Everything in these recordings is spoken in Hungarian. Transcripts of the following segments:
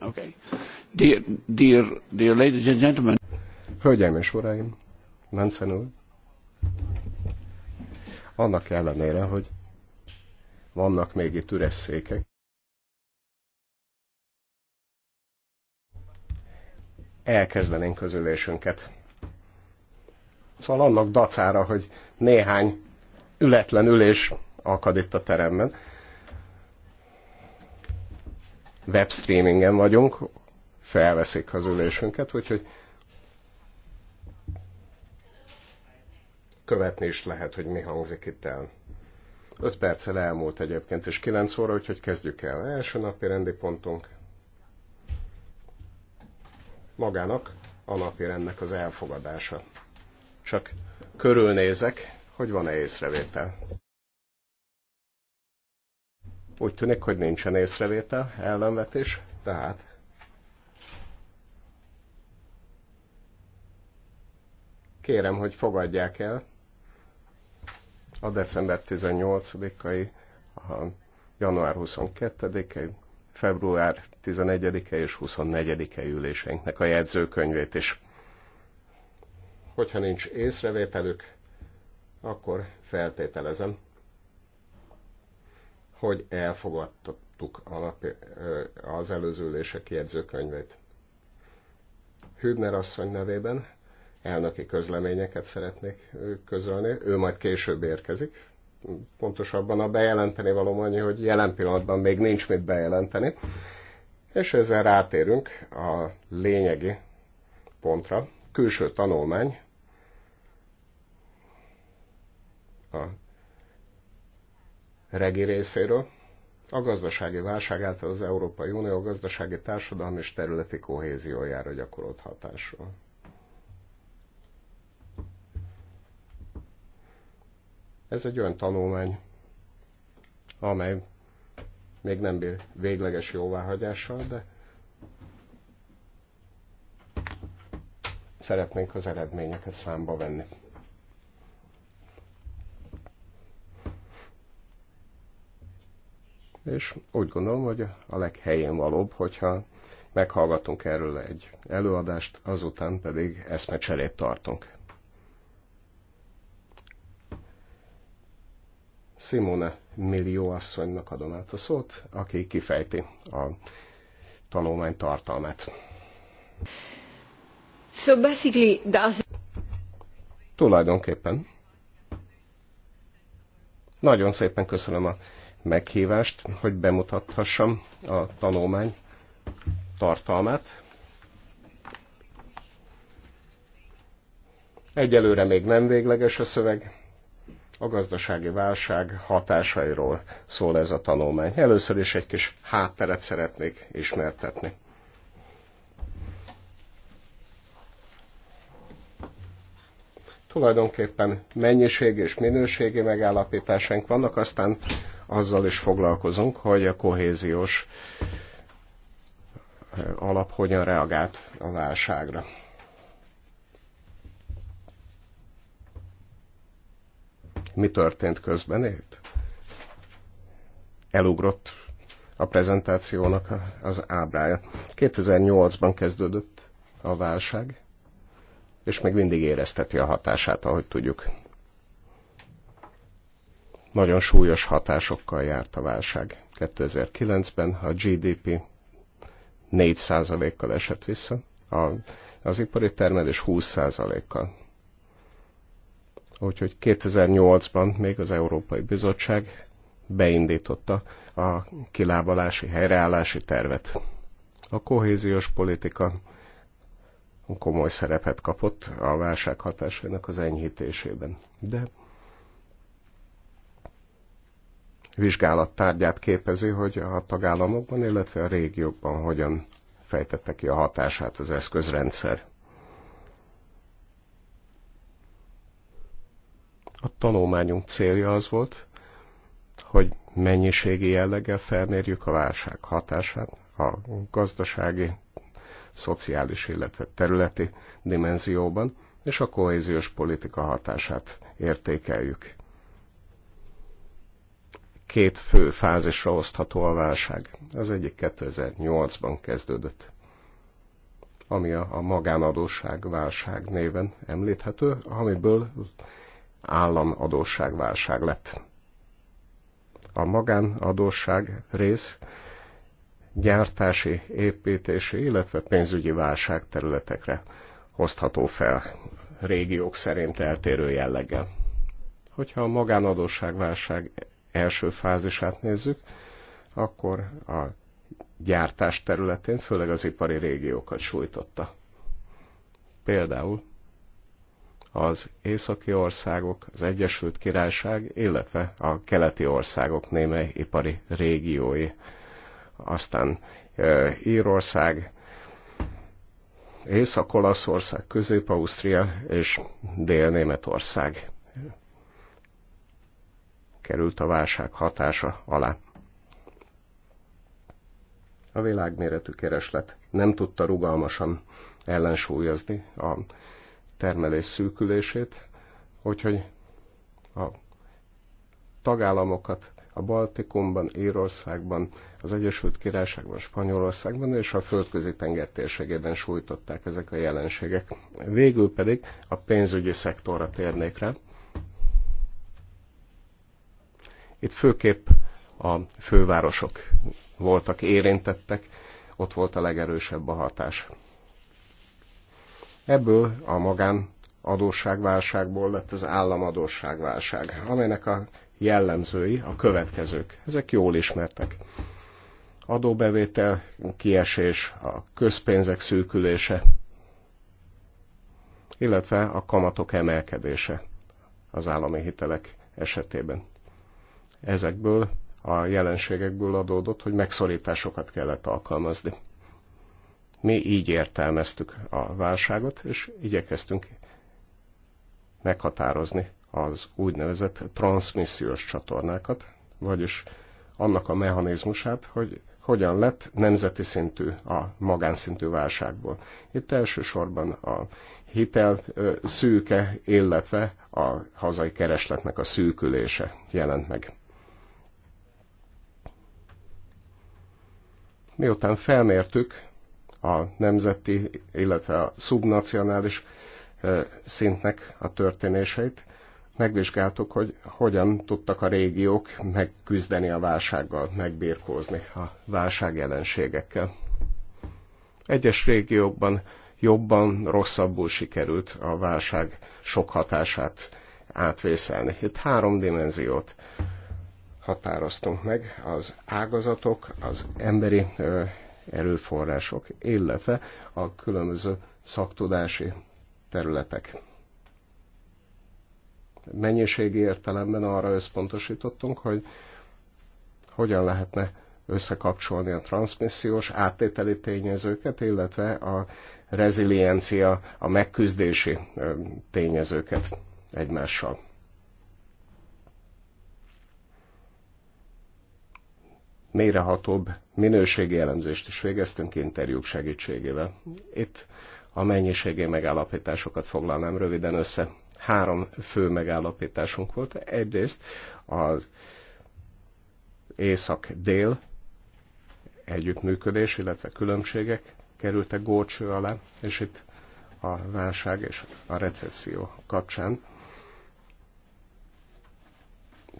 Okay. Dear, dear, dear ladies and gentlemen. Hölgyeim és uraim, Nansen úr, annak ellenére, hogy vannak még itt üres székek, elkezdenénk az ülésünket. Szóval annak dacára, hogy néhány ületlen ülés akad itt a teremben webstreamingen vagyunk, felveszik az ülésünket, úgyhogy követni is lehet, hogy mi hangzik itt el. 5 perccel elmúlt egyébként, és 9 óra, úgyhogy kezdjük el. Első napi rendi pontunk. Magának a napi rendnek az elfogadása. Csak körülnézek, hogy van-e észrevétel. Úgy tűnik, hogy nincsen észrevétel, ellenvetés, tehát kérem, hogy fogadják el a december 18-ai, a január 22-ai, február 11-e és 24-e üléseinknek a jegyzőkönyvét is. Hogyha nincs észrevételük, akkor feltételezem, hogy elfogadtuk az előző ülések jegyzőkönyvét. Hübner asszony nevében elnöki közleményeket szeretnék közölni. Ő majd később érkezik. Pontosabban a bejelenteni való annyi, hogy jelen pillanatban még nincs mit bejelenteni. És ezzel rátérünk a lényegi pontra. Külső tanulmány a regi részéről, a gazdasági válság által az Európai Unió gazdasági, társadalmi és területi kohéziójára gyakorolt hatásról. Ez egy olyan tanulmány, amely még nem bír végleges jóváhagyással, de szeretnénk az eredményeket számba venni. és úgy gondolom, hogy a leghelyén valóbb, hogyha meghallgatunk erről egy előadást, azután pedig eszmecserét tartunk. Simone Millió asszonynak adom át a szót, aki kifejti a tanulmány tartalmát. So basically, does... Tulajdonképpen. Nagyon szépen köszönöm a meghívást, hogy bemutathassam a tanulmány tartalmát. Egyelőre még nem végleges a szöveg, a gazdasági válság hatásairól szól ez a tanulmány. Először is egy kis hátteret szeretnék ismertetni. Tulajdonképpen mennyiség és minőségi megállapításaink vannak, aztán azzal is foglalkozunk, hogy a kohéziós eh, alap hogyan reagált a válságra. Mi történt közben itt? Elugrott a prezentációnak az ábrája. 2008-ban kezdődött a válság és még mindig érezteti a hatását, ahogy tudjuk. Nagyon súlyos hatásokkal járt a válság. 2009-ben a GDP 4%-kal esett vissza, a, az ipari termelés 20%-kal. Úgyhogy 2008-ban még az Európai Bizottság beindította a kilábalási, helyreállási tervet. A kohéziós politika komoly szerepet kapott a válság hatásainak az enyhítésében. De vizsgálat tárgyát képezi, hogy a tagállamokban, illetve a régiókban hogyan fejtette ki a hatását az eszközrendszer. A tanulmányunk célja az volt, hogy mennyiségi jelleggel felmérjük a válság hatását a gazdasági, szociális, illetve területi dimenzióban, és a kohéziós politika hatását értékeljük. Két fő fázisra osztható a válság. Az egyik 2008-ban kezdődött ami a, magánadóság válság néven említhető, amiből államadóság válság lett. A magánadóság rész gyártási, építési, illetve pénzügyi válság területekre hozható fel régiók szerint eltérő jelleggel. Hogyha a magánadóságválság első fázisát nézzük, akkor a gyártás területén főleg az ipari régiókat sújtotta. Például az északi országok, az Egyesült Királyság, illetve a keleti országok némely ipari régiói aztán Írország, Észak-Olaszország, Közép-Ausztria és Dél-Németország került a válság hatása alá. A világméretű kereslet nem tudta rugalmasan ellensúlyozni a termelés szűkülését, úgyhogy a tagállamokat a Baltikumban, Írországban, az Egyesült Királyságban, Spanyolországban és a földközi tenger térségében sújtották ezek a jelenségek. Végül pedig a pénzügyi szektorra térnék rá. Itt főképp a fővárosok voltak érintettek, ott volt a legerősebb a hatás. Ebből a magán adósságválságból lett az államadósságválság, Aminek a jellemzői a következők. Ezek jól ismertek. Adóbevétel, kiesés, a közpénzek szűkülése, illetve a kamatok emelkedése az állami hitelek esetében. Ezekből a jelenségekből adódott, hogy megszorításokat kellett alkalmazni. Mi így értelmeztük a válságot, és igyekeztünk meghatározni az úgynevezett transmissziós csatornákat, vagyis annak a mechanizmusát, hogy hogyan lett nemzeti szintű a magánszintű válságból. Itt elsősorban a hitel szűke, illetve a hazai keresletnek a szűkülése jelent meg. Miután felmértük a nemzeti, illetve a szubnacionális szintnek a történéseit, megvizsgáltuk, hogy hogyan tudtak a régiók megküzdeni a válsággal, megbírkózni a válság jelenségekkel. Egyes régiókban jobban, rosszabbul sikerült a válság sok hatását átvészelni. Itt három dimenziót határoztunk meg, az ágazatok, az emberi erőforrások, illetve a különböző szaktudási területek mennyiségi értelemben arra összpontosítottunk, hogy hogyan lehetne összekapcsolni a transmissziós áttételi tényezőket, illetve a reziliencia, a megküzdési tényezőket egymással. Mérehatóbb minőségi elemzést is végeztünk interjúk segítségével. Itt a mennyiségi megállapításokat foglalnám röviden össze. Három fő megállapításunk volt. Egyrészt az észak-dél együttműködés, illetve különbségek kerültek górcső alá, és itt a válság és a recesszió kapcsán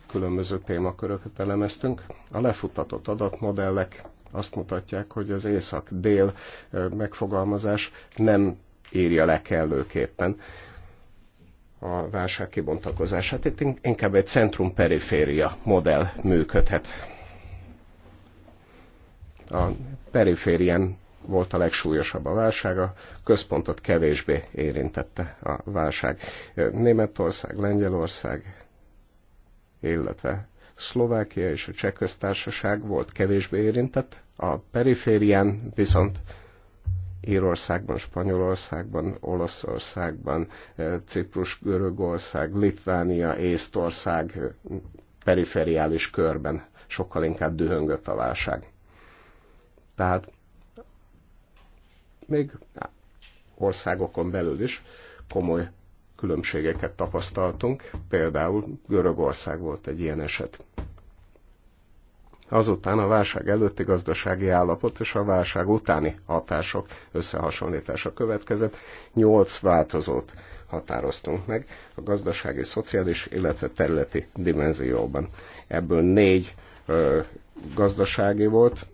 különböző témaköröket elemeztünk. A lefutatott adatmodellek azt mutatják, hogy az észak-dél megfogalmazás nem írja le kellőképpen a válság kibontakozását. Itt inkább egy centrum-periféria modell működhet. A periférien volt a legsúlyosabb a válság, a központot kevésbé érintette a válság. Németország, Lengyelország, illetve Szlovákia és a Cseh köztársaság volt kevésbé érintett, a periférián viszont Írországban, Spanyolországban, Olaszországban, eh, Ciprus, Görögország, Litvánia, Észtország eh, perifériális körben sokkal inkább dühöngött a válság. Tehát még országokon belül is komoly különbségeket tapasztaltunk, például Görögország volt egy ilyen eset azután a válság előtti gazdasági állapot és a válság utáni hatások összehasonlítása következett. Nyolc változót határoztunk meg a gazdasági, szociális, illetve területi dimenzióban. Ebből négy ö, gazdasági volt,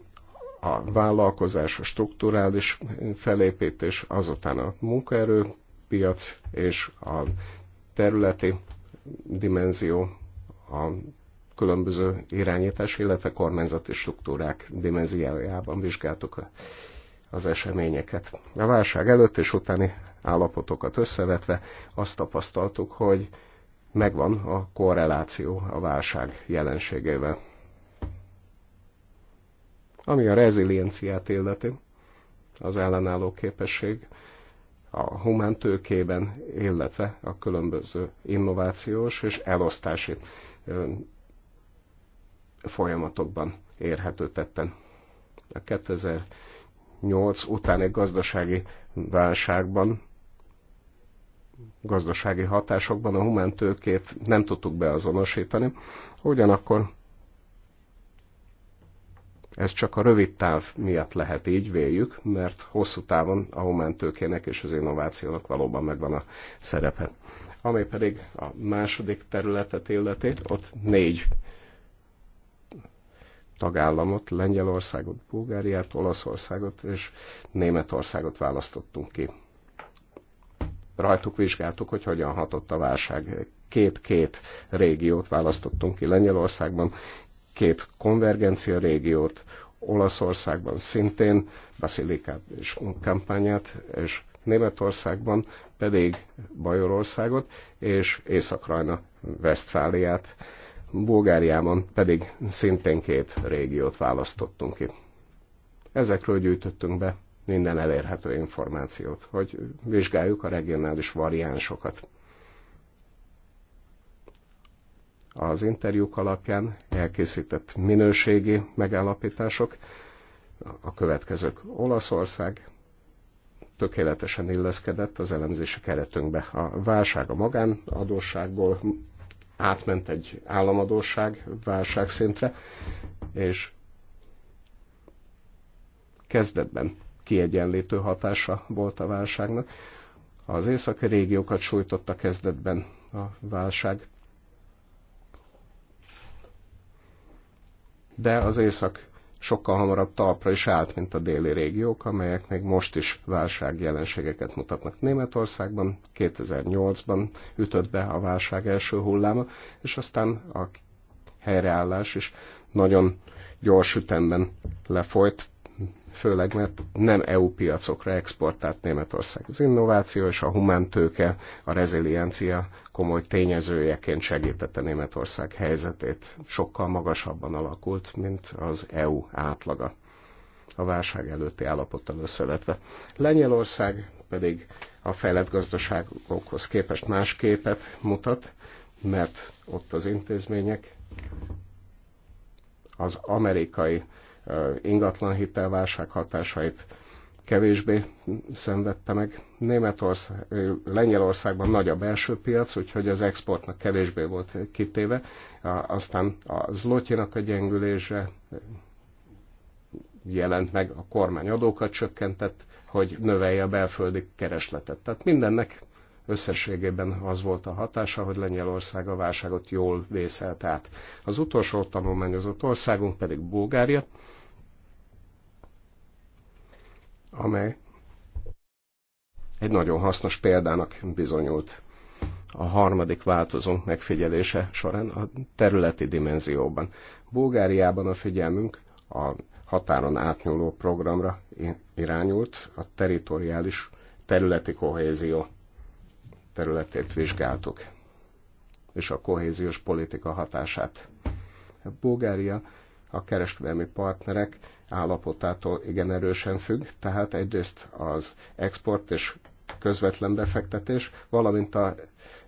a vállalkozás, a strukturális felépítés, azután a munkaerőpiac és a területi dimenzió, a különböző irányítás, illetve kormányzati struktúrák dimenziójában vizsgáltuk az eseményeket. A válság előtt és utáni állapotokat összevetve azt tapasztaltuk, hogy megvan a korreláció a válság jelenségével. Ami a rezilienciát illeti, az ellenálló képesség a humán tőkében, illetve a különböző innovációs és elosztási folyamatokban érhető tetten. A 2008 utáni gazdasági válságban, gazdasági hatásokban a humántőkét nem tudtuk beazonosítani, ugyanakkor ez csak a rövid táv miatt lehet így, véljük, mert hosszú távon a humántőkének és az innovációnak valóban megvan a szerepe. Ami pedig a második területet illeti, ott négy tagállamot, Lengyelországot, Bulgáriát, Olaszországot és Németországot választottunk ki. Rajtuk vizsgáltuk, hogy hogyan hatott a válság. Két-két régiót választottunk ki Lengyelországban, két konvergencia régiót, Olaszországban szintén Basilikát és kampányát, és Németországban pedig Bajorországot és Észak-Rajna Vesztfáliát Bulgáriában pedig szintén két régiót választottunk ki. Ezekről gyűjtöttünk be minden elérhető információt, hogy vizsgáljuk a regionális variánsokat. Az interjúk alapján elkészített minőségi megállapítások a következők. Olaszország tökéletesen illeszkedett az elemzési keretünkbe. A válság a magánadósságból átment egy államadóság válságszintre, és kezdetben kiegyenlítő hatása volt a válságnak. Az északi régiókat sújtotta kezdetben a válság, de az észak sokkal hamarabb talpra is állt, mint a déli régiók, amelyek még most is válságjelenségeket mutatnak. Németországban 2008-ban ütött be a válság első hulláma, és aztán a helyreállás is nagyon gyors ütemben lefolyt, főleg mert nem EU piacokra exportált Németország az innováció és a humántőke, a reziliencia komoly tényezőjeként segítette Németország helyzetét. Sokkal magasabban alakult, mint az EU átlaga a válság előtti állapottal összevetve. Lengyelország pedig a fejlett gazdaságokhoz képest más képet mutat, mert ott az intézmények az amerikai ingatlan hitelválság hatásait kevésbé szenvedte meg. Németország, Lengyelországban nagy a belső piac, úgyhogy az exportnak kevésbé volt kitéve. Aztán a zlotyinak a gyengülése jelent meg, a kormány adókat csökkentett, hogy növelje a belföldi keresletet. Tehát mindennek összességében az volt a hatása, hogy Lengyelország a válságot jól vészelt át. Az utolsó tanulmányozott országunk pedig Bulgária, amely egy nagyon hasznos példának bizonyult a harmadik változónk megfigyelése során a területi dimenzióban. Bulgáriában a figyelmünk a határon átnyúló programra irányult, a teritoriális területi kohézió területét vizsgáltuk, és a kohéziós politika hatását. Bulgária a kereskedelmi partnerek állapotától igen erősen függ, tehát egyrészt az export és közvetlen befektetés, valamint a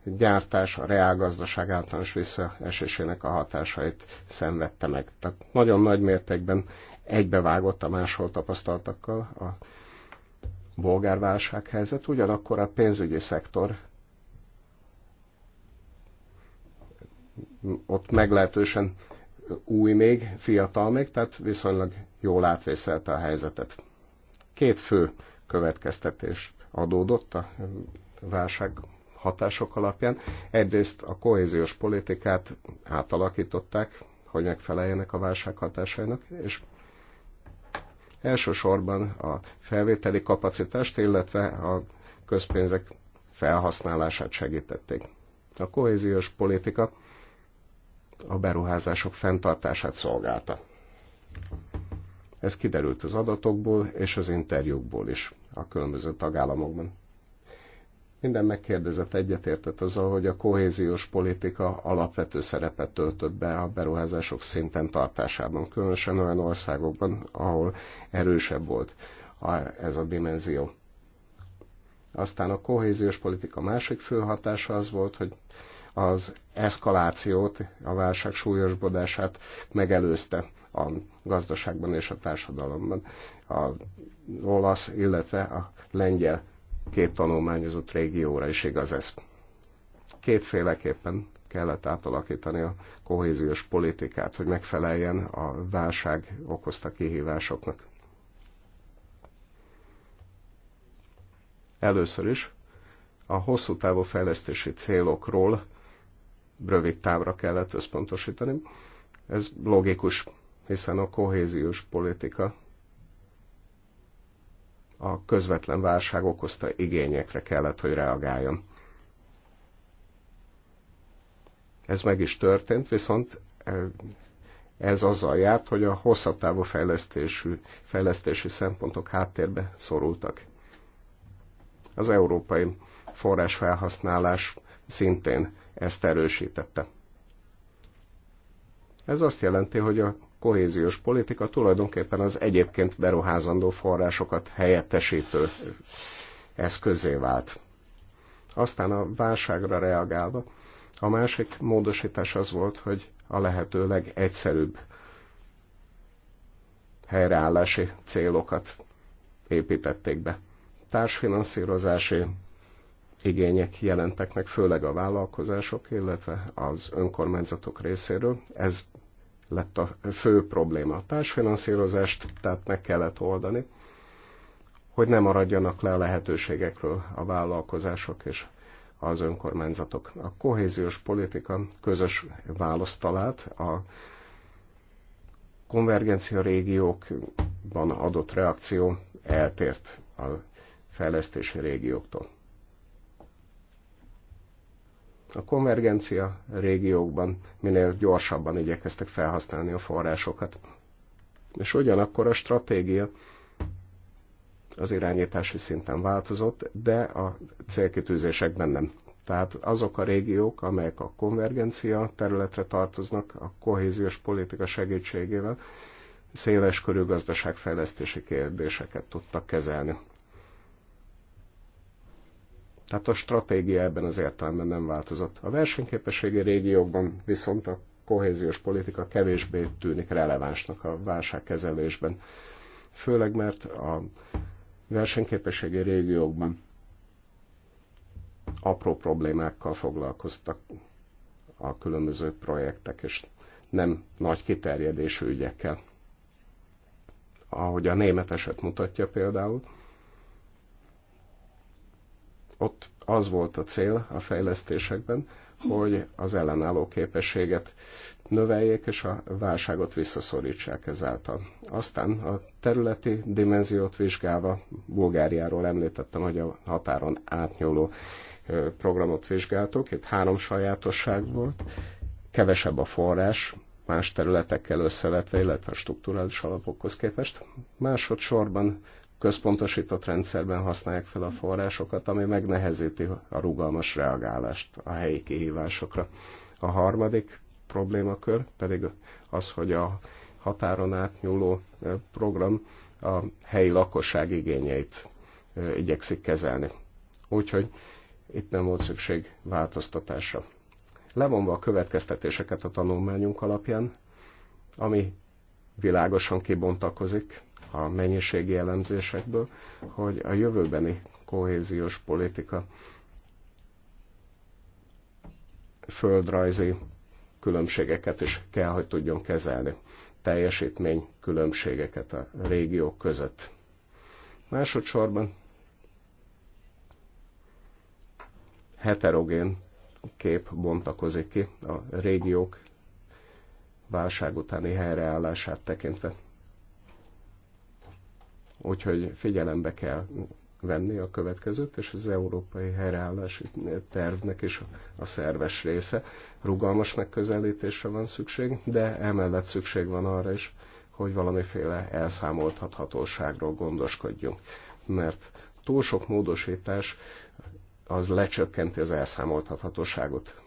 gyártás, a reálgazdaság általános visszaesésének a hatásait szenvedte meg. Tehát nagyon nagy mértékben egybevágott a máshol tapasztaltakkal a bolgárválság helyzet, ugyanakkor a pénzügyi szektor ott meglehetősen új még, fiatal még, tehát viszonylag jól átvészelte a helyzetet. Két fő következtetés adódott a válság hatások alapján. Egyrészt a kohéziós politikát átalakították, hogy megfeleljenek a válság hatásainak, és elsősorban a felvételi kapacitást, illetve a közpénzek felhasználását segítették. A kohéziós politika a beruházások fenntartását szolgálta. Ez kiderült az adatokból és az interjúkból is a különböző tagállamokban. Minden megkérdezett egyetértett azzal, hogy a kohéziós politika alapvető szerepet töltött be a beruházások szinten tartásában, különösen olyan országokban, ahol erősebb volt ez a dimenzió. Aztán a kohéziós politika másik fő hatása az volt, hogy az eszkalációt, a válság súlyosbodását megelőzte a gazdaságban és a társadalomban. A olasz, illetve a lengyel két tanulmányozott régióra is igaz ez. Kétféleképpen kellett átalakítani a kohéziós politikát, hogy megfeleljen a válság okozta kihívásoknak. Először is a hosszú távú fejlesztési célokról rövid távra kellett összpontosítani. Ez logikus, hiszen a kohéziós politika a közvetlen válság okozta igényekre kellett, hogy reagáljon. Ez meg is történt, viszont ez azzal járt, hogy a hosszabb távú fejlesztésű, fejlesztési szempontok háttérbe szorultak. Az európai forrásfelhasználás szintén ezt erősítette. Ez azt jelenti, hogy a kohéziós politika tulajdonképpen az egyébként beruházandó forrásokat helyettesítő eszközé vált. Aztán a válságra reagálva, a másik módosítás az volt, hogy a lehető legegyszerűbb helyreállási célokat építették be. Társfinanszírozási igények jelentek meg, főleg a vállalkozások, illetve az önkormányzatok részéről. Ez lett a fő probléma. A társfinanszírozást tehát meg kellett oldani, hogy ne maradjanak le a lehetőségekről a vállalkozások és az önkormányzatok. A kohéziós politika közös választ talált a konvergencia régiókban adott reakció eltért a fejlesztési régióktól a konvergencia régiókban minél gyorsabban igyekeztek felhasználni a forrásokat. És ugyanakkor a stratégia az irányítási szinten változott, de a célkitűzésekben nem. Tehát azok a régiók, amelyek a konvergencia területre tartoznak, a kohéziós politika segítségével széles körű gazdaságfejlesztési kérdéseket tudtak kezelni. Tehát a stratégia ebben az értelemben nem változott. A versenyképességi régiókban viszont a kohéziós politika kevésbé tűnik relevánsnak a válságkezelésben. Főleg, mert a versenyképességi régiókban apró problémákkal foglalkoztak a különböző projektek, és nem nagy kiterjedésű ügyekkel. Ahogy a német eset mutatja például, ott az volt a cél a fejlesztésekben, hogy az ellenálló képességet növeljék és a válságot visszaszorítsák ezáltal. Aztán a területi dimenziót vizsgálva, Bulgáriáról említettem, hogy a határon átnyúló programot vizsgáltuk, itt három sajátosság volt, kevesebb a forrás, más területekkel összevetve, illetve a struktúrális alapokhoz képest. Másodszorban központosított rendszerben használják fel a forrásokat, ami megnehezíti a rugalmas reagálást a helyi kihívásokra. A harmadik problémakör pedig az, hogy a határon átnyúló program a helyi lakosság igényeit igyekszik kezelni. Úgyhogy itt nem volt szükség változtatásra. Levonva a következtetéseket a tanulmányunk alapján, ami világosan kibontakozik, a mennyiségi jellemzésekből, hogy a jövőbeni kohéziós politika földrajzi különbségeket is kell, hogy tudjon kezelni, teljesítmény különbségeket a régiók között. Másodszorban heterogén kép bontakozik ki a régiók válság utáni helyreállását tekintve. Úgyhogy figyelembe kell venni a következőt, és az európai helyreállási tervnek is a szerves része. Rugalmas megközelítésre van szükség, de emellett szükség van arra is, hogy valamiféle elszámoltathatóságról gondoskodjunk. Mert túl sok módosítás az lecsökkenti az elszámoltathatóságot.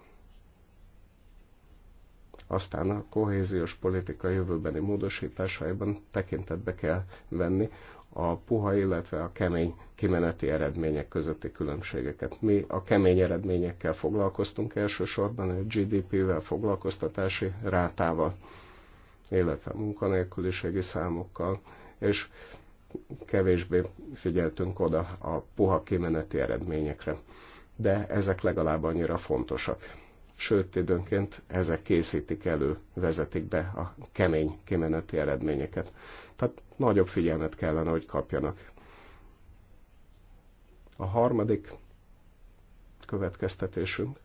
Aztán a kohéziós politika jövőbeni módosításaiban tekintetbe kell venni a puha, illetve a kemény kimeneti eredmények közötti különbségeket. Mi a kemény eredményekkel foglalkoztunk elsősorban, a GDP-vel, foglalkoztatási rátával, illetve munkanélküliségi számokkal, és kevésbé figyeltünk oda a puha kimeneti eredményekre. De ezek legalább annyira fontosak. Sőt, időnként ezek készítik elő, vezetik be a kemény kimeneti eredményeket. Tehát nagyobb figyelmet kellene, hogy kapjanak. A harmadik következtetésünk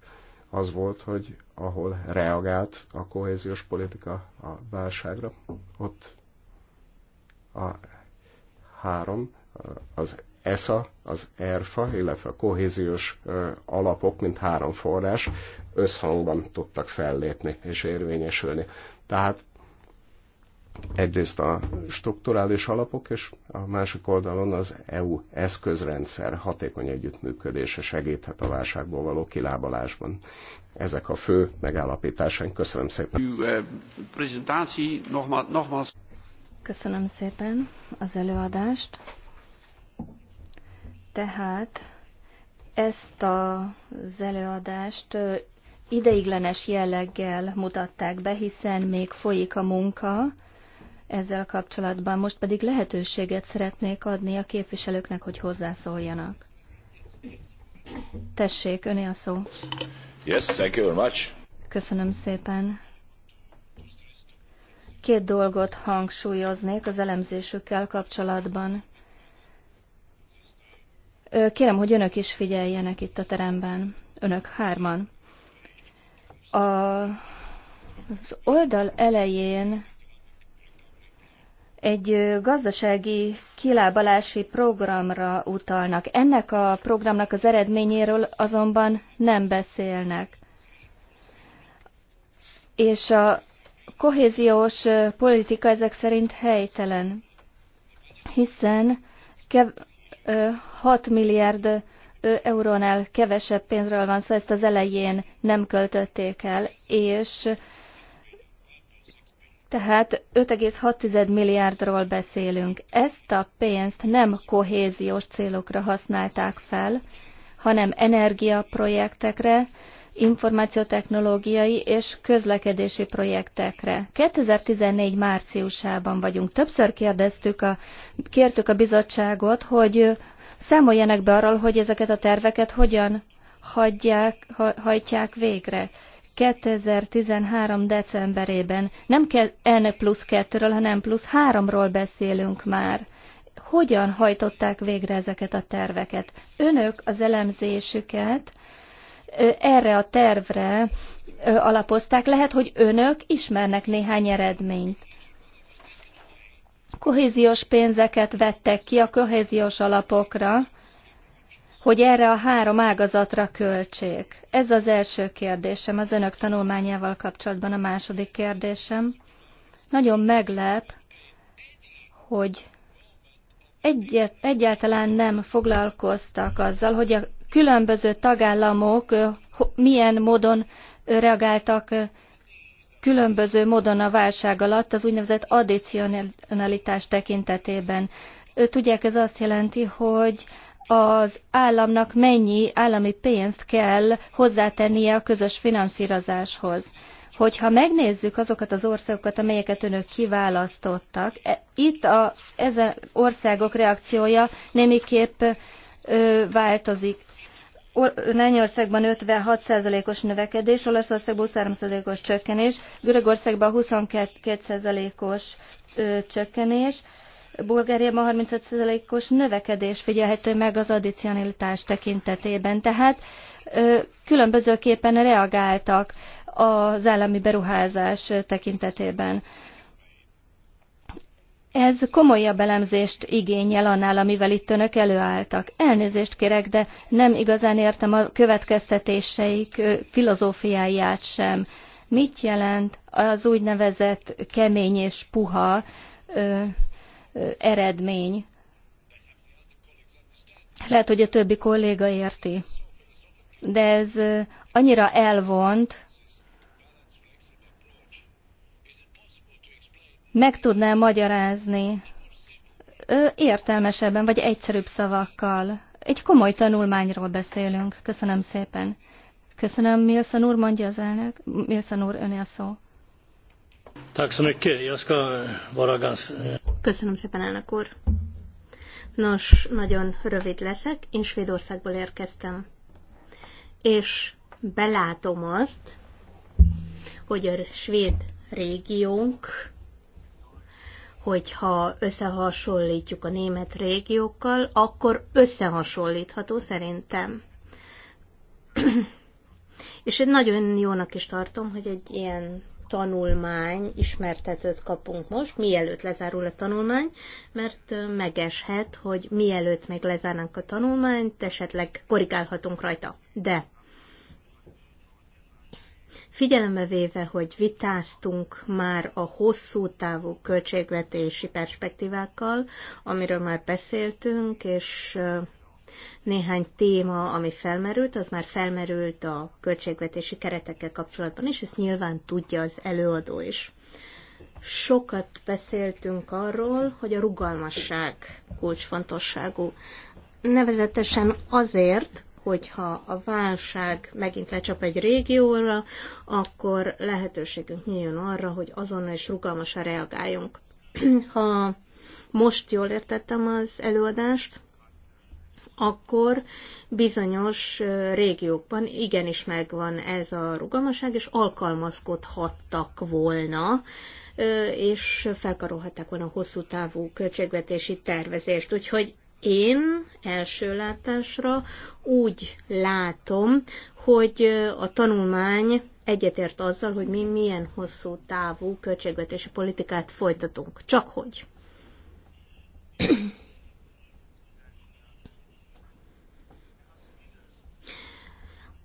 az volt, hogy ahol reagált a kohéziós politika a válságra, ott a három, az ESA, az ERFA, illetve a kohéziós alapok, mint három forrás összhangban tudtak fellépni és érvényesülni. Tehát egyrészt a strukturális alapok, és a másik oldalon az EU eszközrendszer hatékony együttműködése segíthet a válságból való kilábalásban. Ezek a fő megállapításaink. Köszönöm szépen. Eh, Köszönöm szépen az előadást. Tehát ezt az előadást ideiglenes jelleggel mutatták be, hiszen még folyik a munka, ezzel kapcsolatban. Most pedig lehetőséget szeretnék adni a képviselőknek, hogy hozzászóljanak. Tessék, öné a szó. Yes, thank you very much. Köszönöm szépen. Két dolgot hangsúlyoznék az elemzésükkel kapcsolatban. Kérem, hogy önök is figyeljenek itt a teremben. Önök hárman. A, az oldal elején egy gazdasági kilábalási programra utalnak. Ennek a programnak az eredményéről azonban nem beszélnek. És a kohéziós politika ezek szerint helytelen, hiszen 6 milliárd eurónál kevesebb pénzről van szó, szóval ezt az elején nem költötték el, és tehát 5,6 milliárdról beszélünk. Ezt a pénzt nem kohéziós célokra használták fel, hanem energiaprojektekre, információtechnológiai és közlekedési projektekre. 2014 márciusában vagyunk. Többször kérdeztük a, kértük a bizottságot, hogy számoljanak be arról, hogy ezeket a terveket hogyan hagyják, ha, hajtják végre. 2013. decemberében. Nem kell N plusz 2-ről, hanem plusz 3-ról beszélünk már. Hogyan hajtották végre ezeket a terveket? Önök az elemzésüket erre a tervre alapozták. Lehet, hogy önök ismernek néhány eredményt. Kohéziós pénzeket vettek ki a kohéziós alapokra, hogy erre a három ágazatra költsék? Ez az első kérdésem az önök tanulmányával kapcsolatban a második kérdésem. Nagyon meglep, hogy egyet, egyáltalán nem foglalkoztak azzal, hogy a különböző tagállamok milyen módon reagáltak különböző módon a válság alatt az úgynevezett addicionalitás tekintetében. Tudják, ez azt jelenti, hogy az államnak mennyi állami pénzt kell hozzátennie a közös finanszírozáshoz. Hogyha megnézzük azokat az országokat, amelyeket önök kiválasztottak, e, itt a, ezen országok reakciója némiképp ö, változik. Lengyországban 56%-os növekedés, Olaszországban 23%-os csökkenés, Görögországban 22%-os csökkenés, Bulgáriában 35%-os növekedés figyelhető meg az addicionalitás tekintetében, tehát különbözőképpen reagáltak az állami beruházás tekintetében. Ez komolyabb elemzést igényel annál, amivel itt önök előálltak. Elnézést kérek, de nem igazán értem a következtetéseik filozófiáját sem. Mit jelent az úgynevezett kemény és puha eredmény. Lehet, hogy a többi kolléga érti, de ez annyira elvont, meg tudná magyarázni értelmesebben vagy egyszerűbb szavakkal. Egy komoly tanulmányról beszélünk. Köszönöm szépen. Köszönöm, Milszan úr, mondja az elnök. Milszan úr, öné a szó. Köszönöm szépen, elnök úr. Nos, nagyon rövid leszek. Én Svédországból érkeztem. És belátom azt, hogy a svéd régiónk, hogyha összehasonlítjuk a német régiókkal, akkor összehasonlítható szerintem. És én nagyon jónak is tartom, hogy egy ilyen tanulmány ismertetőt kapunk most, mielőtt lezárul a tanulmány, mert megeshet, hogy mielőtt még lezárnánk a tanulmányt, esetleg korrigálhatunk rajta. De figyelembe véve, hogy vitáztunk már a hosszú távú költségvetési perspektívákkal, amiről már beszéltünk, és néhány téma, ami felmerült, az már felmerült a költségvetési keretekkel kapcsolatban, és ezt nyilván tudja az előadó is. Sokat beszéltünk arról, hogy a rugalmasság kulcsfontosságú. Nevezetesen azért, hogyha a válság megint lecsap egy régióra, akkor lehetőségünk nyíljon arra, hogy azonnal is rugalmasan reagáljunk. Ha most jól értettem az előadást, akkor bizonyos régiókban igenis megvan ez a rugalmasság, és alkalmazkodhattak volna, és felkarolhatták volna a hosszú távú költségvetési tervezést. Úgyhogy én első látásra úgy látom, hogy a tanulmány egyetért azzal, hogy mi milyen hosszú távú költségvetési politikát folytatunk. Csak hogy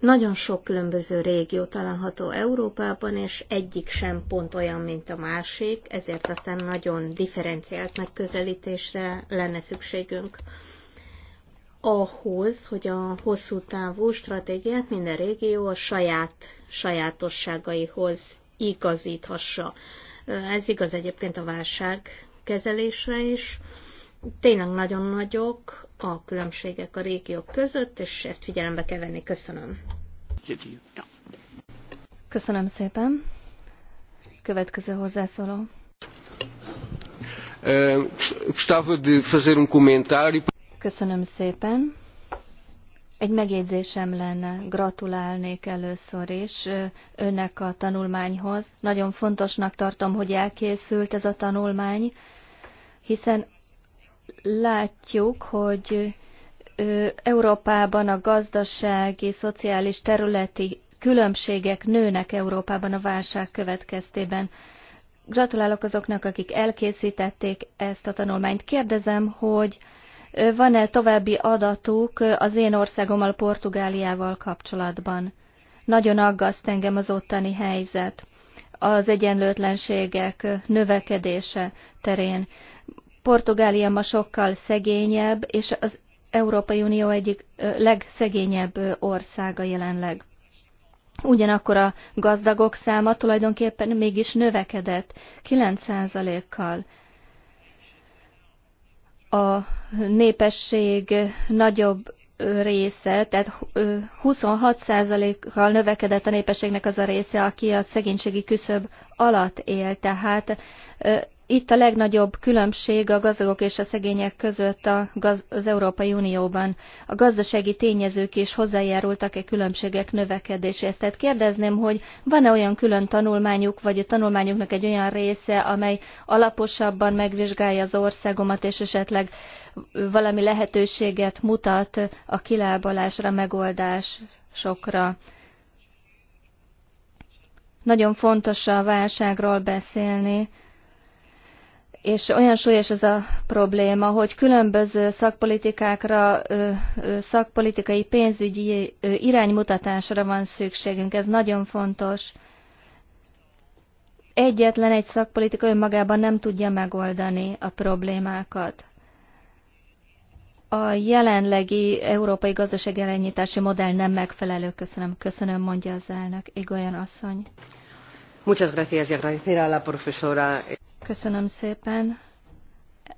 Nagyon sok különböző régió található Európában, és egyik sem pont olyan, mint a másik, ezért aztán nagyon differenciált megközelítésre lenne szükségünk ahhoz, hogy a hosszú távú stratégiát minden régió a saját sajátosságaihoz igazíthassa. Ez igaz egyébként a válságkezelésre is tényleg nagyon nagyok a különbségek a régiók között, és ezt figyelembe kell venni. Köszönöm. Köszönöm szépen. Következő hozzászóló. Gostava de fazer um comentário. Köszönöm szépen. Egy megjegyzésem lenne, gratulálnék először is önnek a tanulmányhoz. Nagyon fontosnak tartom, hogy elkészült ez a tanulmány, hiszen látjuk, hogy Európában a gazdasági, szociális, területi különbségek nőnek Európában a válság következtében. Gratulálok azoknak, akik elkészítették ezt a tanulmányt. Kérdezem, hogy van-e további adatuk az én országommal, Portugáliával kapcsolatban? Nagyon aggaszt engem az ottani helyzet, az egyenlőtlenségek növekedése terén. Portugália ma sokkal szegényebb, és az Európai Unió egyik legszegényebb országa jelenleg. Ugyanakkor a gazdagok száma tulajdonképpen mégis növekedett 9%-kal. A népesség nagyobb része, tehát 26%-kal növekedett a népességnek az a része, aki a szegénységi küszöb alatt él. Tehát itt a legnagyobb különbség a gazdagok és a szegények között a gaz az Európai Unióban. A gazdasági tényezők is hozzájárultak e különbségek növekedéséhez. Tehát kérdezném, hogy van-e olyan külön tanulmányuk, vagy a tanulmányuknak egy olyan része, amely alaposabban megvizsgálja az országomat, és esetleg valami lehetőséget mutat a kilábalásra, megoldásokra. Nagyon fontos a válságról beszélni, és olyan súlyos ez a probléma, hogy különböző szakpolitikákra, szakpolitikai pénzügyi iránymutatásra van szükségünk. Ez nagyon fontos. Egyetlen egy szakpolitika önmagában nem tudja megoldani a problémákat. A jelenlegi európai gazdasági ellenyítási modell nem megfelelő. Köszönöm, köszönöm, mondja az elnök. Igolyan asszony. Muchas gracias y agradecer a la profesora. Köszönöm szépen,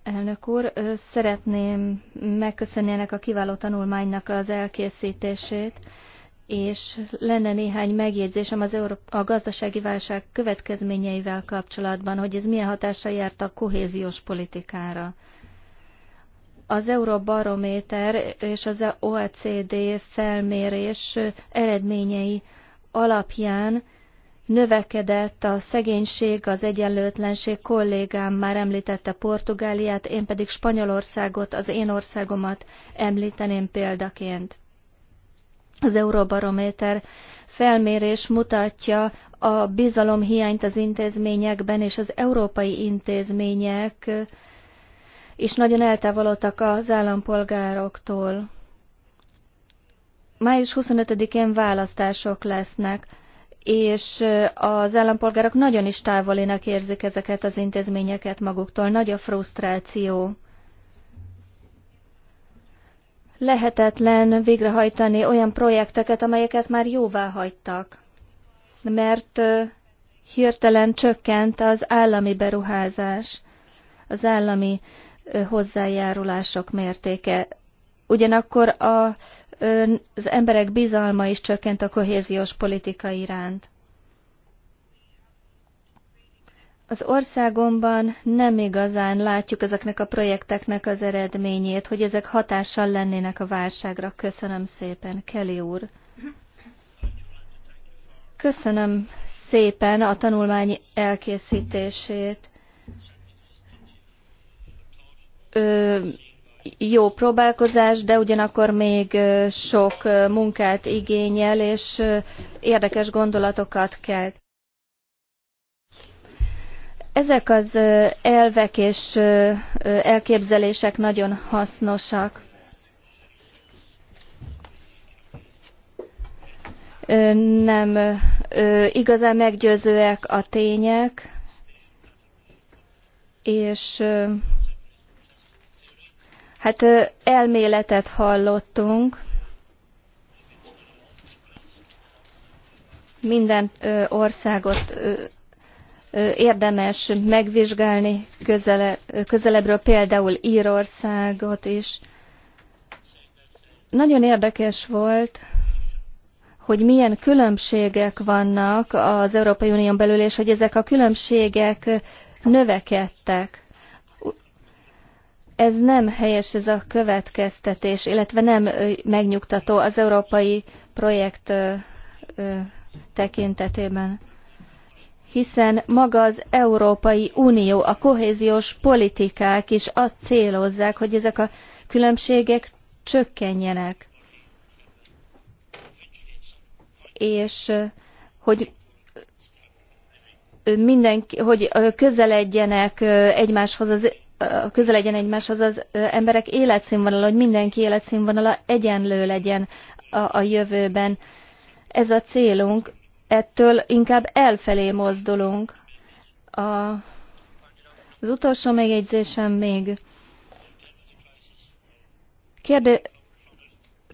elnök úr. Szeretném megköszönni ennek a kiváló tanulmánynak az elkészítését, és lenne néhány megjegyzésem az Euró- a gazdasági válság következményeivel kapcsolatban, hogy ez milyen hatással járt a kohéziós politikára. Az Euróbarométer és az OECD felmérés eredményei alapján növekedett a szegénység, az egyenlőtlenség. Kollégám már említette Portugáliát, én pedig Spanyolországot, az én országomat említeném példaként. Az Euróbarométer felmérés mutatja a bizalom hiányt az intézményekben, és az európai intézmények is nagyon eltávolodtak az állampolgároktól. Május 25-én választások lesznek és az állampolgárok nagyon is távolinak érzik ezeket az intézményeket maguktól. Nagy a frusztráció. Lehetetlen végrehajtani olyan projekteket, amelyeket már jóvá hagytak, mert hirtelen csökkent az állami beruházás, az állami hozzájárulások mértéke. Ugyanakkor a az emberek bizalma is csökkent a kohéziós politika iránt. Az országomban nem igazán látjuk ezeknek a projekteknek az eredményét, hogy ezek hatással lennének a válságra. Köszönöm szépen, Kelly úr. Köszönöm szépen a tanulmány elkészítését. Ö, jó próbálkozás, de ugyanakkor még sok munkát igényel, és érdekes gondolatokat kelt. Ezek az elvek és elképzelések nagyon hasznosak. Nem igazán meggyőzőek a tények, és Hát elméletet hallottunk. Minden országot érdemes megvizsgálni közele, közelebbről, például Írországot is. Nagyon érdekes volt, hogy milyen különbségek vannak az Európai Unión belül, és hogy ezek a különbségek növekedtek ez nem helyes ez a következtetés, illetve nem megnyugtató az európai projekt tekintetében. Hiszen maga az Európai Unió, a kohéziós politikák is azt célozzák, hogy ezek a különbségek csökkenjenek. És hogy mindenki, hogy közeledjenek egymáshoz az közel legyen egymáshoz az emberek életszínvonala, hogy mindenki életszínvonala egyenlő legyen a, a jövőben. Ez a célunk, ettől inkább elfelé mozdulunk. A, az utolsó megjegyzésem még. Kérdé,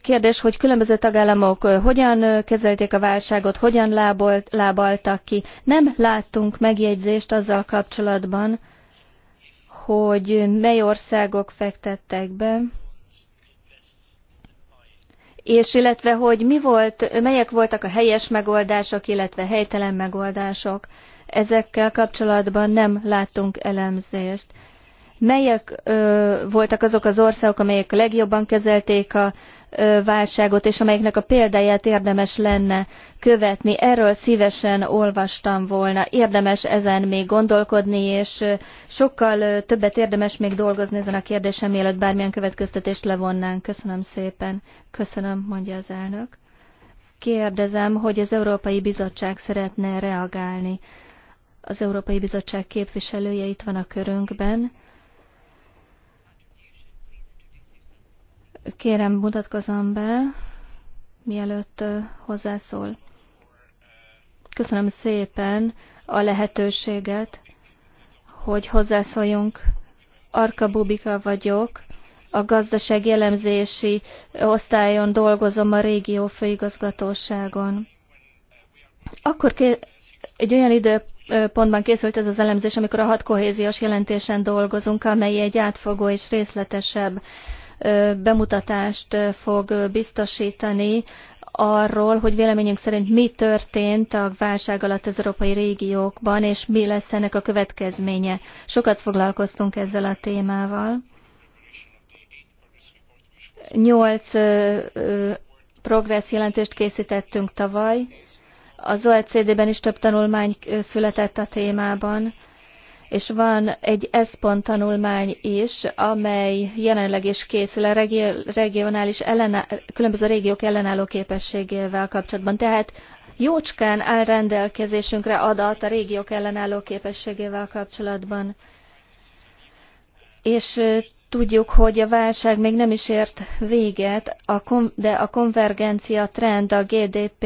kérdés, hogy különböző tagállamok hogyan kezelték a válságot, hogyan lábolt, lábaltak ki. Nem láttunk megjegyzést azzal kapcsolatban, hogy mely országok fektettek be, és illetve, hogy mi volt, melyek voltak a helyes megoldások, illetve helytelen megoldások. Ezekkel kapcsolatban nem láttunk elemzést. Melyek ö, voltak azok az országok, amelyek legjobban kezelték a válságot, és amelyeknek a példáját érdemes lenne követni. Erről szívesen olvastam volna. Érdemes ezen még gondolkodni, és sokkal többet érdemes még dolgozni ezen a kérdésen, mielőtt bármilyen következtetést levonnánk. Köszönöm szépen. Köszönöm, mondja az elnök. Kérdezem, hogy az Európai Bizottság szeretne reagálni. Az Európai Bizottság képviselője itt van a körünkben. Kérem, mutatkozom be, mielőtt hozzászól. Köszönöm szépen a lehetőséget, hogy hozzászóljunk. Arka Bubika vagyok, a gazdaság jellemzési osztályon dolgozom a régió főigazgatóságon. Akkor egy olyan időpontban készült ez az elemzés, amikor a hat kohéziós jelentésen dolgozunk, amely egy átfogó és részletesebb bemutatást fog biztosítani arról, hogy véleményünk szerint mi történt a válság alatt az európai régiókban, és mi lesz ennek a következménye. Sokat foglalkoztunk ezzel a témával. Nyolc progressz jelentést készítettünk tavaly. Az OECD-ben is több tanulmány született a témában és van egy ESPON tanulmány is, amely jelenleg is készül a regionális ellená, különböző régiók ellenálló képességével kapcsolatban. Tehát jócskán áll rendelkezésünkre adat a régiók ellenálló képességével kapcsolatban. És tudjuk, hogy a válság még nem is ért véget, de a konvergencia trend a GDP,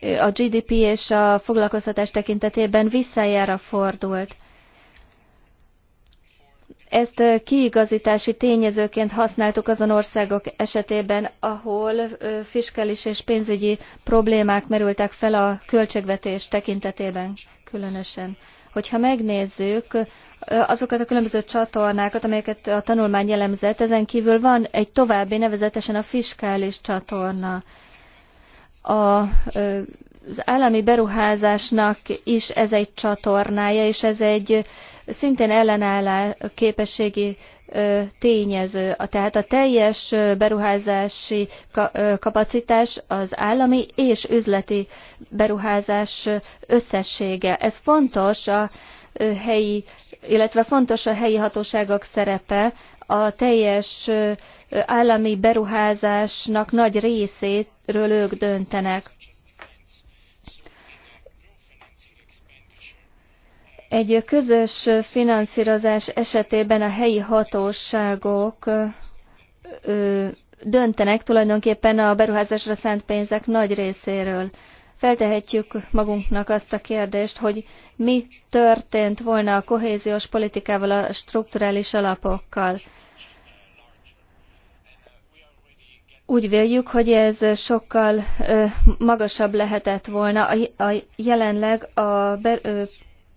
a GDP és a foglalkoztatás tekintetében visszajára fordult. Ezt kiigazítási tényezőként használtuk azon országok esetében, ahol fiskális és pénzügyi problémák merültek fel a költségvetés tekintetében különösen. Hogyha megnézzük azokat a különböző csatornákat, amelyeket a tanulmány jellemzett, ezen kívül van egy további, nevezetesen a fiskális csatorna. A az állami beruházásnak is ez egy csatornája, és ez egy szintén ellenállá képességi tényező. Tehát a teljes beruházási kapacitás az állami és üzleti beruházás összessége. Ez fontos a helyi, illetve fontos a helyi hatóságok szerepe. A teljes állami beruházásnak nagy részétről ők döntenek. Egy közös finanszírozás esetében a helyi hatóságok döntenek tulajdonképpen a beruházásra szánt pénzek nagy részéről. Feltehetjük magunknak azt a kérdést, hogy mi történt volna a kohéziós politikával, a strukturális alapokkal. Úgy véljük, hogy ez sokkal magasabb lehetett volna. A, jelenleg a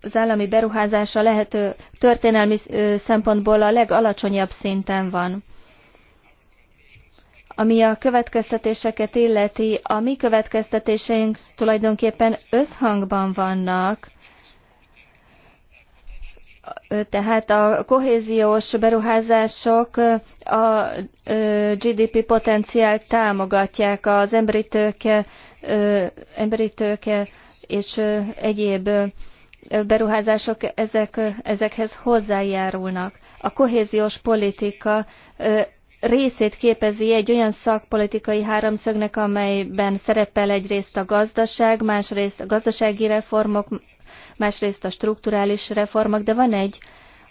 az állami beruházása lehető történelmi szempontból a legalacsonyabb szinten van. Ami a következtetéseket illeti, a mi következtetéseink tulajdonképpen összhangban vannak, tehát a kohéziós beruházások a GDP potenciált támogatják az emberi tőke, emberi tőke és egyéb beruházások ezek, ezekhez hozzájárulnak. A kohéziós politika részét képezi egy olyan szakpolitikai háromszögnek, amelyben szerepel egyrészt a gazdaság, másrészt a gazdasági reformok, másrészt a strukturális reformok, de van egy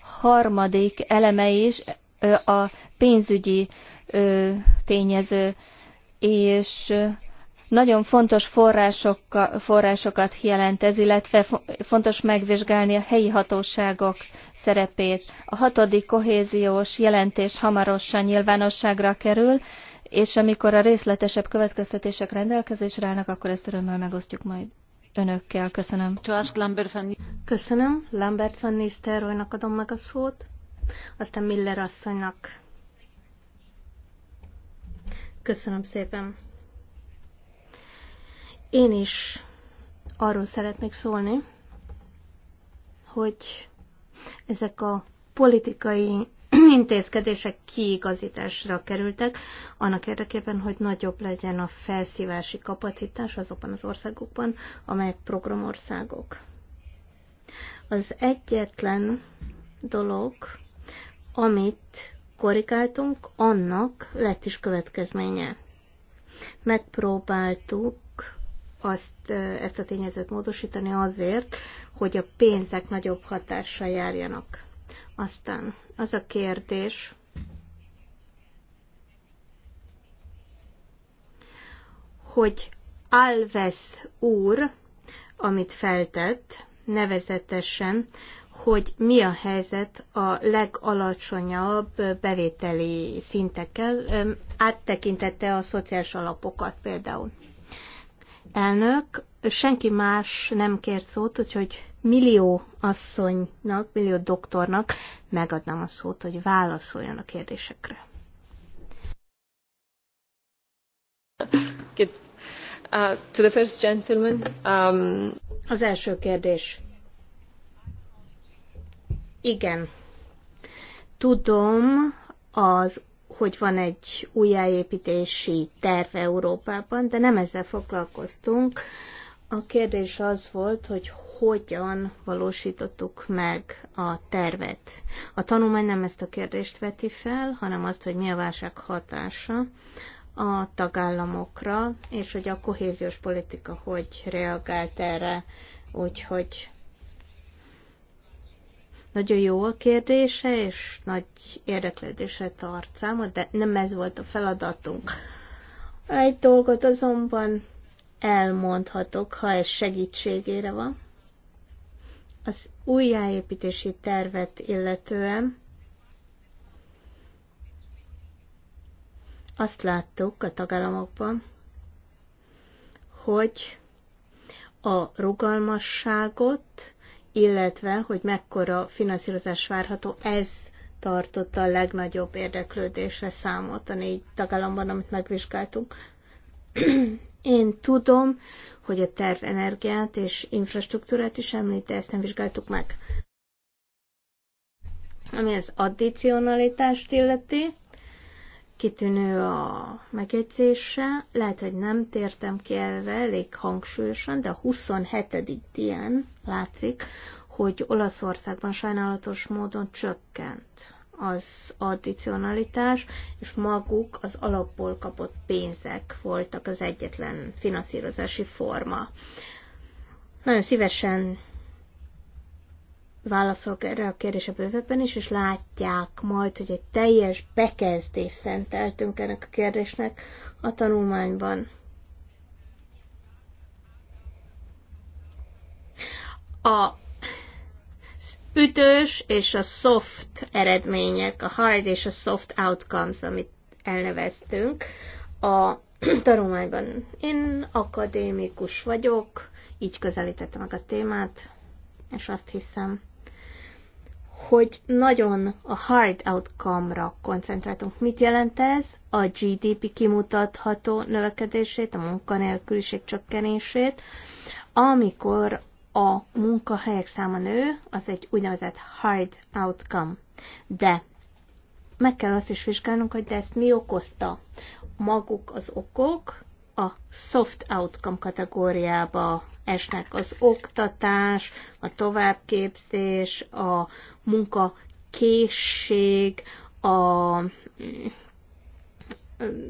harmadik eleme is, a pénzügyi tényező, és nagyon fontos forrásokat jelent ez, illetve fontos megvizsgálni a helyi hatóságok szerepét. A hatodik kohéziós jelentés hamarosan nyilvánosságra kerül, és amikor a részletesebb következtetések rendelkezésre állnak, akkor ezt örömmel megosztjuk majd önökkel. Köszönöm. Köszönöm. Lambert van Nisztelrojnak adom meg a szót, aztán Miller asszonynak. Köszönöm szépen. Én is arról szeretnék szólni, hogy ezek a politikai intézkedések kiigazításra kerültek, annak érdekében, hogy nagyobb legyen a felszívási kapacitás azokban az országokban, amelyek programországok. Az egyetlen dolog, amit korrigáltunk, annak lett is következménye. Megpróbáltuk azt, ezt a tényezőt módosítani azért, hogy a pénzek nagyobb hatással járjanak. Aztán az a kérdés, hogy Alves úr, amit feltett, nevezetesen, hogy mi a helyzet a legalacsonyabb bevételi szintekkel, áttekintette a szociális alapokat például. Elnök, senki más nem kért szót, úgyhogy millió asszonynak, millió doktornak megadnám a szót, hogy válaszoljon a kérdésekre. Uh, to the first gentleman, um... Az első kérdés. Igen. Tudom, az hogy van egy újjáépítési terv Európában, de nem ezzel foglalkoztunk. A kérdés az volt, hogy hogyan valósítottuk meg a tervet. A tanulmány nem ezt a kérdést veti fel, hanem azt, hogy mi a válság hatása a tagállamokra, és hogy a kohéziós politika hogy reagált erre, úgyhogy nagyon jó a kérdése, és nagy érdeklődésre tart számot, de nem ez volt a feladatunk. Egy dolgot azonban elmondhatok, ha ez segítségére van. Az újjáépítési tervet illetően azt láttuk a tagállamokban, hogy a rugalmasságot illetve hogy mekkora finanszírozás várható, ez tartotta a legnagyobb érdeklődésre számot a négy tagállamban, amit megvizsgáltunk. Én tudom, hogy a terv energiát és infrastruktúrát is említ, de ezt nem vizsgáltuk meg. Ami az addicionalitást illeti, kitűnő a megjegyzése. Lehet, hogy nem tértem ki erre elég hangsúlyosan, de a 27. dián látszik, hogy Olaszországban sajnálatos módon csökkent az addicionalitás, és maguk az alapból kapott pénzek voltak az egyetlen finanszírozási forma. Nagyon szívesen válaszolok erre a kérdésre bővebben is, és látják majd, hogy egy teljes bekezdést szenteltünk ennek a kérdésnek a tanulmányban. A ütős és a soft eredmények, a hard és a soft outcomes, amit elneveztünk a tanulmányban. Én akadémikus vagyok, így közelítettem meg a témát, és azt hiszem, hogy nagyon a hard outcome-ra koncentráltunk. Mit jelent ez? A GDP kimutatható növekedését, a munkanélküliség csökkenését. Amikor a munkahelyek száma nő, az egy úgynevezett hard outcome. De meg kell azt is vizsgálnunk, hogy de ezt mi okozta. Maguk az okok, a soft outcome kategóriába esnek az oktatás, a továbbképzés, a munkakészség, a,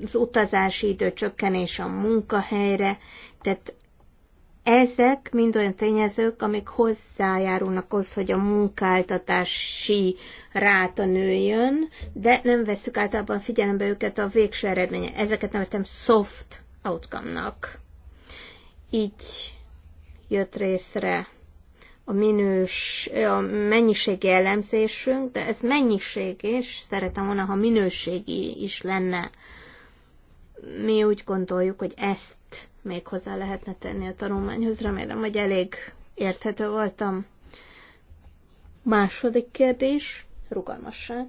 az utazási idő csökkenés a munkahelyre, tehát ezek mind olyan tényezők, amik hozzájárulnak az, hogy a munkáltatási ráta nőjön, de nem veszük általában figyelembe őket a végső eredménye. Ezeket neveztem soft outcome-nak. Így jött részre a, minős, a mennyiségi elemzésünk, de ez mennyiség is, szeretem volna, ha minőségi is lenne. Mi úgy gondoljuk, hogy ezt még hozzá lehetne tenni a tanulmányhoz. Remélem, hogy elég érthető voltam. Második kérdés, rugalmasság.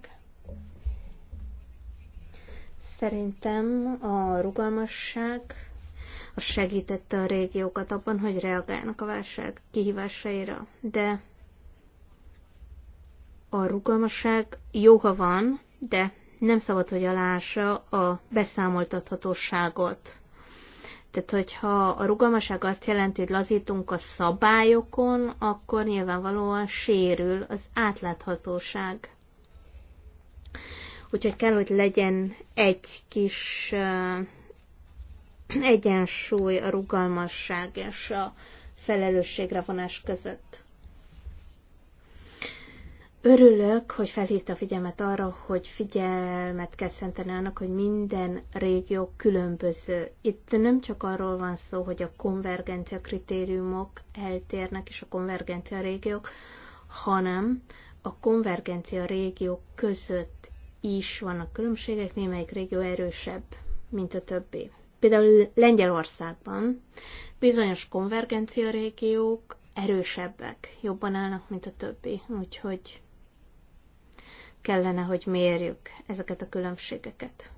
Szerintem a rugalmasság a segítette a régiókat abban, hogy reagálnak a válság kihívásaira, de a rugalmasság jó, ha van, de nem szabad, hogy alása a beszámoltathatóságot. Tehát, hogyha a rugalmaság azt jelenti, hogy lazítunk a szabályokon, akkor nyilvánvalóan sérül az átláthatóság. Úgyhogy kell, hogy legyen egy kis egyensúly a rugalmasság és a felelősségre vonás között. Örülök, hogy felhívta a figyelmet arra, hogy figyelmet kell szenteni annak, hogy minden régió különböző. Itt nem csak arról van szó, hogy a konvergencia kritériumok eltérnek, és a konvergencia régiók, hanem a konvergencia régiók között is vannak különbségek, némelyik régió erősebb, mint a többi. Például Lengyelországban bizonyos konvergencia régiók erősebbek, jobban állnak, mint a többi, úgyhogy kellene, hogy mérjük ezeket a különbségeket.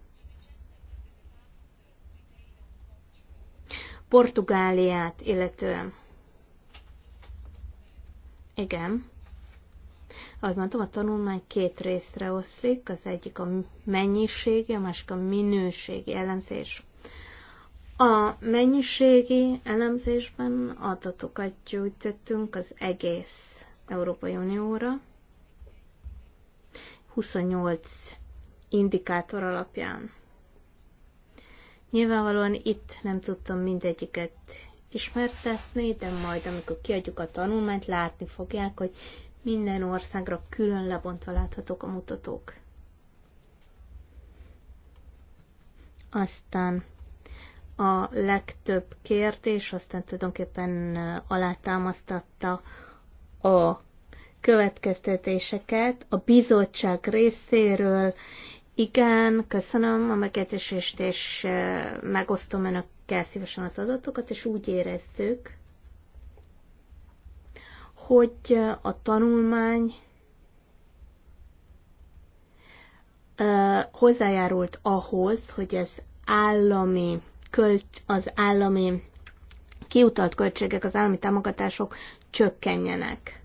Portugáliát illetően. Igen. Ahogy mondtam, a tanulmány két részre oszlik, az egyik a mennyiségi, a másik a minőségi elemzés. A mennyiségi elemzésben adatokat gyűjtöttünk az egész Európai Unióra, 28 indikátor alapján. Nyilvánvalóan itt nem tudtam mindegyiket ismertetni, de majd amikor kiadjuk a tanulmányt, látni fogják, hogy minden országra külön lebontva láthatók a mutatók. Aztán a legtöbb kérdés, aztán tulajdonképpen eh, alátámasztatta a következtetéseket a bizottság részéről. Igen, köszönöm a megjegyzést, és eh, megosztom önökkel szívesen az adatokat, és úgy éreztük, hogy a tanulmány hozzájárult ahhoz, hogy az állami költ, az állami kiutalt költségek, az állami támogatások csökkenjenek.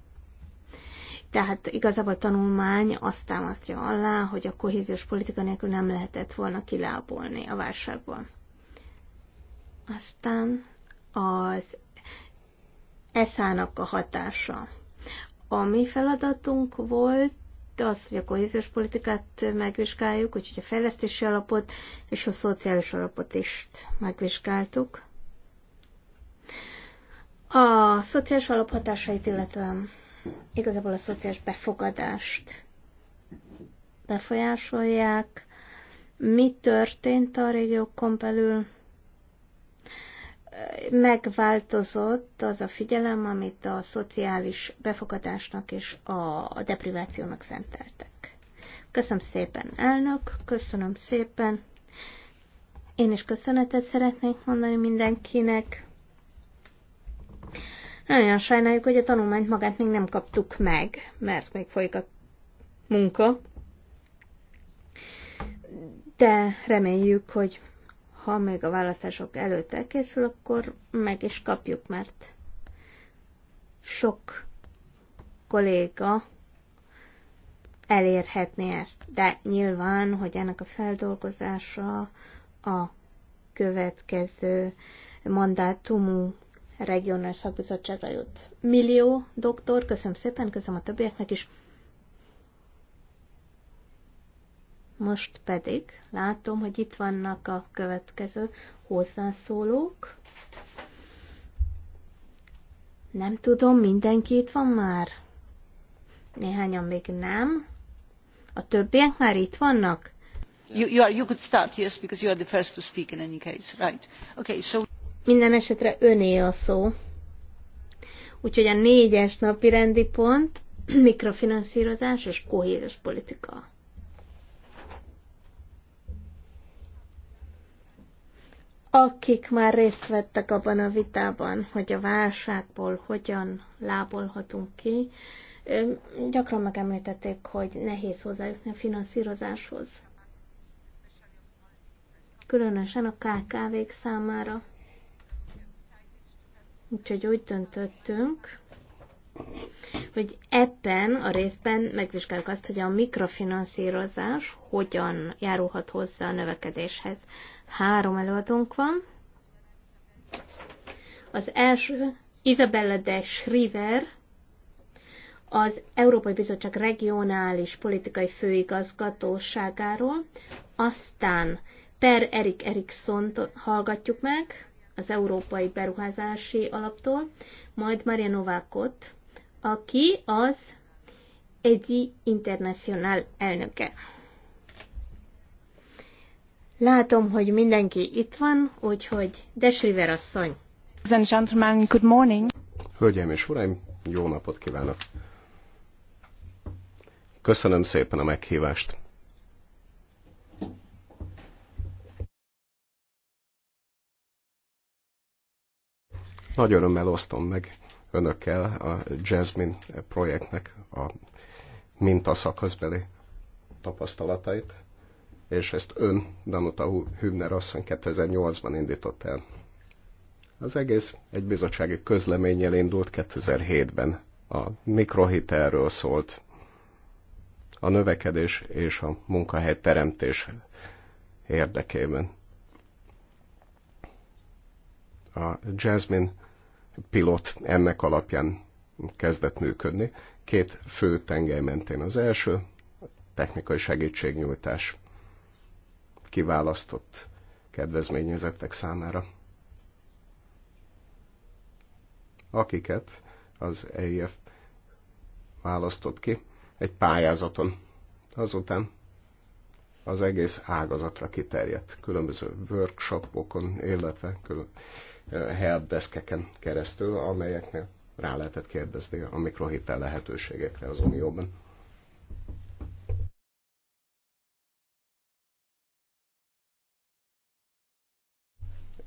Tehát igazából a tanulmány azt támasztja alá, hogy a kohéziós politika nélkül nem lehetett volna kilábolni a válságból. Aztán az eszának a hatása. A mi feladatunk volt az, hogy a kohéziós politikát megvizsgáljuk, úgyhogy a fejlesztési alapot és a szociális alapot is megvizsgáltuk. A szociális alap hatásait, illetve, igazából a szociális befogadást befolyásolják, mi történt a régiókon belül, megváltozott az a figyelem, amit a szociális befogadásnak és a deprivációnak szenteltek. Köszönöm szépen, elnök, köszönöm szépen. Én is köszönetet szeretnék mondani mindenkinek. Nagyon sajnáljuk, hogy a tanulmányt magát még nem kaptuk meg, mert még folyik a munka. De reméljük, hogy ha még a választások előtt elkészül, akkor meg is kapjuk, mert sok kolléga elérhetné ezt. De nyilván, hogy ennek a feldolgozása a következő mandátumú regionális szakbizottságra jut. Millió doktor, köszönöm szépen, köszönöm a többieknek is. Most pedig látom, hogy itt vannak a következő hozzászólók. Nem tudom, mindenki itt van már? Néhányan még nem. A többiek már itt vannak? You, you, are, you could start, yes, because you are the first to speak in any case, right? Okay, so... Minden esetre öné a szó. Úgyhogy a négyes napi rendi pont mikrofinanszírozás és kohéziós politika. akik már részt vettek abban a vitában, hogy a válságból hogyan lábolhatunk ki, gyakran megemlítették, hogy nehéz hozzájutni a finanszírozáshoz. Különösen a KKV-k számára. Úgyhogy úgy döntöttünk, hogy ebben a részben megvizsgáljuk azt, hogy a mikrofinanszírozás hogyan járulhat hozzá a növekedéshez. Három előadónk van. Az első Isabella de Schriver, az Európai Bizottság regionális politikai főigazgatóságáról, aztán Per Erik Eriksson hallgatjuk meg az Európai Beruházási Alaptól, majd Maria Novákot, aki az egy Internacionál elnöke. Látom, hogy mindenki itt van, úgyhogy Desriver asszony. Ladies and gentlemen, good morning. Hölgyeim és uraim, jó napot kívánok. Köszönöm szépen a meghívást. Nagy örömmel osztom meg önökkel a Jasmine projektnek a mintaszakaszbeli tapasztalatait és ezt ön, Danuta Hübner asszony 2008-ban indított el. Az egész egy bizottsági közleménnyel indult 2007-ben. A mikrohitelről szólt. A növekedés és a munkahely teremtés érdekében. A Jasmine pilot ennek alapján kezdett működni. Két fő tengely mentén az első, technikai segítségnyújtás kiválasztott kedvezményezettek számára, akiket az EIF választott ki egy pályázaton. Azután az egész ágazatra kiterjedt, különböző workshopokon, illetve helpdeskeken keresztül, amelyeknél rá lehetett kérdezni a mikrohitel lehetőségekre az Unióban.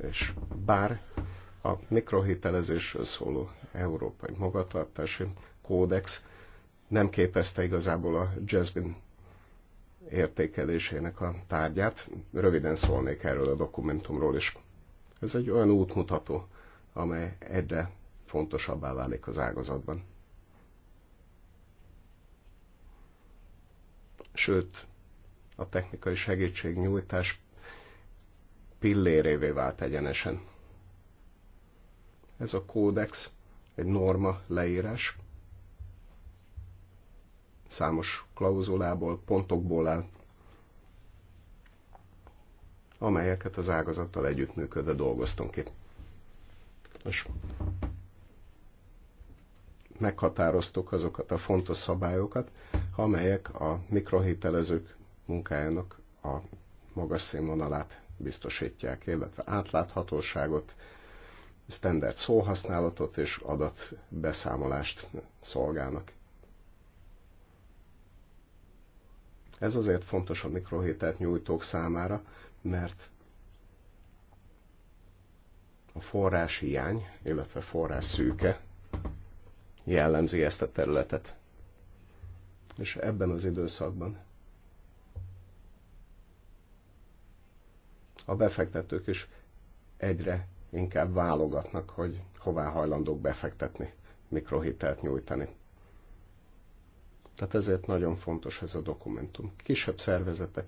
és bár a mikrohitelezésről szóló európai magatartási kódex nem képezte igazából a Jasmine értékelésének a tárgyát. Röviden szólnék erről a dokumentumról is. Ez egy olyan útmutató, amely egyre fontosabbá válik az ágazatban. Sőt, a technikai segítségnyújtás pillérévé vált egyenesen. Ez a kódex egy norma leírás, számos klauzulából, pontokból áll, amelyeket az ágazattal együttműködve dolgoztunk ki. És meghatároztuk azokat a fontos szabályokat, amelyek a mikrohitelezők munkájának a magas színvonalát biztosítják, illetve átláthatóságot, standard szóhasználatot és adatbeszámolást szolgálnak. Ez azért fontos a mikrohételt nyújtók számára, mert a forrás hiány, illetve forrás szűke jellemzi ezt a területet. És ebben az időszakban a befektetők is egyre inkább válogatnak, hogy hová hajlandók befektetni, mikrohitelt nyújtani. Tehát ezért nagyon fontos ez a dokumentum. Kisebb szervezetek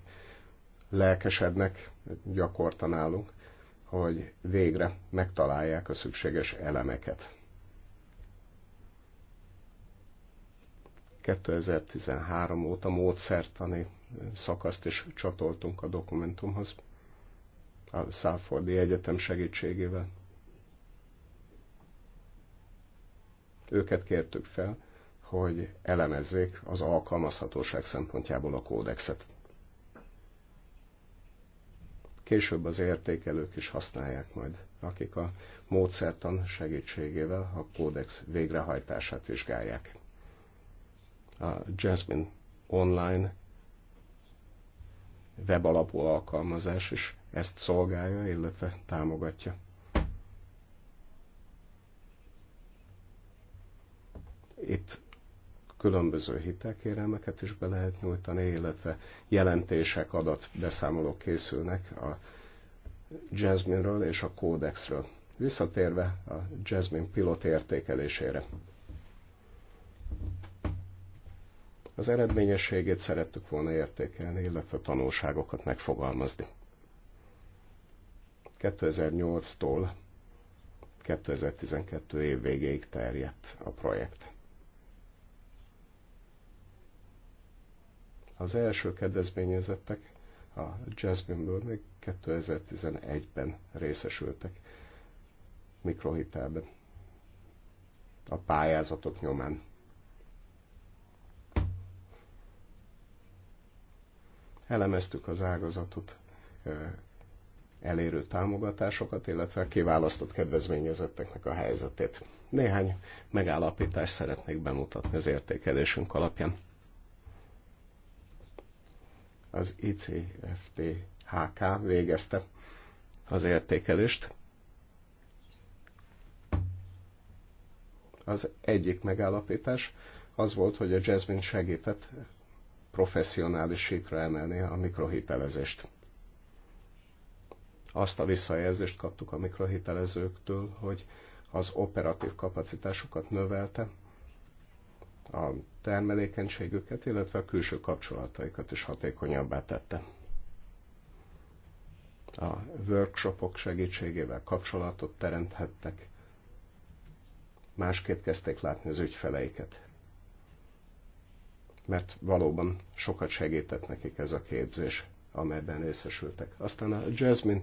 lelkesednek gyakorta nálunk, hogy végre megtalálják a szükséges elemeket. 2013 óta módszertani szakaszt is csatoltunk a dokumentumhoz, a Száfordi Egyetem segítségével. Őket kértük fel, hogy elemezzék az alkalmazhatóság szempontjából a kódexet. Később az értékelők is használják majd, akik a módszertan segítségével a kódex végrehajtását vizsgálják. A Jasmine online webalapú alkalmazás is ezt szolgálja, illetve támogatja. Itt különböző hitelkérelmeket is be lehet nyújtani, illetve jelentések, adatbeszámolók készülnek a Jasmine-ről és a Codexről. Visszatérve a Jasmine pilot értékelésére. Az eredményességét szerettük volna értékelni, illetve tanulságokat megfogalmazni. 2008-tól 2012 év végéig terjedt a projekt. Az első kedvezményezettek a Jasmine-ből még 2011-ben részesültek mikrohitelben a pályázatok nyomán. Elemeztük az ágazatot elérő támogatásokat, illetve kiválasztott kedvezményezetteknek a helyzetét. Néhány megállapítást szeretnék bemutatni az értékelésünk alapján. Az ICFTHK végezte az értékelést. Az egyik megállapítás az volt, hogy a Jasmine segített professzionális síkra emelni a mikrohitelezést azt a visszajelzést kaptuk a mikrohitelezőktől, hogy az operatív kapacitásukat növelte, a termelékenységüket, illetve a külső kapcsolataikat is hatékonyabbá tette. A workshopok segítségével kapcsolatot teremthettek, másképp kezdték látni az ügyfeleiket. Mert valóban sokat segített nekik ez a képzés, amelyben részesültek. Aztán a Jasmine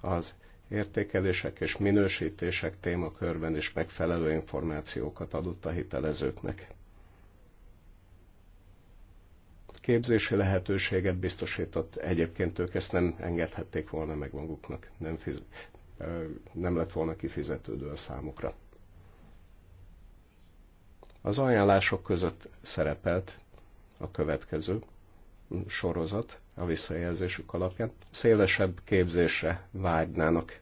az értékelések és minősítések témakörben is megfelelő információkat adott a hitelezőknek. Képzési lehetőséget biztosított, egyébként ők ezt nem engedhették volna meg maguknak, nem, fiz- nem lett volna kifizetődő a számukra. Az ajánlások között szerepelt a következő sorozat, a visszajelzésük alapján szélesebb képzésre vágynának.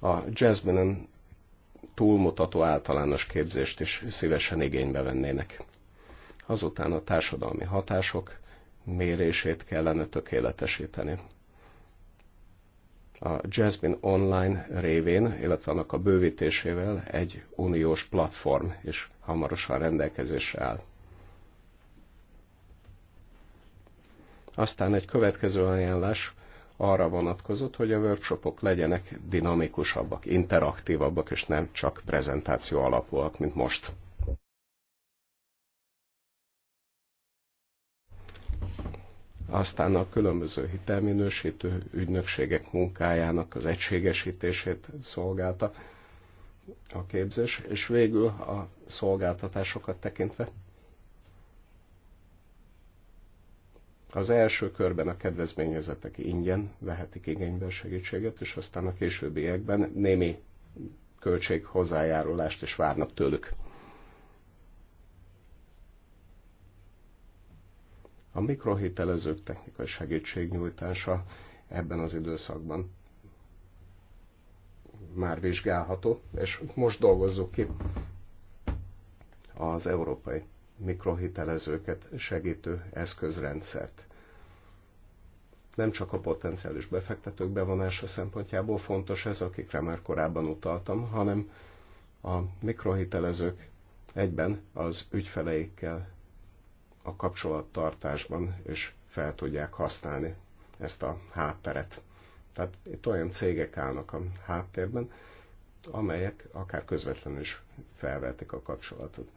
A jazzben túlmutató általános képzést is szívesen igénybe vennének. Azután a társadalmi hatások mérését kellene tökéletesíteni a Jasmine Online révén, illetve annak a bővítésével egy uniós platform is hamarosan rendelkezésre áll. Aztán egy következő ajánlás arra vonatkozott, hogy a workshopok legyenek dinamikusabbak, interaktívabbak, és nem csak prezentáció alapúak, mint most. aztán a különböző hitelminősítő ügynökségek munkájának az egységesítését szolgálta a képzés, és végül a szolgáltatásokat tekintve az első körben a kedvezményezetek ingyen vehetik igénybe a segítséget, és aztán a későbbiekben némi költség hozzájárulást is várnak tőlük. A mikrohitelezők technikai segítségnyújtása ebben az időszakban már vizsgálható, és most dolgozzuk ki az európai mikrohitelezőket segítő eszközrendszert. Nem csak a potenciális befektetők bevonása szempontjából fontos ez, akikre már korábban utaltam, hanem a mikrohitelezők egyben az ügyfeleikkel a kapcsolattartásban is fel tudják használni ezt a hátteret. Tehát itt olyan cégek állnak a háttérben, amelyek akár közvetlenül is felvették a kapcsolatot.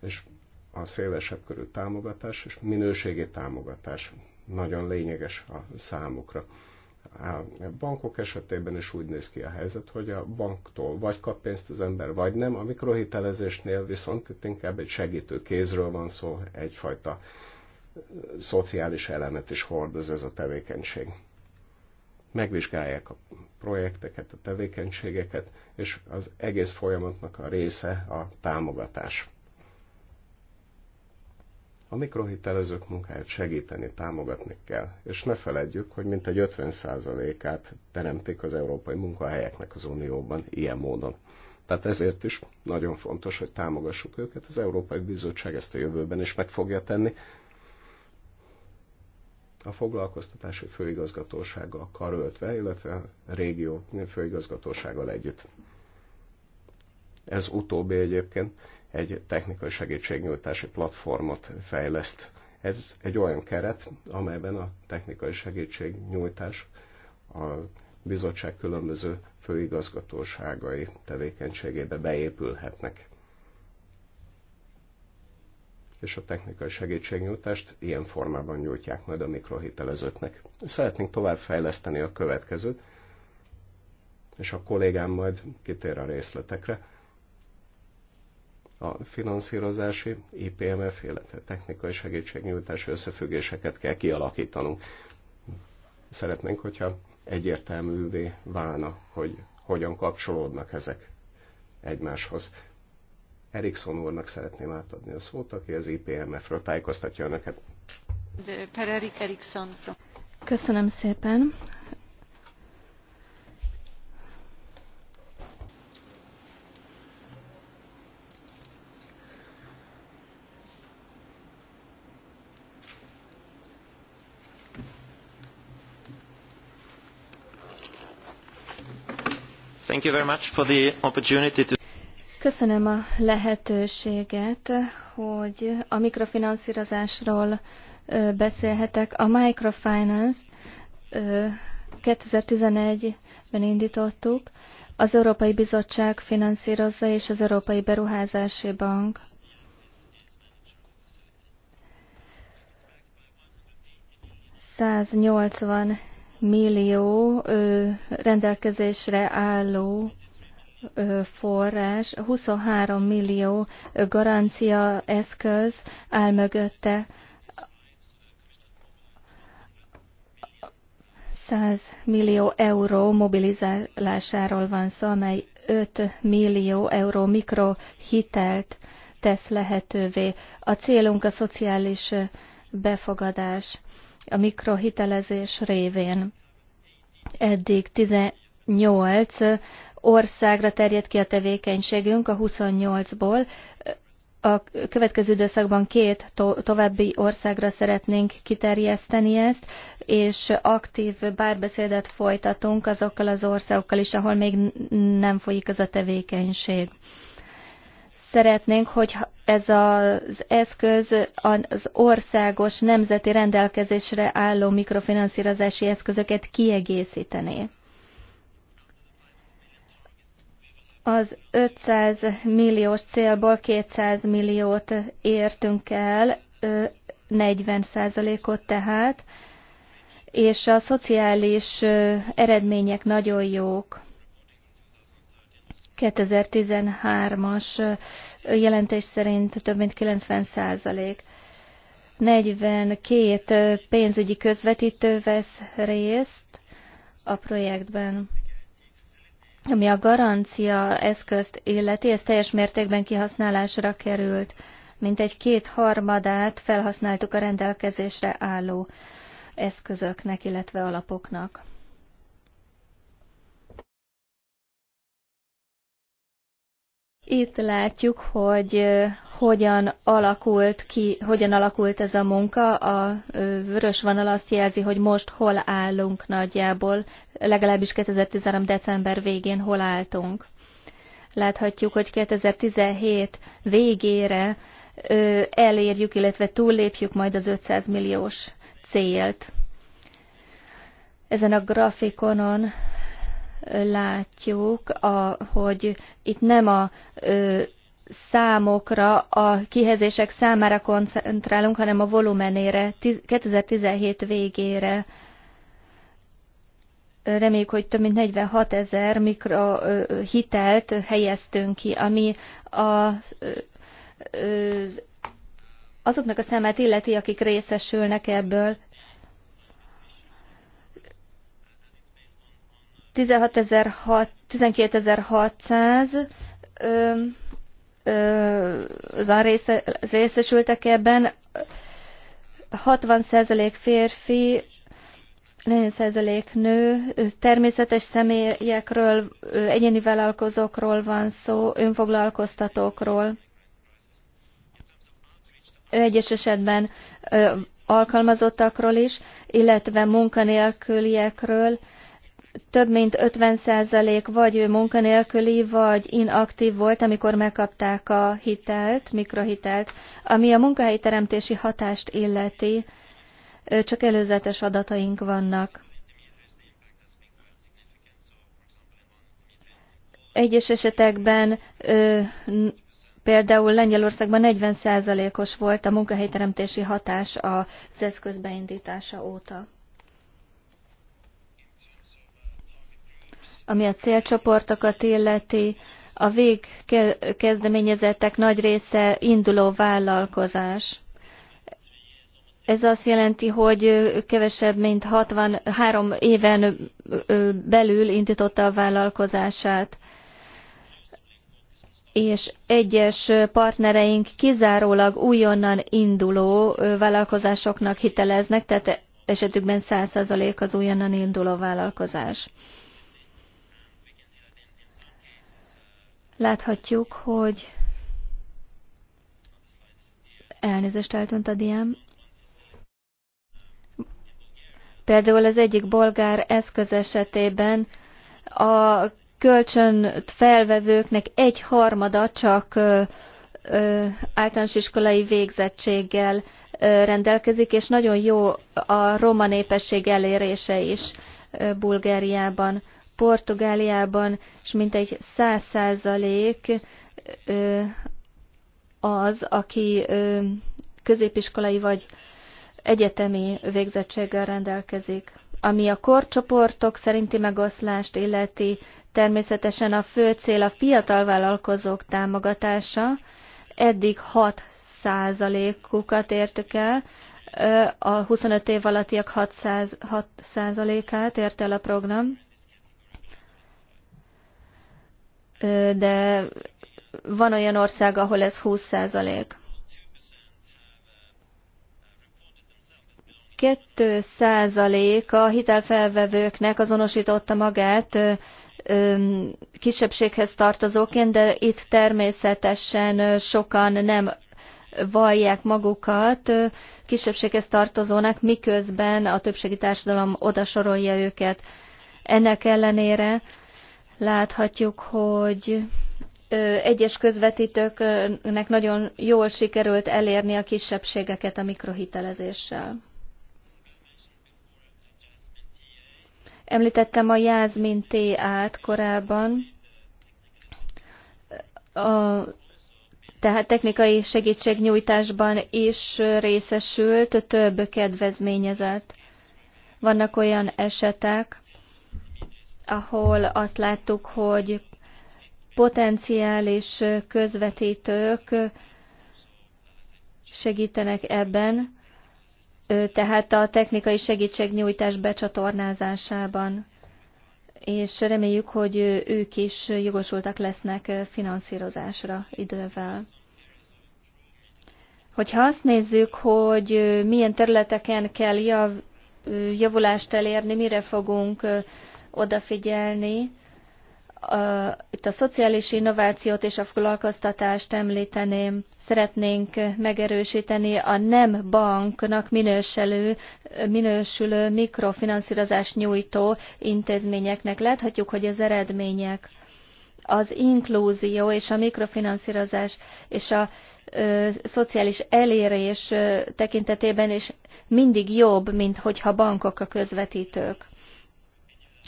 És a szélesebb körű támogatás és minőségi támogatás nagyon lényeges a számukra. A bankok esetében is úgy néz ki a helyzet, hogy a banktól vagy kap pénzt az ember, vagy nem. A mikrohitelezésnél viszont itt inkább egy segítő kézről van szó, egyfajta szociális elemet is hordoz ez a tevékenység. Megvizsgálják a projekteket, a tevékenységeket, és az egész folyamatnak a része a támogatás. A mikrohitelezők munkáját segíteni, támogatni kell, és ne feledjük, hogy mintegy 50%-át teremtik az európai munkahelyeknek az Unióban ilyen módon. Tehát ezért is nagyon fontos, hogy támogassuk őket. Az Európai Bizottság ezt a jövőben is meg fogja tenni. A foglalkoztatási főigazgatósággal karöltve, illetve a régió főigazgatósággal együtt. Ez utóbbi egyébként egy technikai segítségnyújtási platformot fejleszt. Ez egy olyan keret, amelyben a technikai segítségnyújtás a bizottság különböző főigazgatóságai tevékenységébe beépülhetnek. És a technikai segítségnyújtást ilyen formában nyújtják majd a mikrohitelezőknek. Szeretnénk tovább fejleszteni a következőt, és a kollégám majd kitér a részletekre a finanszírozási, IPMF, illetve technikai segítségnyújtási összefüggéseket kell kialakítanunk. Szeretnénk, hogyha egyértelművé válna, hogy hogyan kapcsolódnak ezek egymáshoz. Erikson úrnak szeretném átadni a szót, aki az IPMF-ről tájékoztatja önöket. Köszönöm szépen. Köszönöm a lehetőséget, hogy a mikrofinanszírozásról beszélhetek. A microfinance 2011-ben indítottuk, az Európai Bizottság finanszírozza és az Európai Beruházási Bank. ...180 millió rendelkezésre álló forrás, 23 millió garancia eszköz áll mögötte, 100 millió euró mobilizálásáról van szó, amely 5 millió euró mikrohitelt tesz lehetővé. A célunk a szociális befogadás a mikrohitelezés révén. Eddig 18 országra terjedt ki a tevékenységünk a 28-ból. A következő időszakban két to- további országra szeretnénk kiterjeszteni ezt, és aktív bárbeszédet folytatunk azokkal az országokkal is, ahol még nem folyik ez a tevékenység szeretnénk, hogy ez az eszköz az országos nemzeti rendelkezésre álló mikrofinanszírozási eszközöket kiegészítené. Az 500 milliós célból 200 milliót értünk el, 40 százalékot tehát, és a szociális eredmények nagyon jók. 2013-as jelentés szerint több mint 90 százalék. 42 pénzügyi közvetítő vesz részt a projektben. Ami a garancia eszközt illeti, ez teljes mértékben kihasználásra került. Mintegy kétharmadát felhasználtuk a rendelkezésre álló eszközöknek, illetve alapoknak. Itt látjuk, hogy hogyan alakult ki, hogyan alakult ez a munka. A vörös vonal azt jelzi, hogy most hol állunk nagyjából, legalábbis 2013. december végén hol álltunk. Láthatjuk, hogy 2017 végére elérjük, illetve túllépjük majd az 500 milliós célt. Ezen a grafikonon látjuk, a, hogy itt nem a ö, számokra, a kihezések számára koncentrálunk, hanem a volumenére 2017 végére. Reméljük, hogy több mint 46 ezer mikrohitelt helyeztünk ki, ami a, azoknak a számát illeti, akik részesülnek ebből. 12600 azon része, részesültek ebben, 60% férfi, 40% nő, természetes személyekről, egyéni vállalkozókról van szó, önfoglalkoztatókról. Egyes esetben alkalmazottakról is, illetve munkanélküliekről, több mint 50% vagy munkanélküli, vagy inaktív volt, amikor megkapták a hitelt, mikrohitelt, ami a teremtési hatást illeti, csak előzetes adataink vannak. Egyes esetekben például Lengyelországban 40%-os volt a munkahelyteremtési hatás az eszköz beindítása óta. ami a célcsoportokat illeti, a végkezdeményezettek nagy része induló vállalkozás. Ez azt jelenti, hogy kevesebb, mint 63 éven belül indította a vállalkozását, és egyes partnereink kizárólag újonnan induló vállalkozásoknak hiteleznek, tehát esetükben 100% az újonnan induló vállalkozás. Láthatjuk, hogy elnézést eltűnt a diám. Például az egyik bolgár eszköz esetében a kölcsön felvevőknek egy harmada csak ö, ö, általános iskolai végzettséggel ö, rendelkezik, és nagyon jó a roma népesség elérése is ö, Bulgáriában. Portugáliában és mintegy száz százalék az, aki középiskolai vagy egyetemi végzettséggel rendelkezik. Ami a korcsoportok szerinti megoszlást illeti, természetesen a fő cél a fiatal vállalkozók támogatása. Eddig 6 százalékukat értük el, a 25 év alattiak 6 százalékát ért el a program. de van olyan ország, ahol ez 20 százalék. 2 százalék a hitelfelvevőknek azonosította magát kisebbséghez tartozóként, de itt természetesen sokan nem vallják magukat kisebbséghez tartozónak, miközben a többségi társadalom odasorolja őket. Ennek ellenére Láthatjuk, hogy egyes közvetítőknek nagyon jól sikerült elérni a kisebbségeket a mikrohitelezéssel. Említettem a Jászmin T-át korábban, a, tehát technikai segítségnyújtásban is részesült több kedvezményezett. Vannak olyan esetek, ahol azt láttuk, hogy potenciális közvetítők segítenek ebben, tehát a technikai segítségnyújtás becsatornázásában, és reméljük, hogy ők is jogosultak lesznek finanszírozásra idővel. Hogyha azt nézzük, hogy milyen területeken kell jav, javulást elérni, mire fogunk odafigyelni. Itt a szociális innovációt és a foglalkoztatást említeném. Szeretnénk megerősíteni a nem banknak minősülő, minősülő mikrofinanszírozás nyújtó intézményeknek. Láthatjuk, hogy az eredmények az inklúzió és a mikrofinanszírozás és a ö, szociális elérés ö, tekintetében is mindig jobb, mint hogyha bankok a közvetítők.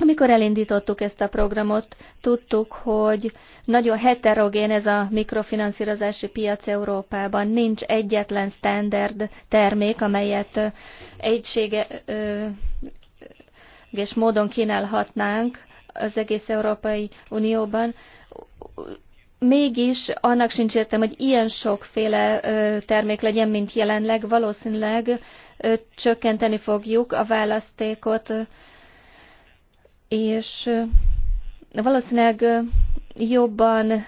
Amikor elindítottuk ezt a programot, tudtuk, hogy nagyon heterogén ez a mikrofinanszírozási piac Európában. Nincs egyetlen standard termék, amelyet egységes módon kínálhatnánk az egész Európai Unióban. Mégis annak sincs értem, hogy ilyen sokféle termék legyen, mint jelenleg. Valószínűleg csökkenteni fogjuk a választékot és valószínűleg jobban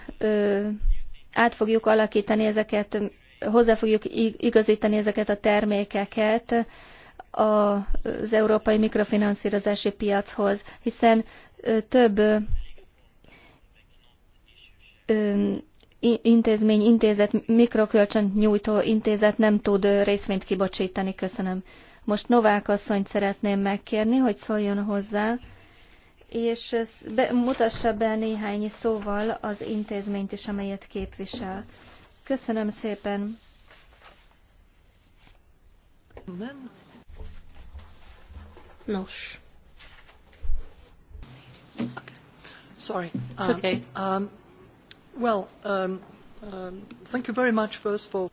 át fogjuk alakítani ezeket, hozzá fogjuk igazítani ezeket a termékeket az európai mikrofinanszírozási piachoz, hiszen több intézmény, intézet, mikrokölcsön nyújtó intézet nem tud részvényt kibocsítani. Köszönöm. Most Novák asszonyt szeretném megkérni, hogy szóljon hozzá és be, mutassa be néhány szóval az intézményt is, amelyet képvisel. Köszönöm szépen! Nos. Sorry. It's um, okay. Um, well, um, um, thank you very much first for...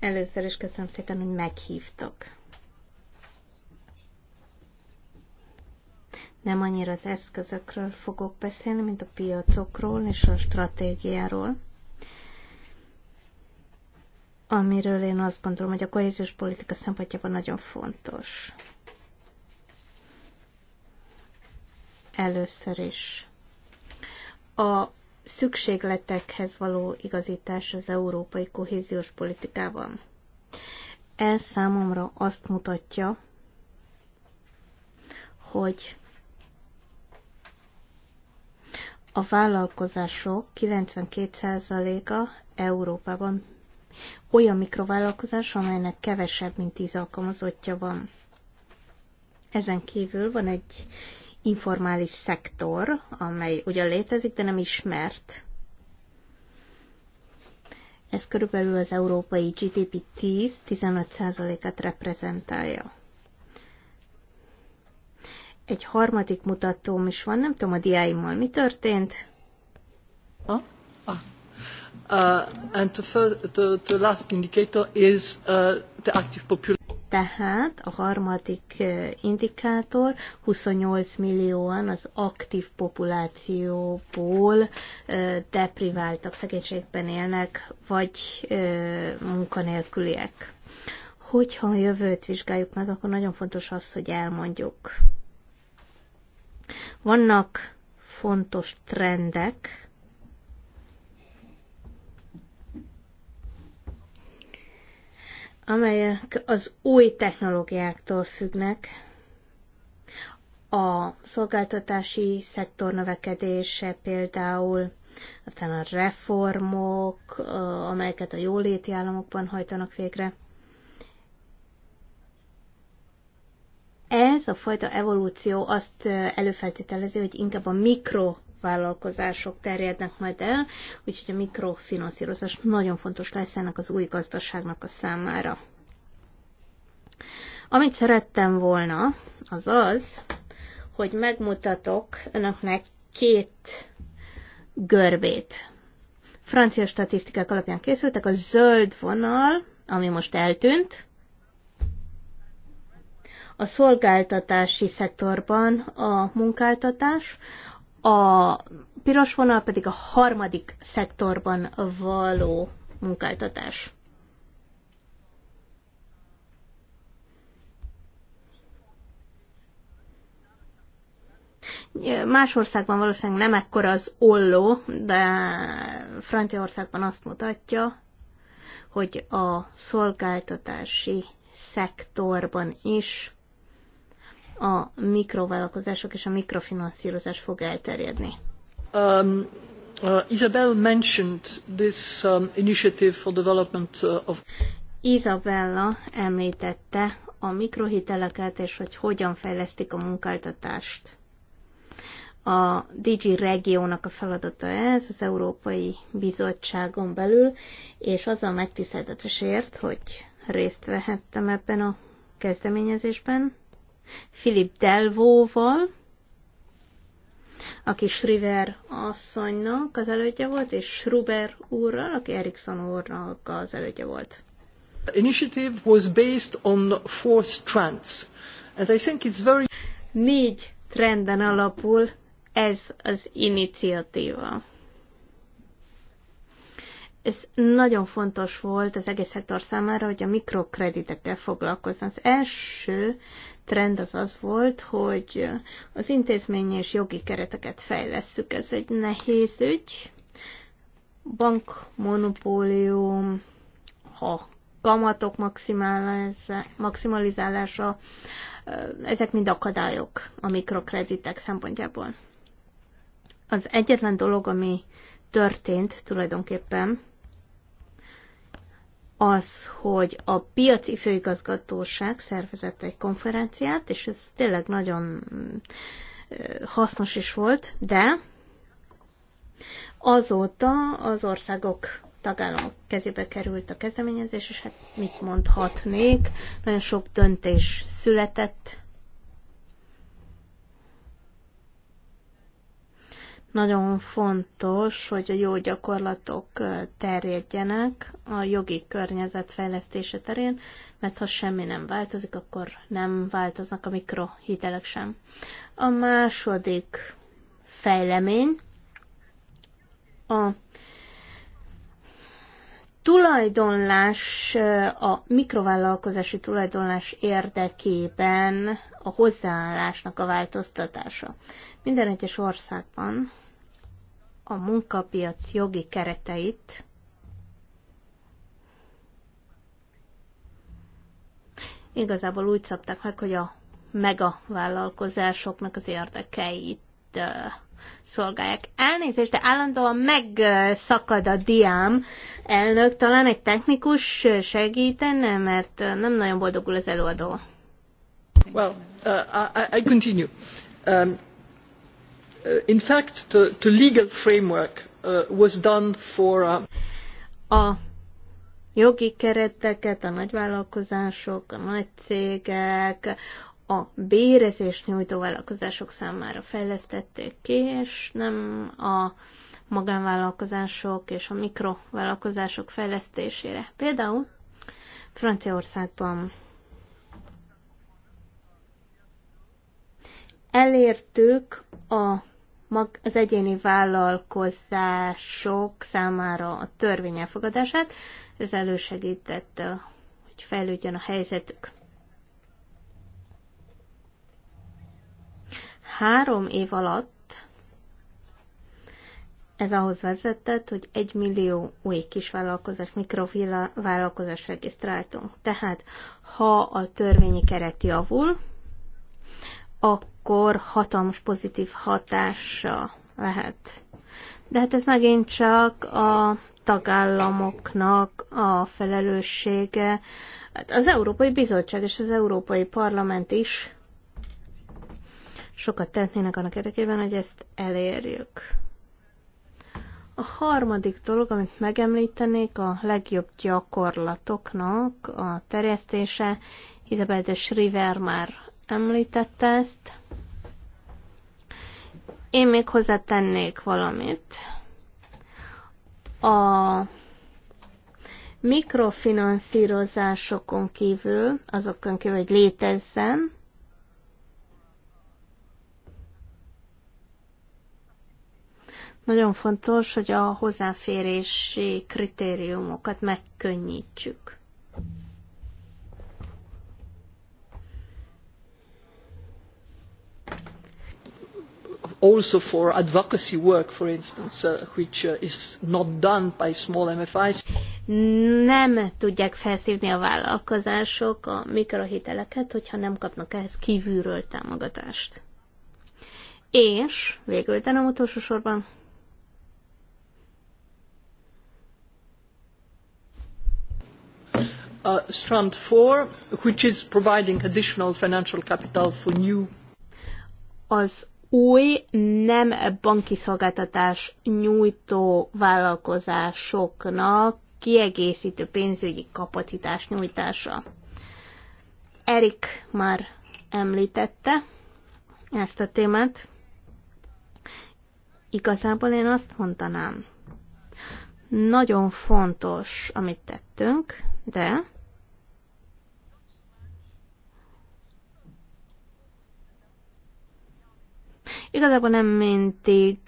Először is köszönöm szépen, hogy meghívtak. nem annyira az eszközökről fogok beszélni, mint a piacokról és a stratégiáról, amiről én azt gondolom, hogy a kohéziós politika szempontjában nagyon fontos. Először is. A szükségletekhez való igazítás az európai kohéziós politikában. Ez számomra azt mutatja, hogy a vállalkozások 92%-a Európában olyan mikrovállalkozás, amelynek kevesebb, mint 10 alkalmazottja van. Ezen kívül van egy informális szektor, amely ugyan létezik, de nem ismert. Ez körülbelül az európai GDP 10-15%-át reprezentálja egy harmadik mutatóm is van, nem tudom a diáimmal mi történt. Ah, ah. Uh, and the, first, the, the last indicator is uh, the active population. Tehát a harmadik uh, indikátor 28 millióan az aktív populációból uh, depriváltak, szegénységben élnek, vagy uh, munkanélküliek. Hogyha a jövőt vizsgáljuk meg, akkor nagyon fontos az, hogy elmondjuk vannak fontos trendek, amelyek az új technológiáktól függnek, a szolgáltatási szektor növekedése például, aztán a reformok, amelyeket a jóléti államokban hajtanak végre. Ez a fajta evolúció azt előfeltételezi, hogy inkább a mikro vállalkozások terjednek majd el, úgyhogy a mikrofinanszírozás nagyon fontos lesz ennek az új gazdaságnak a számára. Amit szerettem volna, az az, hogy megmutatok önöknek két görbét. Francia statisztikák alapján készültek, a zöld vonal, ami most eltűnt, a szolgáltatási szektorban a munkáltatás, a piros vonal pedig a harmadik szektorban való munkáltatás. Más országban valószínűleg nem ekkora az olló, de Franciaországban azt mutatja, hogy a szolgáltatási szektorban is a mikrovállalkozások és a mikrofinanszírozás fog elterjedni. Um, uh, Isabel mentioned this um, initiative for development uh, of Isabella említette a mikrohiteleket, és hogy hogyan fejlesztik a munkáltatást. A Digi Regiónak a feladata ez, az Európai Bizottságon belül, és az a megtiszteltetésért, hogy részt vehettem ebben a kezdeményezésben. Philip Delvóval, aki Shriver asszonynak az elődje volt, és Schruber úrral, aki Erikson úrnak az elődje volt. The initiative was based on four strands, and I think it's very... Négy trenden alapul ez az iniciatíva. Ez nagyon fontos volt az egész szektor számára, hogy a mikrokreditekkel foglalkozzon. Az első trend az az volt, hogy az intézmény és jogi kereteket fejlesszük. Ez egy nehéz ügy. Bankmonopólium, ha kamatok maximalizálása, ezek mind akadályok a mikrokreditek szempontjából. Az egyetlen dolog, ami történt tulajdonképpen, az, hogy a piaci főigazgatóság szervezett egy konferenciát, és ez tényleg nagyon hasznos is volt, de azóta az országok tagállamok kezébe került a kezdeményezés, és hát mit mondhatnék, nagyon sok döntés született Nagyon fontos, hogy a jó gyakorlatok terjedjenek a jogi környezet fejlesztése terén, mert ha semmi nem változik, akkor nem változnak a mikrohitelek sem. A második fejlemény a tulajdonlás, a mikrovállalkozási tulajdonlás érdekében a hozzáállásnak a változtatása. Minden egyes országban a munkapiac jogi kereteit, igazából úgy szabták meg, hogy a megavállalkozásoknak az érdekeit szolgálják. Elnézést, de állandóan megszakad a diám. Elnök, talán egy technikus segítene, mert nem nagyon boldogul az előadó. Well, uh, I, I continue. Um, Uh, in fact, the, the legal framework uh, was done for a, uh, a jogi kereteket, a nagyvállalkozások, a nagy cégek, a bérezés nyújtó vállalkozások számára fejlesztették ki, és nem a magánvállalkozások és a mikrovállalkozások fejlesztésére. Például Franciaországban Elértük a mag, az egyéni vállalkozások számára a törvény elfogadását, ez elősegítette, hogy fejlődjön a helyzetük. Három év alatt ez ahhoz vezetett, hogy egy millió új kisvállalkozás, mikrovállalkozás regisztráltunk. Tehát, ha a törvényi keret javul, akkor hatalmas pozitív hatása lehet. De hát ez megint csak a tagállamoknak a felelőssége. Hát az Európai Bizottság és az Európai Parlament is sokat tennének annak érdekében, hogy ezt elérjük. A harmadik dolog, amit megemlítenék, a legjobb gyakorlatoknak a terjesztése. Isabel de Schriver már említette ezt. Én még hozzátennék valamit. A mikrofinanszírozásokon kívül, azokon kívül, hogy létezzen, nagyon fontos, hogy a hozzáférési kritériumokat megkönnyítsük. also for advocacy work, for instance, uh, which uh, is not done by small MFIs. Nem tudják felszívni a vállalkozások a mikrohiteleket, hogyha nem kapnak ehhez kívülről támogatást. És végül, de nem utolsó sorban, Uh, strand 4, which is providing additional financial capital for new az új nem banki szolgáltatás nyújtó vállalkozásoknak kiegészítő pénzügyi kapacitás nyújtása. Erik már említette ezt a témát. Igazából én azt mondanám, nagyon fontos, amit tettünk, de igazából nem mindig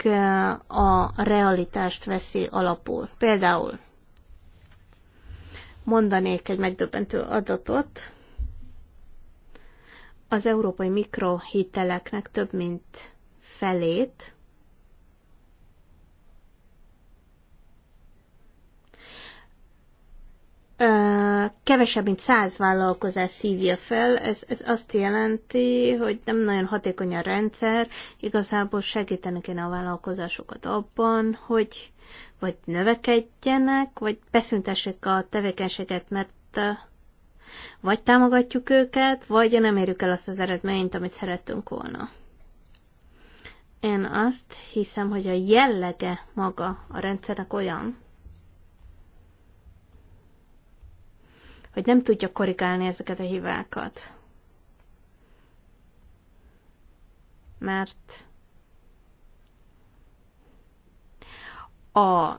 a realitást veszi alapul. Például mondanék egy megdöbbentő adatot, az európai mikrohiteleknek több mint felét kevesebb, mint száz vállalkozás szívja fel. Ez, ez azt jelenti, hogy nem nagyon hatékony a rendszer, igazából segítenek én a vállalkozásokat abban, hogy vagy növekedjenek, vagy beszüntessék a tevékenységet, mert vagy támogatjuk őket, vagy nem érjük el azt az eredményt, amit szerettünk volna. Én azt hiszem, hogy a jellege maga a rendszernek olyan, hogy nem tudja korrigálni ezeket a hibákat. Mert a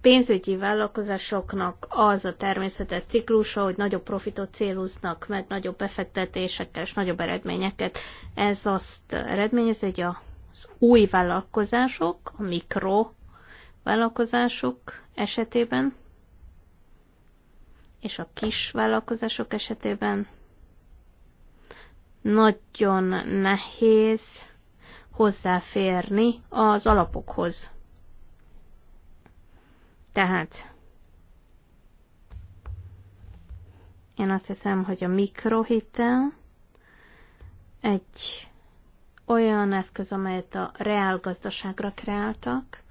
pénzügyi vállalkozásoknak az a természetes ciklusa, hogy nagyobb profitot céloznak, meg nagyobb befektetésekkel és nagyobb eredményeket. Ez azt eredményez, hogy az új vállalkozások, a mikro vállalkozások esetében és a kis vállalkozások esetében nagyon nehéz hozzáférni az alapokhoz. Tehát én azt hiszem, hogy a mikrohitel egy olyan eszköz, amelyet a reálgazdaságra kreáltak,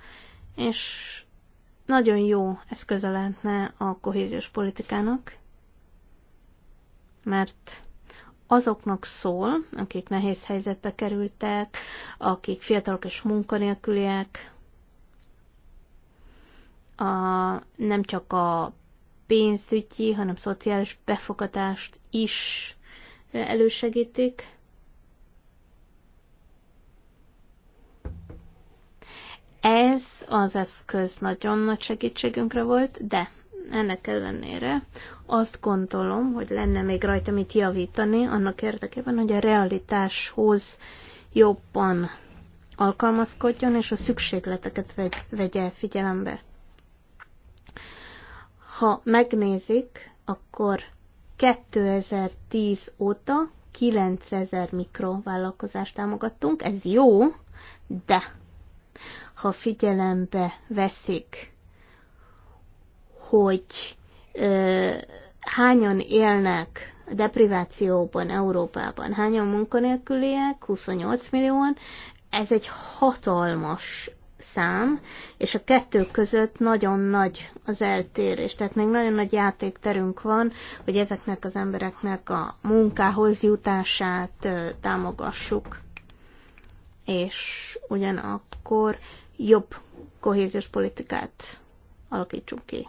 és nagyon jó eszköze lehetne a kohéziós politikának, mert azoknak szól, akik nehéz helyzetbe kerültek, akik fiatalok és munkanélküliek, a, nem csak a pénzügyi, hanem szociális befogadást is elősegítik. Ez az eszköz nagyon nagy segítségünkre volt, de ennek ellenére azt gondolom, hogy lenne még rajta mit javítani annak érdekében, hogy a realitáshoz jobban alkalmazkodjon, és a szükségleteket vegy, vegye figyelembe. Ha megnézik, akkor 2010 óta 9000 mikrovállalkozást támogattunk, ez jó, de ha figyelembe veszik, hogy ö, hányan élnek deprivációban Európában, hányan munkanélküliek, 28 millióan, ez egy hatalmas szám, és a kettő között nagyon nagy az eltérés. Tehát még nagyon nagy játékterünk van, hogy ezeknek az embereknek a munkához jutását támogassuk. És ugyanakkor jobb kohéziós politikát alakítsunk ki.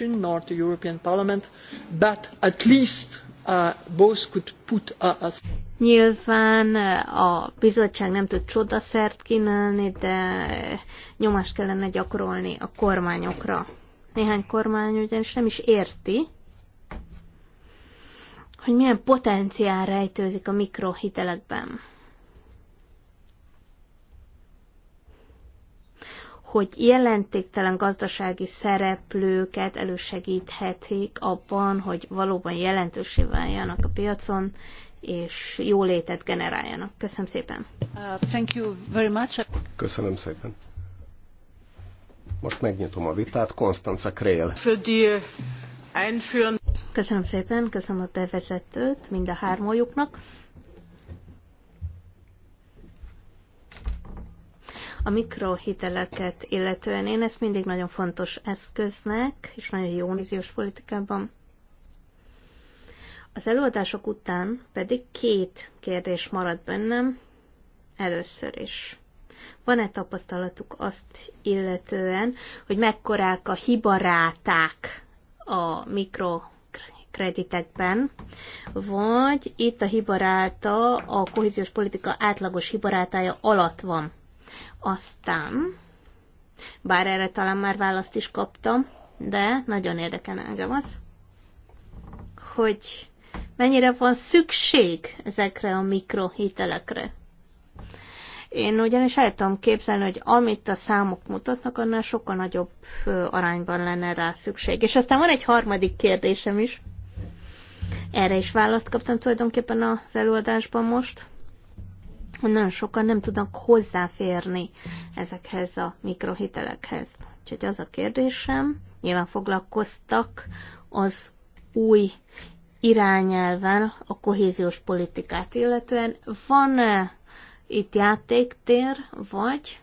Nor North European Parliament, but at least uh, both could put us. Nyilván uh, a bizottság nem tud csodaszert kínálni, de nyomást kellene gyakorolni a kormányokra. Néhány kormány ugyanis nem is érti, hogy milyen potenciál rejtőzik a mikrohitelekben. hogy jelentéktelen gazdasági szereplőket elősegíthetik abban, hogy valóban jelentősé váljanak a piacon, és jó létet generáljanak. Köszönöm szépen. Uh, thank you very much. Köszönöm szépen. Most megnyitom a vitát. Konstanza Krél. Köszönöm szépen, köszönöm a bevezetőt mind a hármójuknak. a mikrohiteleket illetően. Én ezt mindig nagyon fontos eszköznek, és nagyon jó víziós politikában. Az előadások után pedig két kérdés maradt bennem először is. Van-e tapasztalatuk azt illetően, hogy mekkorák a hibaráták a mikro kreditekben, vagy itt a hibaráta a kohéziós politika átlagos hibarátája alatt van. Aztán, bár erre talán már választ is kaptam, de nagyon érdekel engem az, hogy mennyire van szükség ezekre a mikrohitelekre. Én ugyanis el tudom képzelni, hogy amit a számok mutatnak, annál sokkal nagyobb arányban lenne rá szükség. És aztán van egy harmadik kérdésem is. Erre is választ kaptam tulajdonképpen az előadásban most hogy nagyon sokan nem tudnak hozzáférni ezekhez a mikrohitelekhez. Úgyhogy az a kérdésem, nyilván foglalkoztak az új irányelven a kohéziós politikát illetően, van-e itt játéktér, vagy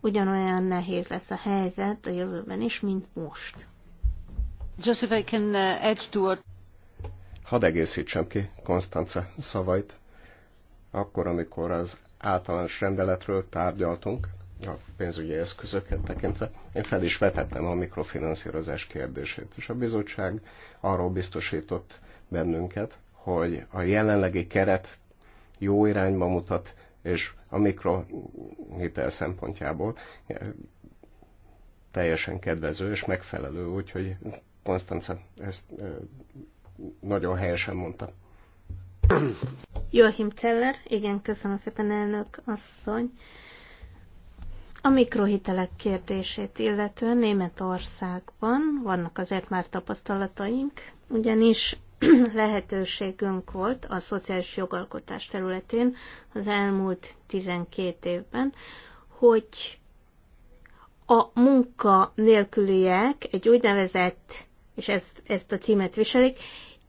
ugyanolyan nehéz lesz a helyzet a jövőben is, mint most? Joseph, I can uh, add to Hadd egészítsem ki Konstance szavait akkor, amikor az általános rendeletről tárgyaltunk, a pénzügyi eszközöket tekintve, én fel is vetettem a mikrofinanszírozás kérdését, és a bizottság arról biztosított bennünket, hogy a jelenlegi keret jó irányba mutat, és a mikrohitel szempontjából teljesen kedvező és megfelelő, úgyhogy Konstanca ezt nagyon helyesen mondta. Joachim Celler, igen, köszönöm szépen, elnök asszony. A mikrohitelek kérdését illetően Németországban vannak azért már tapasztalataink, ugyanis lehetőségünk volt a szociális jogalkotás területén az elmúlt 12 évben, hogy a munka nélküliek egy úgynevezett, és ezt, ezt a címet viselik,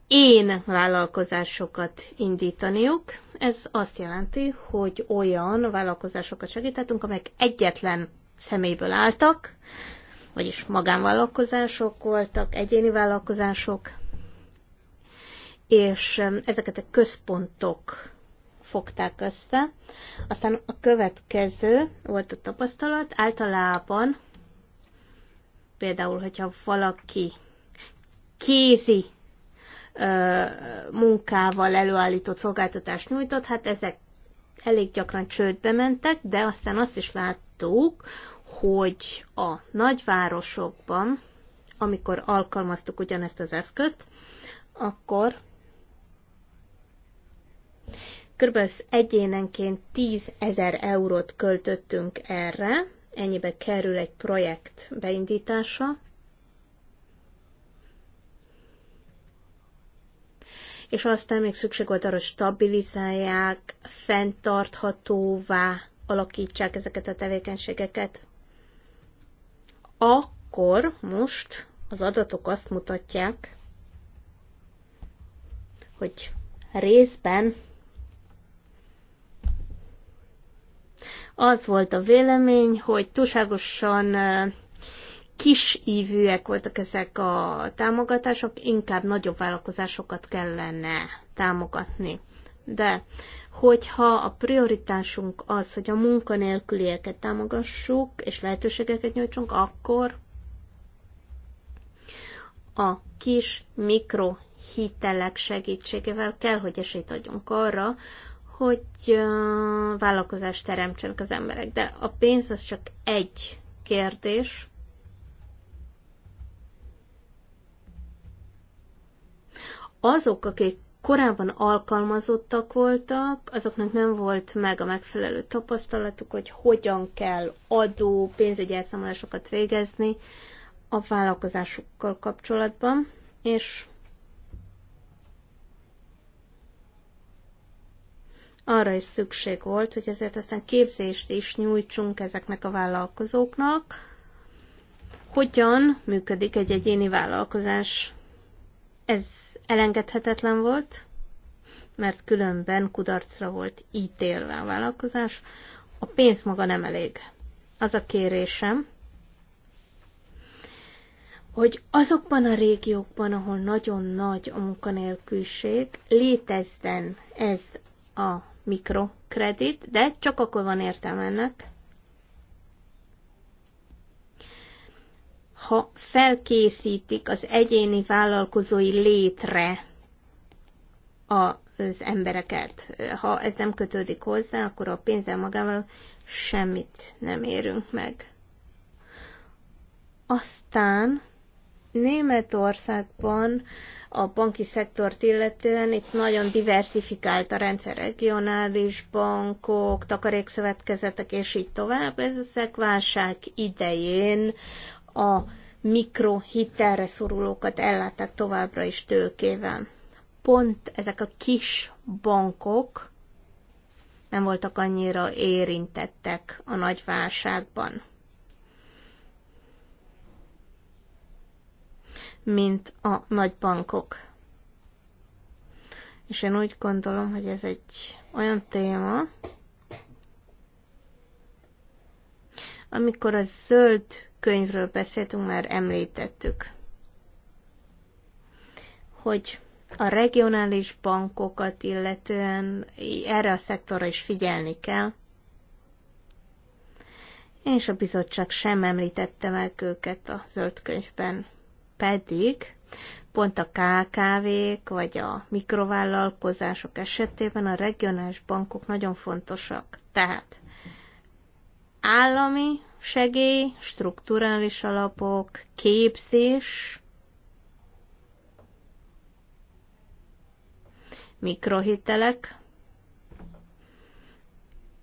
én vállalkozásokat indítaniuk. Ez azt jelenti, hogy olyan vállalkozásokat segítettünk, amelyek egyetlen személyből álltak, vagyis magánvállalkozások voltak, egyéni vállalkozások, és ezeket a központok fogták össze. Aztán a következő volt a tapasztalat, általában például, hogyha valaki kézi munkával előállított szolgáltatást nyújtott, hát ezek elég gyakran csődbe mentek, de aztán azt is láttuk, hogy a nagyvárosokban, amikor alkalmaztuk ugyanezt az eszközt, akkor kb. egyénenként 10 ezer eurót költöttünk erre, ennyibe kerül egy projekt beindítása, és aztán még szükség volt arra, hogy stabilizálják, fenntarthatóvá alakítsák ezeket a tevékenységeket. Akkor most az adatok azt mutatják, hogy részben az volt a vélemény, hogy túlságosan kis ívűek voltak ezek a támogatások, inkább nagyobb vállalkozásokat kellene támogatni. De hogyha a prioritásunk az, hogy a munkanélkülieket támogassuk, és lehetőségeket nyújtsunk, akkor a kis mikrohitelek segítségével kell, hogy esélyt adjunk arra, hogy vállalkozást teremtsenek az emberek. De a pénz az csak egy kérdés, azok, akik korábban alkalmazottak voltak, azoknak nem volt meg a megfelelő tapasztalatuk, hogy hogyan kell adó, pénzügyi elszámolásokat végezni a vállalkozásukkal kapcsolatban, és arra is szükség volt, hogy ezért aztán képzést is nyújtsunk ezeknek a vállalkozóknak, hogyan működik egy egyéni vállalkozás. Ez elengedhetetlen volt, mert különben kudarcra volt ítélve a vállalkozás. A pénz maga nem elég. Az a kérésem, hogy azokban a régiókban, ahol nagyon nagy a munkanélküliség, létezzen ez a mikrokredit, de csak akkor van értelme ennek, ha felkészítik az egyéni vállalkozói létre az embereket. Ha ez nem kötődik hozzá, akkor a pénzzel magával semmit nem érünk meg. Aztán Németországban a banki szektort illetően itt nagyon diversifikált a rendszer, regionális bankok, takarékszövetkezetek és így tovább. ezek válság idején a mikrohitelre szorulókat ellátták továbbra is tőkével. Pont ezek a kis bankok nem voltak annyira érintettek a nagy válságban, mint a nagy bankok. És én úgy gondolom, hogy ez egy olyan téma, Amikor a zöld könyvről beszéltünk, már említettük, hogy a regionális bankokat illetően erre a szektorra is figyelni kell, és a bizottság sem említette meg őket a zöld könyvben. Pedig pont a KKV-k vagy a mikrovállalkozások esetében a regionális bankok nagyon fontosak. Tehát állami segély, strukturális alapok, képzés, mikrohitelek.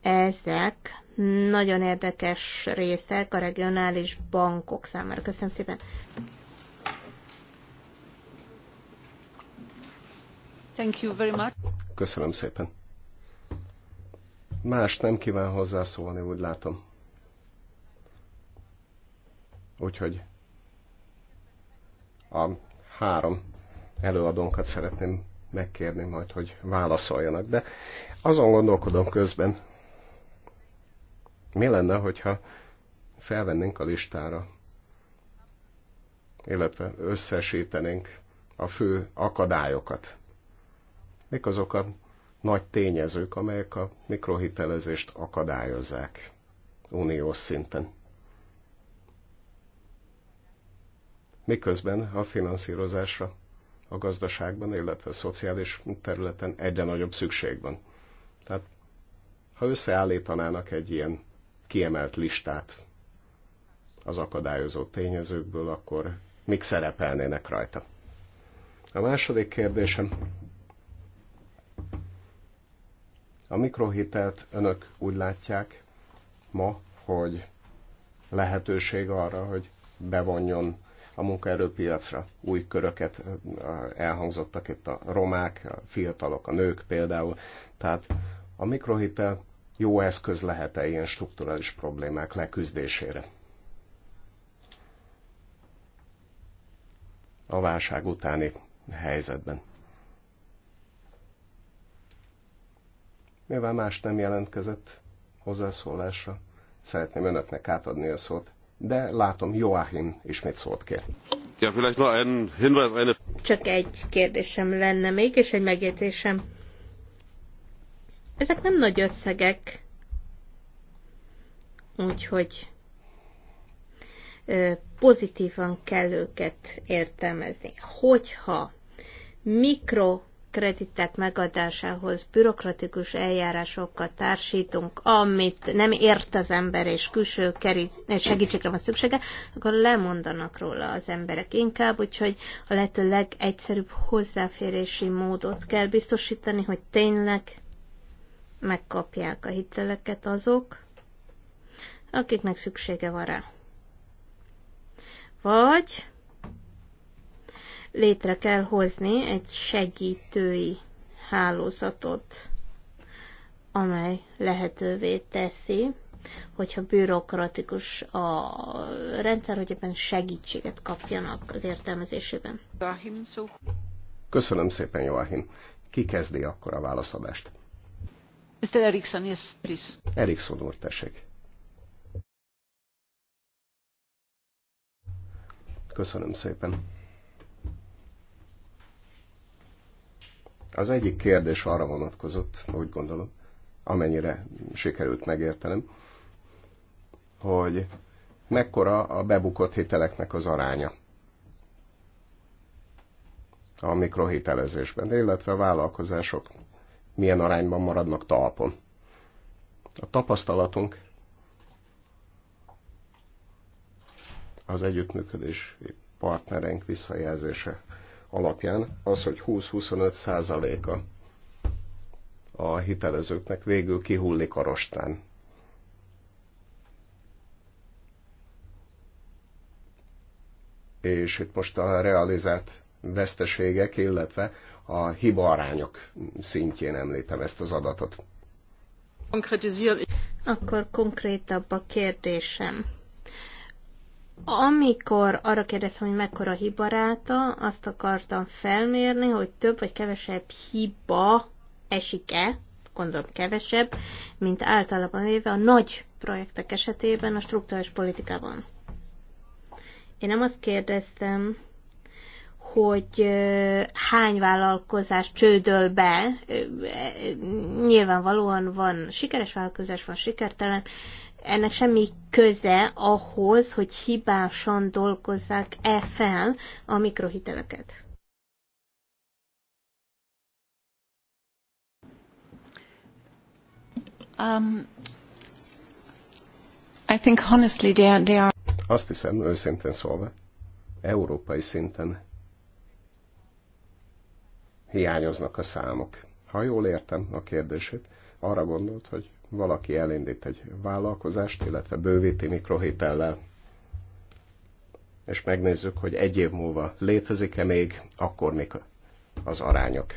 Ezek nagyon érdekes részek a regionális bankok számára. Köszönöm szépen. Thank you very much. Köszönöm szépen. Más nem kíván hozzászólni, úgy látom. Úgyhogy a három előadónkat szeretném megkérni majd, hogy válaszoljanak. De azon gondolkodom közben, mi lenne, hogyha felvennénk a listára, illetve összesítenénk a fő akadályokat. Mik azok a nagy tényezők, amelyek a mikrohitelezést akadályozzák uniós szinten? miközben a finanszírozásra a gazdaságban, illetve a szociális területen egyre nagyobb szükség van. Tehát ha összeállítanának egy ilyen kiemelt listát az akadályozó tényezőkből, akkor mik szerepelnének rajta? A második kérdésem. A mikrohitelt önök úgy látják ma, hogy lehetőség arra, hogy bevonjon a munkaerőpiacra, új köröket eh, elhangzottak itt a romák, a fiatalok, a nők például. Tehát a mikrohitel jó eszköz lehet-e ilyen strukturális problémák leküzdésére? A válság utáni helyzetben. Mivel más nem jelentkezett hozzászólásra, szeretném önöknek átadni a szót de látom Joachim ismét szót kér. Ja, vielleicht noch ein Hinweis, eine... Csak egy kérdésem lenne még, és egy megjegyzésem. Ezek nem nagy összegek, úgyhogy pozitívan kell őket értelmezni. Hogyha mikro kreditek megadásához bürokratikus eljárásokat társítunk, amit nem ért az ember, és külső segítségre van szüksége, akkor lemondanak róla az emberek inkább, úgyhogy a lehető legegyszerűbb hozzáférési módot kell biztosítani, hogy tényleg megkapják a hiteleket azok, akiknek szüksége van rá. Vagy létre kell hozni egy segítői hálózatot, amely lehetővé teszi, hogyha bürokratikus a rendszer, hogy ebben segítséget kapjanak az értelmezésében. Köszönöm szépen, Joachim. Ki kezdi akkor a válaszadást? Mr. Erikson, yes, please. Erikson úr, tessék. Köszönöm szépen. Az egyik kérdés arra vonatkozott, úgy gondolom, amennyire sikerült megértenem, hogy mekkora a bebukott hiteleknek az aránya a mikrohitelezésben, illetve a vállalkozások milyen arányban maradnak talpon. A tapasztalatunk az együttműködés partnereink visszajelzése alapján az, hogy 20-25 százaléka a hitelezőknek végül kihullik a rostán. És itt most a realizált veszteségek, illetve a hibaarányok szintjén említem ezt az adatot. Akkor konkrétabb a kérdésem. Amikor arra kérdeztem, hogy mekkora hibaráta, azt akartam felmérni, hogy több vagy kevesebb hiba esik-e, gondolom kevesebb, mint általában véve a nagy projektek esetében a struktúrás politikában. Én nem azt kérdeztem, hogy hány vállalkozás csődöl be, nyilvánvalóan van sikeres vállalkozás, van sikertelen, ennek semmi köze ahhoz, hogy hibásan dolgozzák-e fel a mikrohiteleket. Um, I think honestly they are, they are... Azt hiszem, őszintén szólva, európai szinten hiányoznak a számok. Ha jól értem a kérdését, arra gondolt, hogy valaki elindít egy vállalkozást, illetve bővíti mikrohitellel, és megnézzük, hogy egy év múlva létezik-e még, akkor mik az arányok.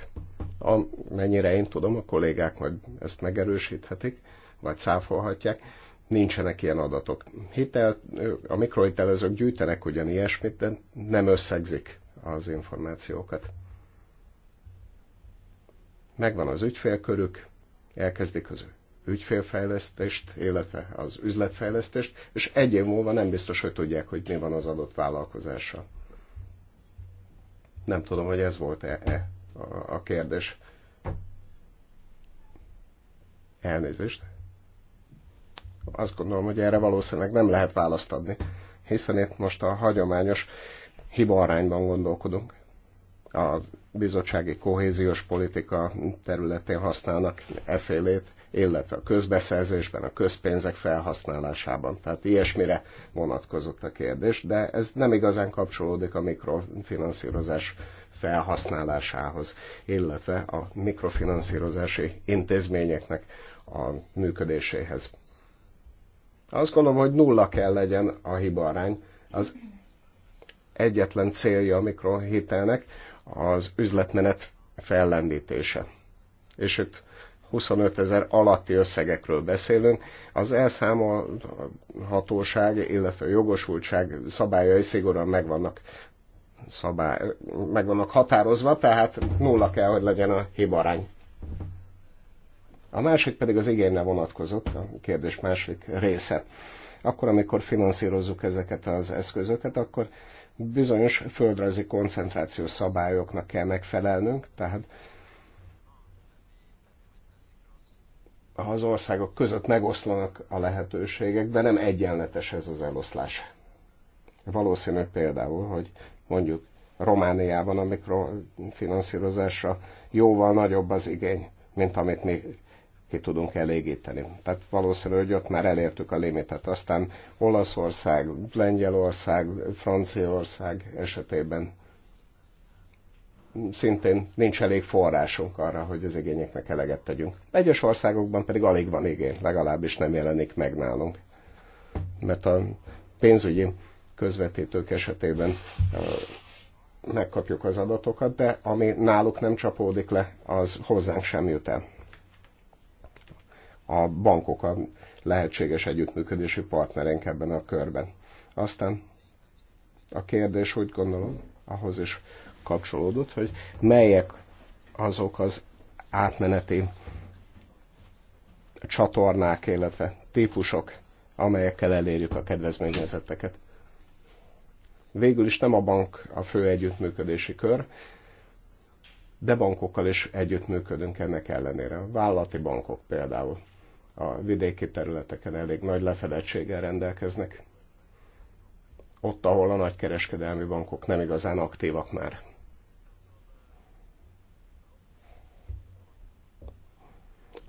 Amennyire én tudom, a kollégák majd ezt megerősíthetik, vagy száfolhatják, nincsenek ilyen adatok. Hitel, a mikrohitelezők gyűjtenek ugyan ilyesmit, de nem összegzik az információkat. Megvan az ügyfélkörük, elkezdik az ő ügyfélfejlesztést, illetve az üzletfejlesztést, és egy év múlva nem biztos, hogy tudják, hogy mi van az adott vállalkozása. Nem tudom, hogy ez volt-e -e a kérdés. Elnézést. Azt gondolom, hogy erre valószínűleg nem lehet választ adni, hiszen itt most a hagyományos hibaarányban gondolkodunk. A bizottsági kohéziós politika területén használnak e félét, illetve a közbeszerzésben, a közpénzek felhasználásában. Tehát ilyesmire vonatkozott a kérdés, de ez nem igazán kapcsolódik a mikrofinanszírozás felhasználásához, illetve a mikrofinanszírozási intézményeknek a működéséhez. Azt gondolom, hogy nulla kell legyen a arány. Az egyetlen célja a mikrohitelnek az üzletmenet fellendítése. És itt 25 ezer alatti összegekről beszélünk, az elszámolhatóság, illetve a jogosultság szabályai szigorúan megvannak szabály, meg vannak határozva, tehát nulla kell, hogy legyen a hibarány. A másik pedig az igényre vonatkozott, a kérdés másik része. Akkor, amikor finanszírozzuk ezeket az eszközöket, akkor bizonyos földrajzi koncentrációs szabályoknak kell megfelelnünk, tehát az országok között megoszlanak a lehetőségek, de nem egyenletes ez az eloszlás. Valószínű például, hogy mondjuk Romániában a mikrofinanszírozásra jóval nagyobb az igény, mint amit mi ki tudunk elégíteni. Tehát valószínű, hogy ott már elértük a limitet. Aztán Olaszország, Lengyelország, Franciaország esetében szintén nincs elég forrásunk arra, hogy az igényeknek eleget tegyünk. Egyes országokban pedig alig van igény, legalábbis nem jelenik meg nálunk. Mert a pénzügyi közvetítők esetében megkapjuk az adatokat, de ami náluk nem csapódik le, az hozzánk sem jut el. A bankok a lehetséges együttműködési partnerénk ebben a körben. Aztán a kérdés úgy gondolom, ahhoz is kapcsolódott, hogy melyek azok az átmeneti csatornák, illetve típusok, amelyekkel elérjük a kedvezményezetteket. Végül is nem a bank a fő együttműködési kör, de bankokkal is együttműködünk ennek ellenére. A vállalati bankok például a vidéki területeken elég nagy lefedettséggel rendelkeznek. Ott, ahol a nagykereskedelmi bankok nem igazán aktívak már.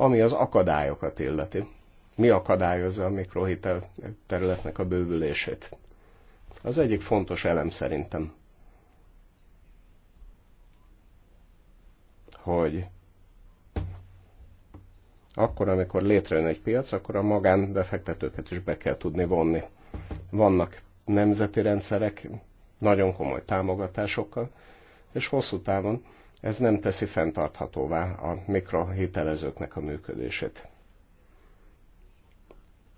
Ami az akadályokat illeti. Mi akadályozza a mikrohitel területnek a bővülését? Az egyik fontos elem szerintem, hogy akkor, amikor létrejön egy piac, akkor a magánbefektetőket is be kell tudni vonni. Vannak nemzeti rendszerek, nagyon komoly támogatásokkal, és hosszú távon ez nem teszi fenntarthatóvá a mikrohitelezőknek a működését.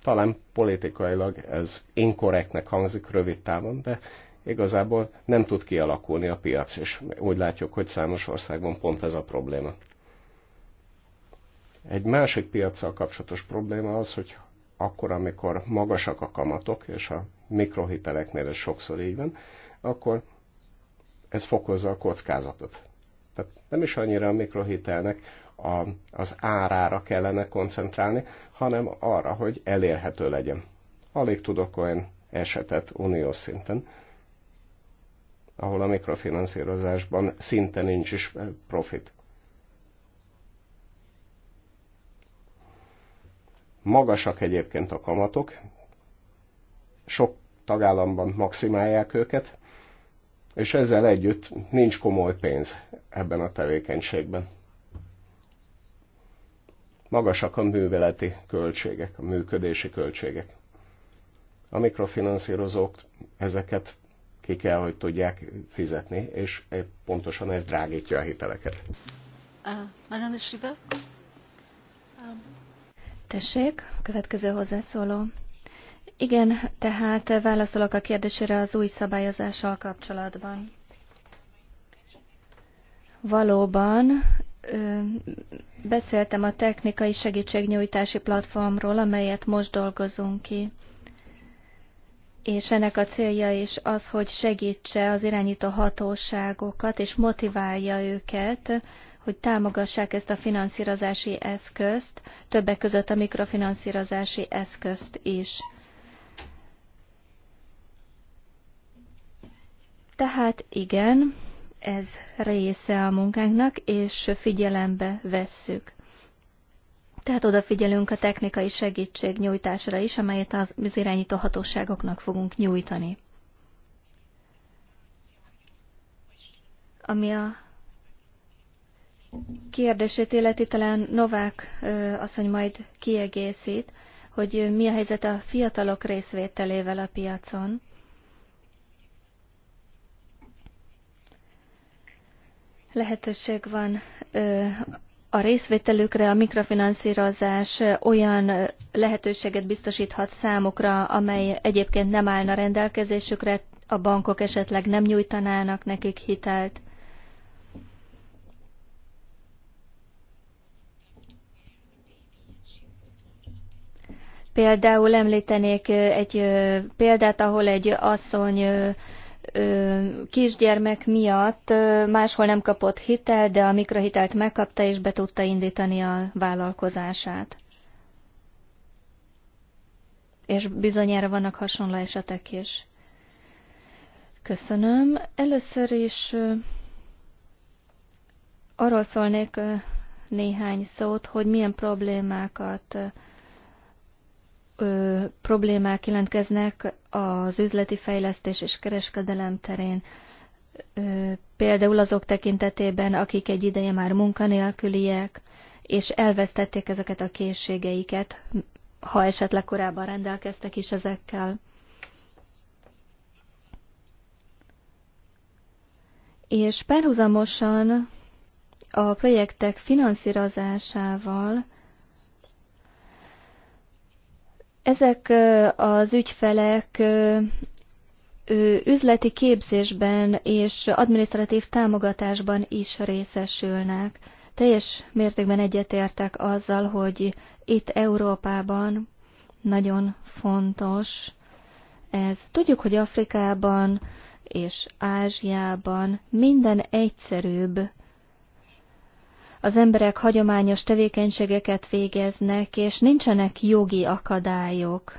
Talán politikailag ez inkorrektnek hangzik rövid távon, de igazából nem tud kialakulni a piac, és úgy látjuk, hogy számos országban pont ez a probléma. Egy másik piaccal kapcsolatos probléma az, hogy akkor, amikor magasak a kamatok, és a mikrohiteleknél ez sokszor így van, akkor ez fokozza a kockázatot. Tehát nem is annyira a mikrohitelnek a, az árára kellene koncentrálni, hanem arra, hogy elérhető legyen. Alig tudok olyan esetet uniós szinten, ahol a mikrofinanszírozásban szinte nincs is eh, profit. Magasak egyébként a kamatok, sok tagállamban maximálják őket, és ezzel együtt nincs komoly pénz ebben a tevékenységben. Magasak a műveleti költségek, a működési költségek. A mikrofinanszírozók ezeket ki kell, hogy tudják fizetni, és pontosan ez drágítja a hiteleket. Uh, Madame Tessék, következő hozzászóló. Igen, tehát válaszolok a kérdésére az új szabályozással kapcsolatban. Valóban beszéltem a technikai segítségnyújtási platformról, amelyet most dolgozunk ki. És ennek a célja is az, hogy segítse az irányító hatóságokat, és motiválja őket, hogy támogassák ezt a finanszírozási eszközt, többek között a mikrofinanszírozási eszközt is. Tehát igen, ez része a munkánknak, és figyelembe vesszük. Tehát odafigyelünk a technikai segítség nyújtásra is, amelyet az irányító hatóságoknak fogunk nyújtani. Ami a kérdését illeti, talán Novák asszony majd kiegészít, hogy mi a helyzet a fiatalok részvételével a piacon. lehetőség van a részvételükre, a mikrofinanszírozás olyan lehetőséget biztosíthat számukra, amely egyébként nem állna rendelkezésükre, a bankok esetleg nem nyújtanának nekik hitelt. Például említenék egy példát, ahol egy asszony kisgyermek miatt máshol nem kapott hitel, de a mikrohitelt megkapta és be tudta indítani a vállalkozását. És bizonyára vannak hasonló esetek is. Köszönöm. Először is arról szólnék néhány szót, hogy milyen problémákat ö, problémák jelentkeznek az üzleti fejlesztés és kereskedelem terén, ö, például azok tekintetében, akik egy ideje már munkanélküliek, és elvesztették ezeket a készségeiket, ha esetleg korábban rendelkeztek is ezekkel. És párhuzamosan a projektek finanszírozásával Ezek az ügyfelek üzleti képzésben és adminisztratív támogatásban is részesülnek. Teljes mértékben egyetértek azzal, hogy itt Európában nagyon fontos ez. Tudjuk, hogy Afrikában és Ázsiában minden egyszerűbb az emberek hagyományos tevékenységeket végeznek, és nincsenek jogi akadályok.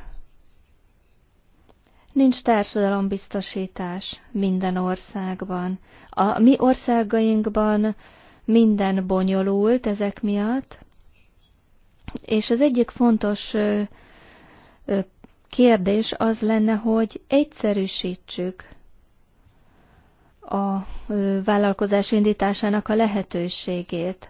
Nincs társadalombiztosítás minden országban. A mi országainkban minden bonyolult ezek miatt, és az egyik fontos kérdés az lenne, hogy egyszerűsítsük a vállalkozás indításának a lehetőségét.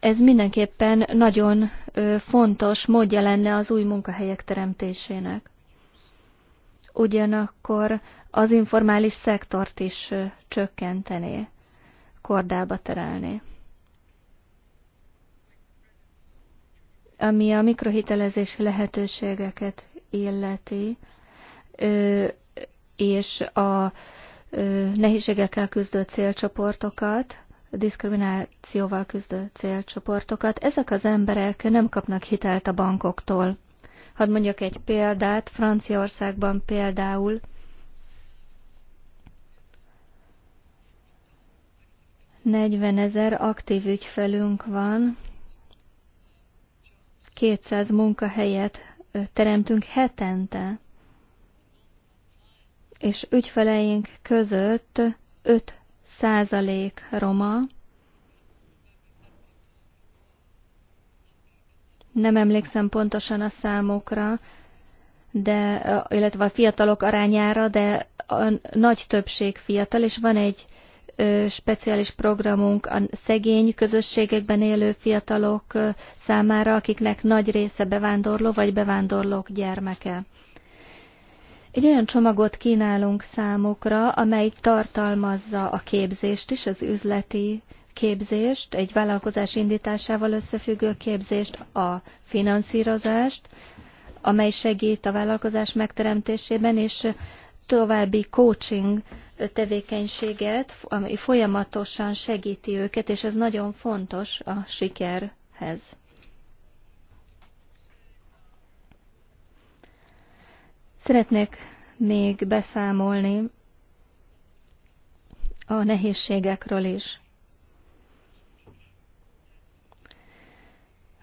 ez mindenképpen nagyon fontos módja lenne az új munkahelyek teremtésének. Ugyanakkor az informális szektort is csökkentené, kordába terelné. Ami a mikrohitelezési lehetőségeket illeti, és a nehézségekkel küzdő célcsoportokat, diszkriminációval küzdő célcsoportokat. Ezek az emberek nem kapnak hitelt a bankoktól. Hadd mondjak egy példát, Franciaországban például 40 ezer aktív ügyfelünk van, 200 munkahelyet teremtünk hetente, és ügyfeleink között 5 százalék roma. Nem emlékszem pontosan a számokra, de, illetve a fiatalok arányára, de a nagy többség fiatal, és van egy speciális programunk a szegény közösségekben élő fiatalok számára, akiknek nagy része bevándorló vagy bevándorlók gyermeke. Egy olyan csomagot kínálunk számukra, amely tartalmazza a képzést is, az üzleti képzést, egy vállalkozás indításával összefüggő képzést, a finanszírozást, amely segít a vállalkozás megteremtésében, és további coaching tevékenységet, ami folyamatosan segíti őket, és ez nagyon fontos a sikerhez. Szeretnék még beszámolni a nehézségekről is.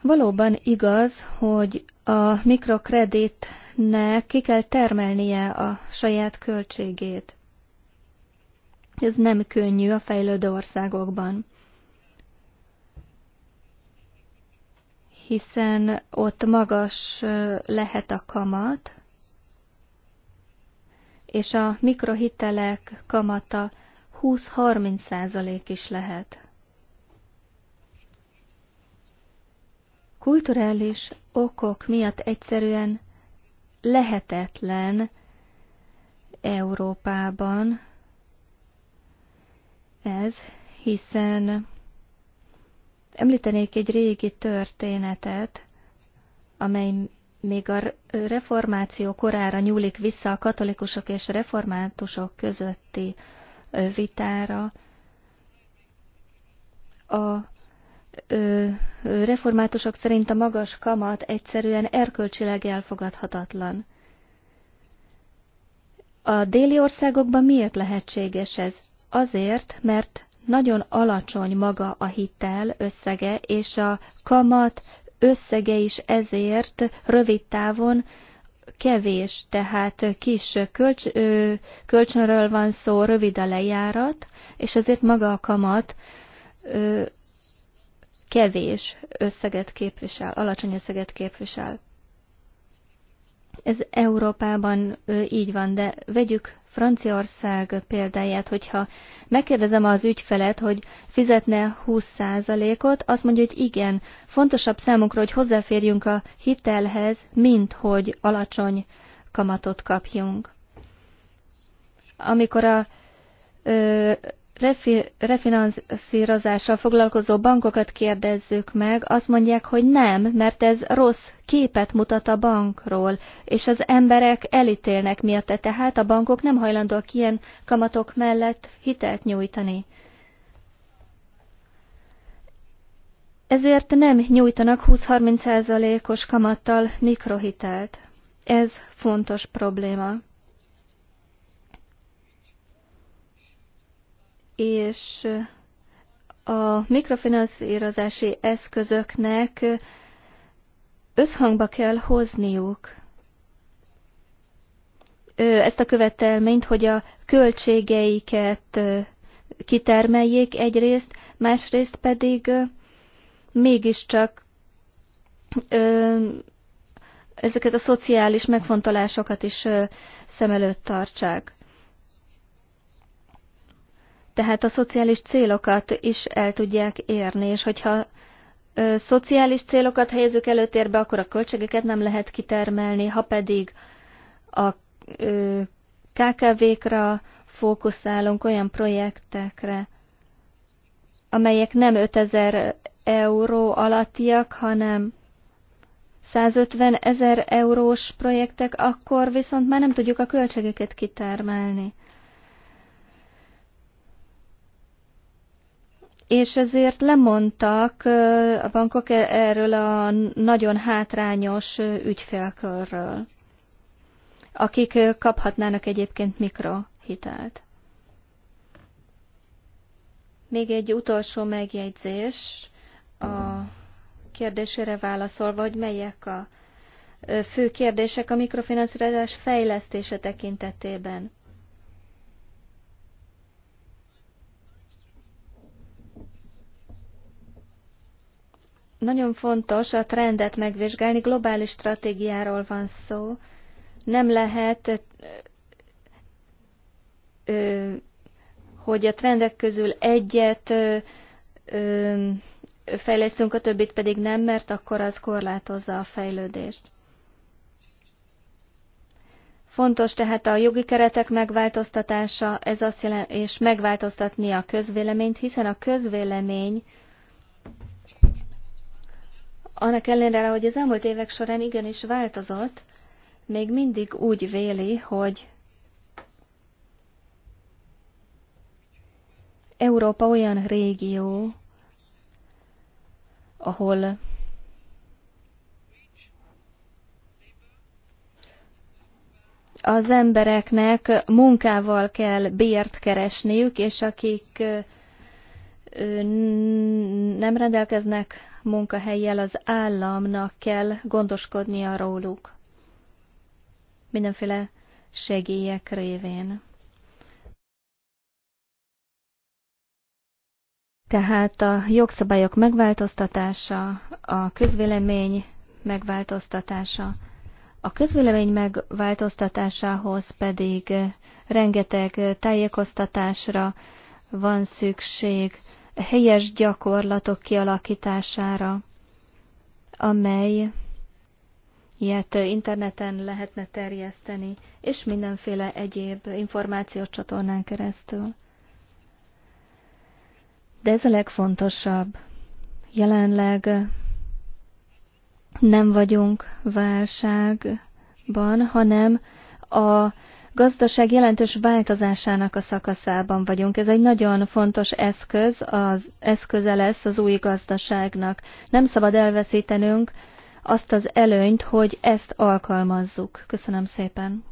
Valóban igaz, hogy a mikrokreditnek ki kell termelnie a saját költségét. Ez nem könnyű a fejlődő országokban. Hiszen ott magas lehet a kamat, és a mikrohitelek kamata 20-30 százalék is lehet. Kulturális okok miatt egyszerűen lehetetlen Európában ez, hiszen említenék egy régi történetet, amely még a reformáció korára nyúlik vissza a katolikusok és reformátusok közötti vitára. A reformátusok szerint a magas kamat egyszerűen erkölcsileg elfogadhatatlan. A déli országokban miért lehetséges ez? Azért, mert nagyon alacsony maga a hitel összege, és a kamat összege is ezért rövid távon kevés, tehát kis kölcs, ö, kölcsönről van szó, rövid a lejárat, és ezért maga a kamat ö, kevés összeget képvisel, alacsony összeget képvisel. Ez Európában így van, de vegyük Franciaország példáját, hogyha megkérdezem az ügyfelet, hogy fizetne 20%-ot, azt mondja, hogy igen, fontosabb számunkra, hogy hozzáférjünk a hitelhez, mint hogy alacsony kamatot kapjunk. Amikor a ö, refi- refinanszírozással foglalkozó bankokat kérdezzük meg, azt mondják, hogy nem, mert ez rossz képet mutat a bankról, és az emberek elítélnek miatt. tehát a bankok nem hajlandóak ilyen kamatok mellett hitelt nyújtani. Ezért nem nyújtanak 20-30%-os kamattal mikrohitelt. Ez fontos probléma. és a mikrofinanszírozási eszközöknek összhangba kell hozniuk ezt a követelményt, hogy a költségeiket kitermeljék egyrészt, másrészt pedig mégiscsak ezeket a szociális megfontolásokat is szem előtt tartsák tehát a szociális célokat is el tudják érni, és hogyha ö, szociális célokat helyezünk előtérbe, akkor a költségeket nem lehet kitermelni, ha pedig a KKV-kra fókuszálunk olyan projektekre, amelyek nem 5000 euró alattiak, hanem 150 ezer eurós projektek, akkor viszont már nem tudjuk a költségeket kitermelni. és ezért lemondtak a bankok e- erről a nagyon hátrányos ügyfélkörről, akik kaphatnának egyébként mikrohitelt. Még egy utolsó megjegyzés a kérdésére válaszolva, hogy melyek a fő kérdések a mikrofinanszírozás fejlesztése tekintetében. nagyon fontos a trendet megvizsgálni, globális stratégiáról van szó. Nem lehet, hogy a trendek közül egyet fejlesztünk, a többit pedig nem, mert akkor az korlátozza a fejlődést. Fontos tehát a jogi keretek megváltoztatása, ez azt jelenti, és megváltoztatni a közvéleményt, hiszen a közvélemény annak ellenére, hogy az elmúlt évek során igenis változott, még mindig úgy véli, hogy Európa olyan régió, ahol az embereknek munkával kell bért keresniük, és akik nem rendelkeznek munkahelyjel, az államnak kell gondoskodnia róluk. Mindenféle segélyek révén. Tehát a jogszabályok megváltoztatása, a közvélemény megváltoztatása, a közvélemény megváltoztatásához pedig rengeteg tájékoztatásra van szükség, helyes gyakorlatok kialakítására, amely ilyet interneten lehetne terjeszteni, és mindenféle egyéb információs csatornán keresztül. De ez a legfontosabb. Jelenleg nem vagyunk válságban, hanem a gazdaság jelentős változásának a szakaszában vagyunk. Ez egy nagyon fontos eszköz, az eszköze lesz az új gazdaságnak. Nem szabad elveszítenünk azt az előnyt, hogy ezt alkalmazzuk. Köszönöm szépen.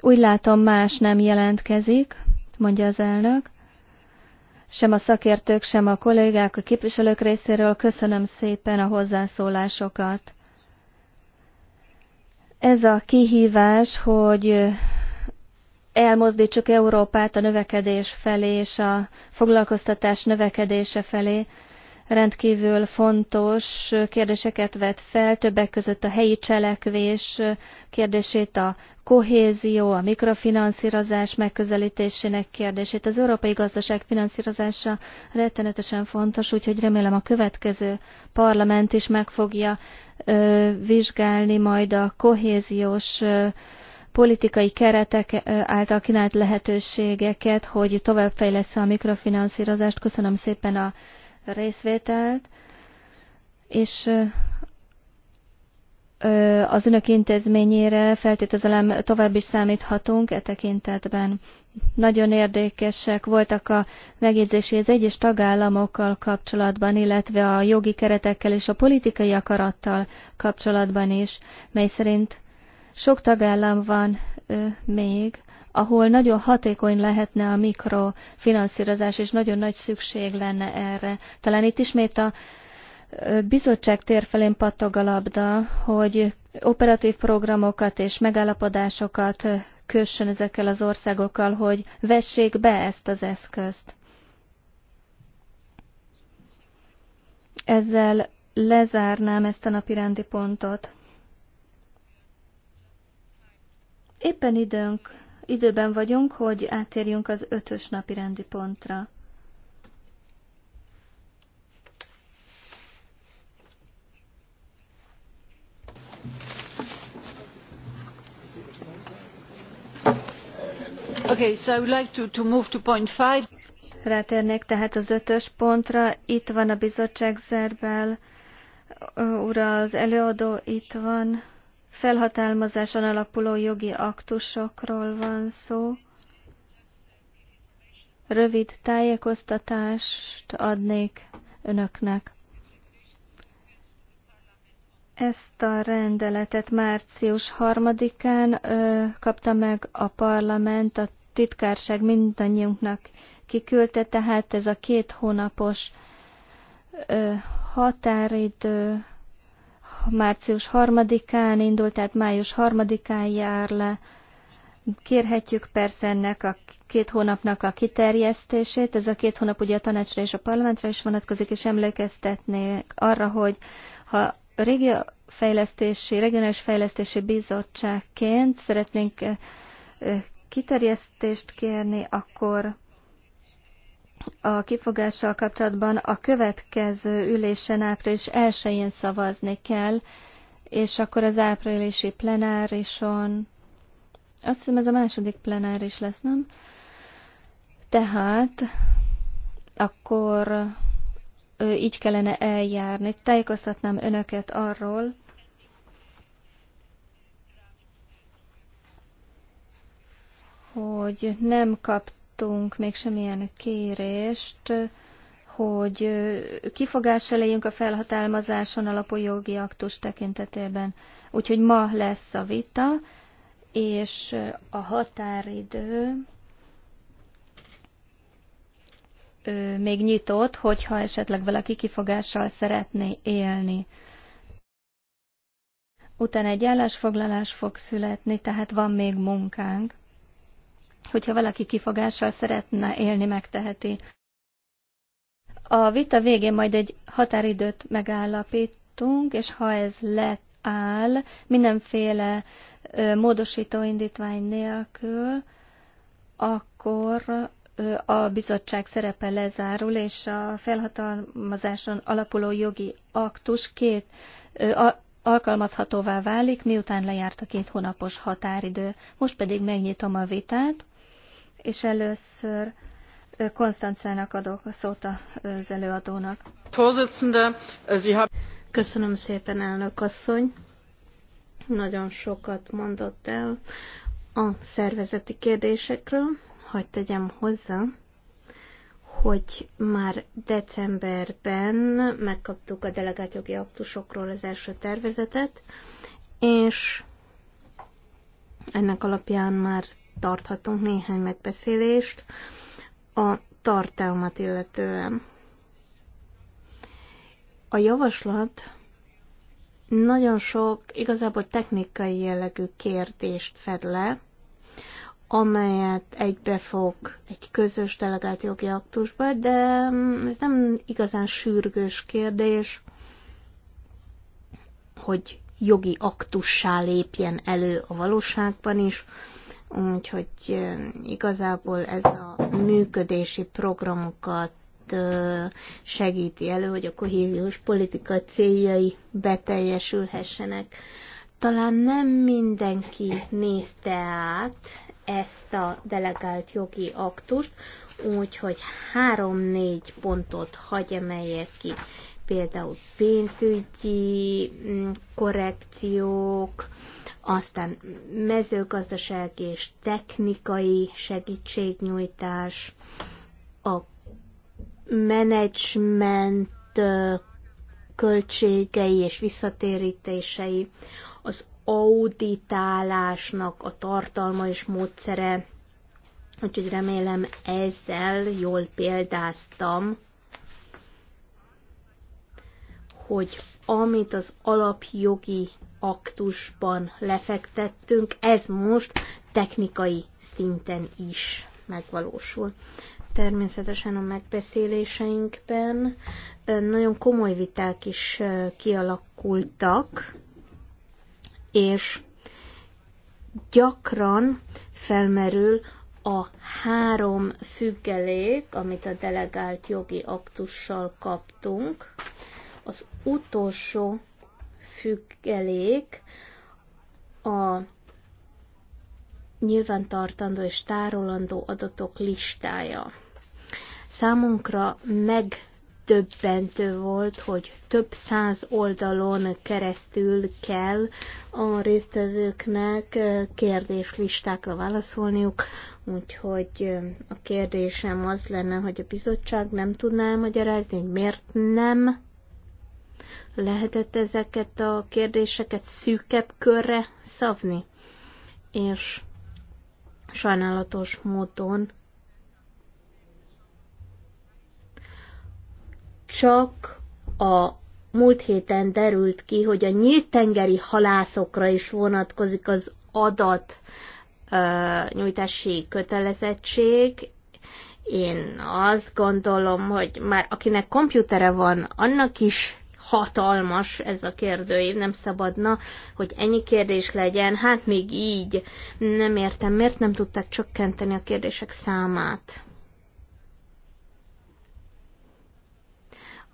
Úgy látom, más nem jelentkezik, mondja az elnök. Sem a szakértők, sem a kollégák, a képviselők részéről köszönöm szépen a hozzászólásokat. Ez a kihívás, hogy elmozdítsuk Európát a növekedés felé és a foglalkoztatás növekedése felé, rendkívül fontos kérdéseket vet fel, többek között a helyi cselekvés kérdését, a kohézió, a mikrofinanszírozás megközelítésének kérdését. Az európai gazdaság finanszírozása rettenetesen fontos, úgyhogy remélem a következő parlament is meg fogja vizsgálni majd a kohéziós politikai keretek által kínált lehetőségeket, hogy továbbfejlesz a mikrofinanszírozást. Köszönöm szépen a részvételt, és az önök intézményére feltételezem tovább is számíthatunk e tekintetben. Nagyon érdekesek voltak a megjegyzési az egyes tagállamokkal kapcsolatban, illetve a jogi keretekkel és a politikai akarattal kapcsolatban is, mely szerint sok tagállam van ö, még, ahol nagyon hatékony lehetne a mikrofinanszírozás, és nagyon nagy szükség lenne erre. Talán itt ismét a bizottság térfelén pattog a labda, hogy operatív programokat és megállapodásokat kössön ezekkel az országokkal, hogy vessék be ezt az eszközt. Ezzel lezárnám ezt a napirendi pontot. Éppen időnk, időben vagyunk, hogy átérjünk az ötös napirendi pontra. Rátérnék tehát az ötös pontra. Itt van a bizottság Zerbel ura, az előadó itt van. Felhatalmazáson alapuló jogi aktusokról van szó. Rövid tájékoztatást adnék önöknek. Ezt a rendeletet március 3-án kapta meg a parlament a titkárság mindannyiunknak kiküldte, tehát ez a két hónapos határidő március harmadikán indult, tehát május harmadikán jár le. Kérhetjük persze ennek a két hónapnak a kiterjesztését. Ez a két hónap ugye a tanácsra és a parlamentre is vonatkozik, és emlékeztetnék arra, hogy ha régi fejlesztési, regionális fejlesztési bizottságként szeretnénk kiterjesztést kérni, akkor a kifogással kapcsolatban a következő ülésen április 1-én szavazni kell, és akkor az áprilisi plenárison, azt hiszem ez a második plenáris lesz, nem? Tehát akkor így kellene eljárni. Tájékoztatnám önöket arról, hogy nem kaptunk még semmilyen kérést, hogy kifogással legyünk a felhatalmazáson alapú jogi aktus tekintetében. Úgyhogy ma lesz a vita, és a határidő még nyitott, hogyha esetleg valaki kifogással szeretné élni. Utána egy állásfoglalás fog születni, tehát van még munkánk. Hogyha valaki kifogással szeretne élni, megteheti. A vita végén majd egy határidőt megállapítunk, és ha ez leáll, mindenféle módosító indítvány nélkül, akkor a bizottság szerepe lezárul, és a felhatalmazáson alapuló jogi aktus két alkalmazhatóvá válik, miután lejárt a két hónapos határidő. Most pedig megnyitom a vitát és először Konstancának adok a szót az előadónak. Eh, Köszönöm szépen, elnök asszony. Nagyon sokat mondott el a szervezeti kérdésekről. Hogy tegyem hozzá, hogy már decemberben megkaptuk a delegált jogi aktusokról az első tervezetet, és ennek alapján már tarthatunk néhány megbeszélést a tartalmat illetően. A javaslat nagyon sok igazából technikai jellegű kérdést fed le, amelyet egybefog egy közös delegált jogi aktusba, de ez nem igazán sürgős kérdés, hogy jogi aktussá lépjen elő a valóságban is, Úgyhogy igazából ez a működési programokat segíti elő, hogy a kohéziós politika céljai beteljesülhessenek. Talán nem mindenki nézte át ezt a delegált jogi aktust, úgyhogy három-négy pontot hagy emeljek ki. Például pénzügyi korrekciók, aztán mezőgazdaság és technikai segítségnyújtás, a menedzsment költségei és visszatérítései, az auditálásnak a tartalma és módszere, úgyhogy remélem ezzel jól példáztam, hogy amit az alapjogi aktusban lefektettünk, ez most technikai szinten is megvalósul. Természetesen a megbeszéléseinkben nagyon komoly viták is kialakultak, és gyakran felmerül a három függelék, amit a delegált jogi aktussal kaptunk. Az utolsó függelék a nyilvántartandó és tárolandó adatok listája. Számunkra megdöbbentő volt, hogy több száz oldalon keresztül kell a résztvevőknek kérdéslistákra válaszolniuk, úgyhogy a kérdésem az lenne, hogy a bizottság nem tudná elmagyarázni, hogy miért nem lehetett ezeket a kérdéseket szűkebb körre szavni. És sajnálatos módon csak a múlt héten derült ki, hogy a nyílt tengeri halászokra is vonatkozik az adat nyújtási kötelezettség. Én azt gondolom, hogy már akinek komputere van, annak is hatalmas ez a kérdőív, nem szabadna, hogy ennyi kérdés legyen. Hát még így nem értem, miért nem tudták csökkenteni a kérdések számát.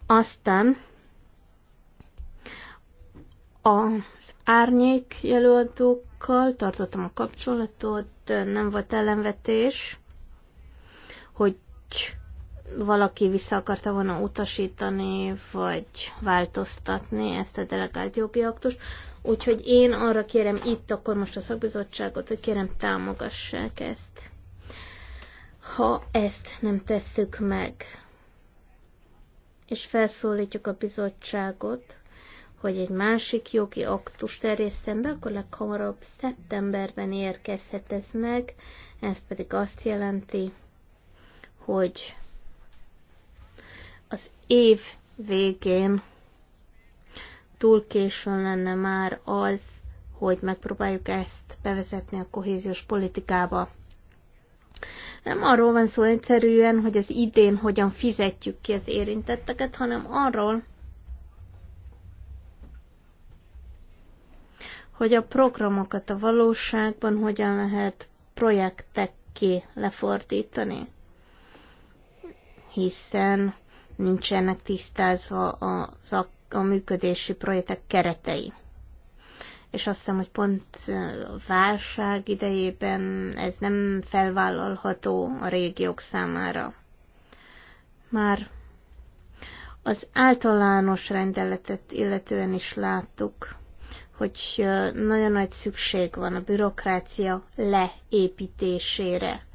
Aztán az árnyék jelöltókkal tartottam a kapcsolatot, nem volt ellenvetés, hogy valaki vissza akarta volna utasítani, vagy változtatni ezt a delegált jogi aktus. Úgyhogy én arra kérem itt akkor most a szakbizottságot, hogy kérem támogassák ezt. Ha ezt nem tesszük meg, és felszólítjuk a bizottságot, hogy egy másik jogi aktus terjesztem be, akkor leghamarabb szeptemberben érkezhet ez meg, ez pedig azt jelenti, hogy az év végén túl későn lenne már az, hogy megpróbáljuk ezt bevezetni a kohéziós politikába. Nem arról van szó egyszerűen, hogy az idén hogyan fizetjük ki az érintetteket, hanem arról, hogy a programokat a valóságban hogyan lehet projektekké lefordítani. Hiszen nincsenek tisztázva a, a, a működési projektek keretei. És azt hiszem, hogy pont a válság idejében ez nem felvállalható a régiók számára. Már az általános rendeletet illetően is láttuk, hogy nagyon nagy szükség van a bürokrácia leépítésére,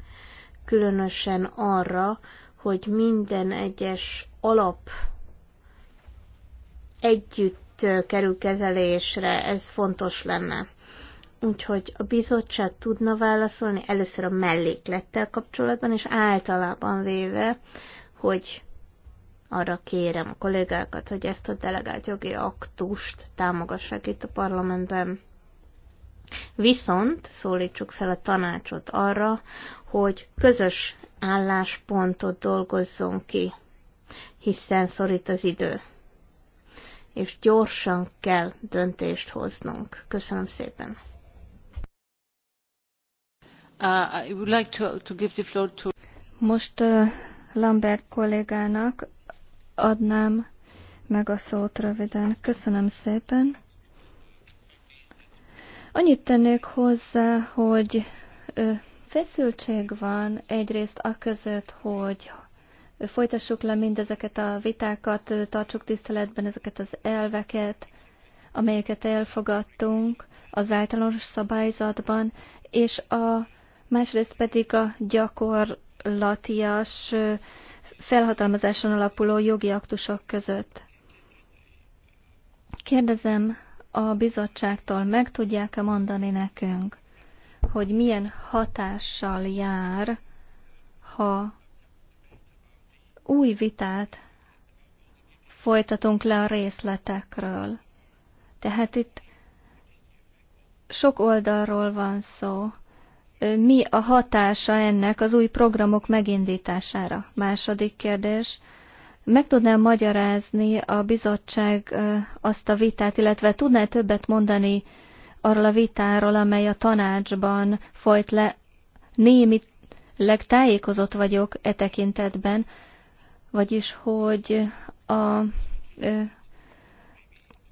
különösen arra, hogy minden egyes alap együtt kerül kezelésre, ez fontos lenne. Úgyhogy a bizottság tudna válaszolni először a melléklettel kapcsolatban, és általában véve, hogy arra kérem a kollégákat, hogy ezt a delegált jogi aktust támogassák itt a parlamentben. Viszont szólítsuk fel a tanácsot arra, hogy közös álláspontot dolgozzon ki, hiszen szorít az idő, és gyorsan kell döntést hoznunk. Köszönöm szépen. Uh, I would like to, to give the floor to... Most uh, Lambert kollégának adnám meg a szót röviden. Köszönöm szépen. Annyit tennék hozzá, hogy Feszültség van egyrészt a között, hogy folytassuk le mindezeket a vitákat, tartsuk tiszteletben ezeket az elveket, amelyeket elfogadtunk az általános szabályzatban, és a másrészt pedig a gyakorlatias felhatalmazáson alapuló jogi aktusok között. Kérdezem a bizottságtól, meg tudják-e mondani nekünk, hogy milyen hatással jár, ha új vitát folytatunk le a részletekről. Tehát itt sok oldalról van szó. Mi a hatása ennek az új programok megindítására? Második kérdés. Meg tudnám magyarázni a bizottság azt a vitát, illetve tudná többet mondani arról a vitáról, amely a tanácsban folyt le. Némi legtájékozott vagyok e tekintetben, vagyis hogy a ö,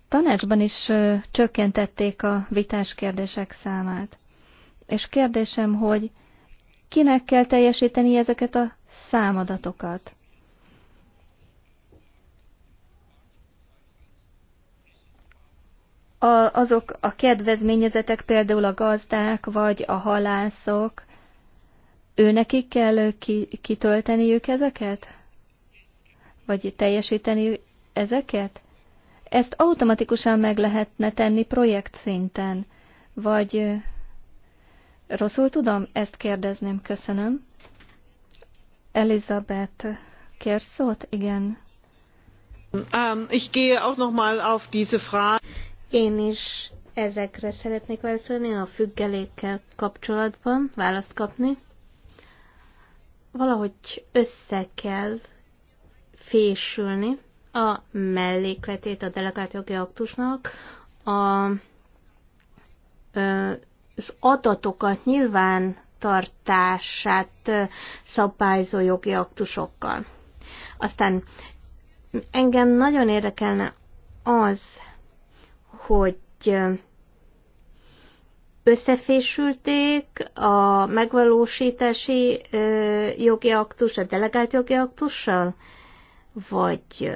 tanácsban is ö, csökkentették a vitás kérdések számát. És kérdésem, hogy kinek kell teljesíteni ezeket a számadatokat? a, azok a kedvezményezetek, például a gazdák vagy a halászok, nekik kell ki, kitölteniük ezeket? Vagy teljesíteni ezeket? Ezt automatikusan meg lehetne tenni projekt szinten. Vagy rosszul tudom? Ezt kérdezném, köszönöm. Elizabeth, kérsz szót? Igen. Um, ich gehe auch noch mal auf diese Frage. Én is ezekre szeretnék válaszolni a függelékkel kapcsolatban, választ kapni. Valahogy össze kell fésülni a mellékletét a delegált jogi aktusnak, a, az adatokat nyilván tartását szabályzó jogi aktusokkal. Aztán engem nagyon érdekelne az, hogy összefésülték a megvalósítási jogi aktus a delegált jogi aktussal? Vagy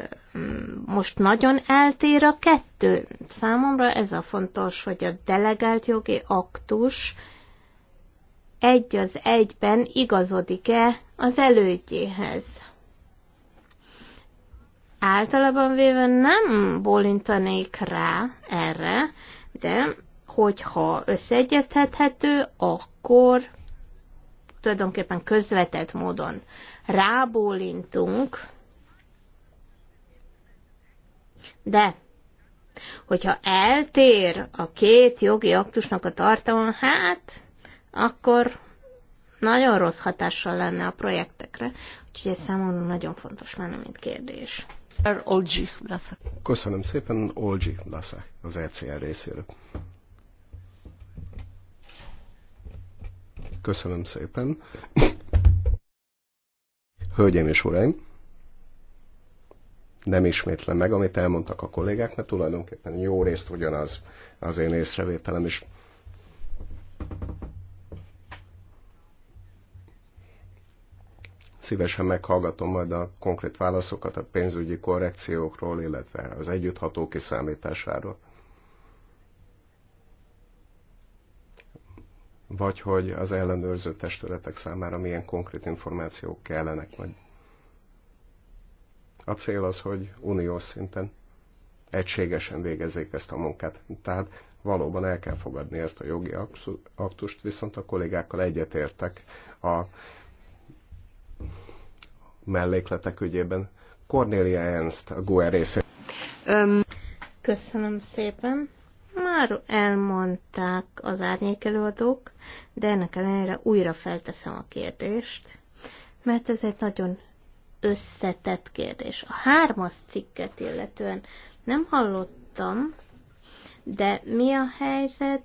most nagyon eltér a kettő? Számomra ez a fontos, hogy a delegált jogi aktus egy az egyben igazodik-e az elődjéhez általában véve nem bolintanék rá erre, de hogyha összeegyeztethető, akkor tulajdonképpen közvetett módon rábólintunk, de hogyha eltér a két jogi aktusnak a tartalma, hát akkor nagyon rossz hatással lenne a projektekre, úgyhogy ez számomra nagyon fontos lenne, mint kérdés. Köszönöm szépen, Olgyi Laszak az ECR részéről. Köszönöm szépen. Hölgyeim és uraim, nem ismétlem meg, amit elmondtak a kollégák, mert tulajdonképpen jó részt ugyanaz az én észrevételem is. És Szívesen meghallgatom majd a konkrét válaszokat a pénzügyi korrekciókról, illetve az együttható kiszámításáról. Vagy hogy az ellenőrző testületek számára milyen konkrét információk kellenek majd. A cél az, hogy uniós szinten egységesen végezzék ezt a munkát. Tehát valóban el kell fogadni ezt a jogi aktust, viszont a kollégákkal egyetértek a mellékletek ügyében. Cornelia Ernst a GUE részéről. Köszönöm szépen. Már elmondták az árnyékelőadók, de ennek ellenére újra felteszem a kérdést, mert ez egy nagyon összetett kérdés. A hármas cikket illetően nem hallottam, de mi a helyzet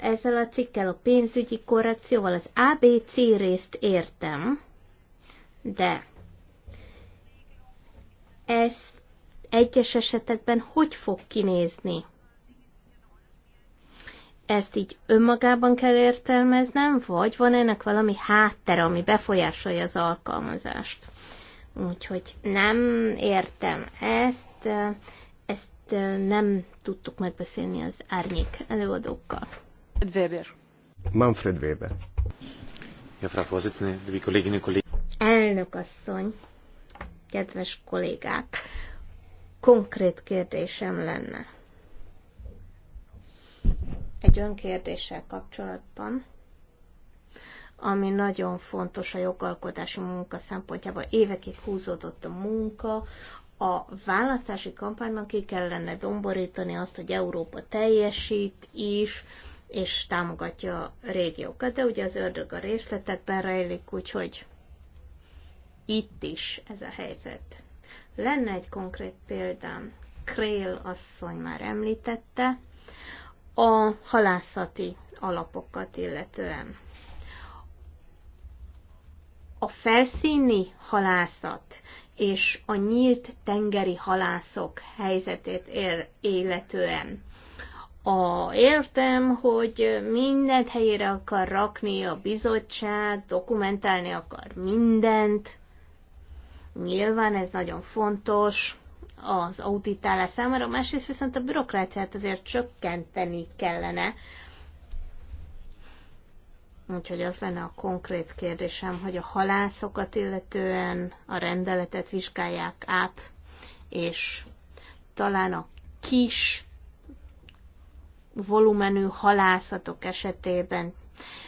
ezzel a cikkel, a pénzügyi korrekcióval. Az ABC részt értem, de ez egyes esetekben hogy fog kinézni? Ezt így önmagában kell értelmeznem, vagy van ennek valami háttere, ami befolyásolja az alkalmazást? Úgyhogy nem értem ezt, nem tudtuk megbeszélni az árnyék előadókkal. Weber. Manfred Weber. Ja, Frau Vorsitzende, liebe Kolleginnen und Elnök asszony, kedves kollégák, konkrét kérdésem lenne. Egy olyan kérdéssel kapcsolatban, ami nagyon fontos a jogalkotási munka szempontjából. Évekig húzódott a munka, a választási kampányban ki kellene domborítani azt, hogy Európa teljesít is, és támogatja a régiókat, de ugye az ördög a részletekben rejlik, úgyhogy itt is ez a helyzet. Lenne egy konkrét példám, Krél asszony már említette, a halászati alapokat illetően a felszíni halászat és a nyílt tengeri halászok helyzetét ér, életően. A, értem, hogy mindent helyére akar rakni a bizottság, dokumentálni akar mindent. Nyilván ez nagyon fontos az auditálás számára, másrészt viszont a bürokráciát azért csökkenteni kellene, Úgyhogy az lenne a konkrét kérdésem, hogy a halászokat illetően a rendeletet vizsgálják át, és talán a kis volumenű halászatok esetében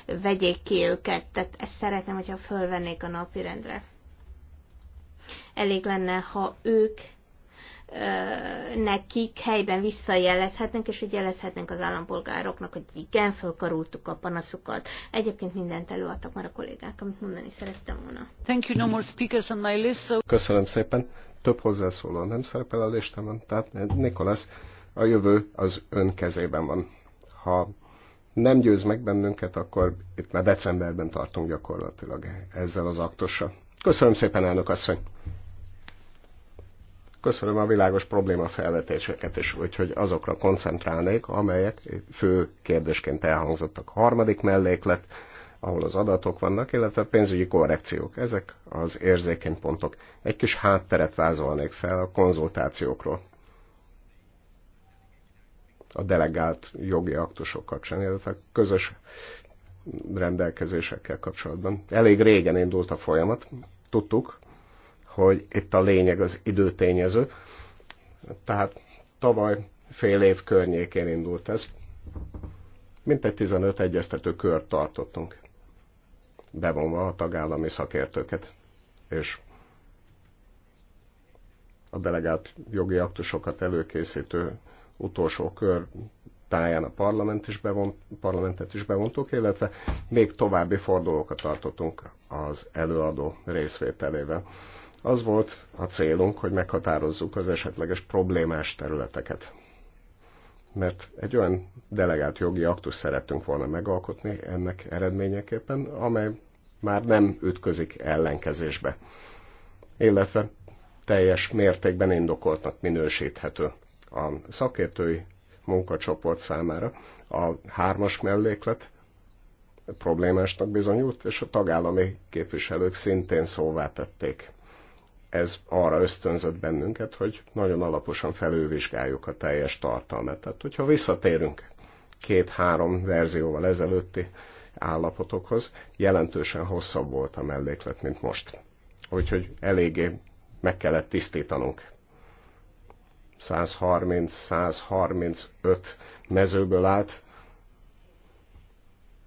vegyék ki őket. Tehát ezt szeretném, hogyha fölvennék a napirendre. Elég lenne, ha ők nekik helyben visszajelezhetnénk és hogy jelezhetnénk az állampolgároknak, hogy igen, fölkarultuk a panaszukat. Egyébként mindent előadtak már a kollégák, amit mondani szerettem volna. Thank you, no more speakers on my list, so... Köszönöm szépen. Több hozzászóló nem szerepel a listámon, tehát Nikolász, a jövő az ön kezében van. Ha nem győz meg bennünket, akkor itt már decemberben tartunk gyakorlatilag ezzel az aktossal. Köszönöm szépen, elnök asszony! Köszönöm a világos probléma felvetéseket is, úgyhogy azokra koncentrálnék, amelyek fő kérdésként elhangzottak. A harmadik melléklet, ahol az adatok vannak, illetve pénzügyi korrekciók. Ezek az érzékeny pontok. Egy kis hátteret vázolnék fel a konzultációkról. A delegált jogi aktusok kapcsán, illetve a közös rendelkezésekkel kapcsolatban. Elég régen indult a folyamat, tudtuk, hogy itt a lényeg az időtényező. Tehát tavaly fél év környékén indult ez. Mintegy 15 egyeztető kört tartottunk, bevonva a tagállami szakértőket, és a delegált jogi aktusokat előkészítő utolsó kör táján a parlament is bevont, parlamentet is bevontuk, illetve még további fordulókat tartottunk az előadó részvételével. Az volt a célunk, hogy meghatározzuk az esetleges problémás területeket. Mert egy olyan delegált jogi aktus szerettünk volna megalkotni ennek eredményeképpen, amely már nem ütközik ellenkezésbe, illetve teljes mértékben indokoltnak minősíthető a szakértői munkacsoport számára. A hármas melléklet problémásnak bizonyult, és a tagállami képviselők szintén szóvá tették ez arra ösztönzött bennünket, hogy nagyon alaposan felülvizsgáljuk a teljes tartalmat. Tehát, hogyha visszatérünk két-három verzióval ezelőtti állapotokhoz, jelentősen hosszabb volt a melléklet, mint most. Úgyhogy eléggé meg kellett tisztítanunk. 130-135 mezőből állt,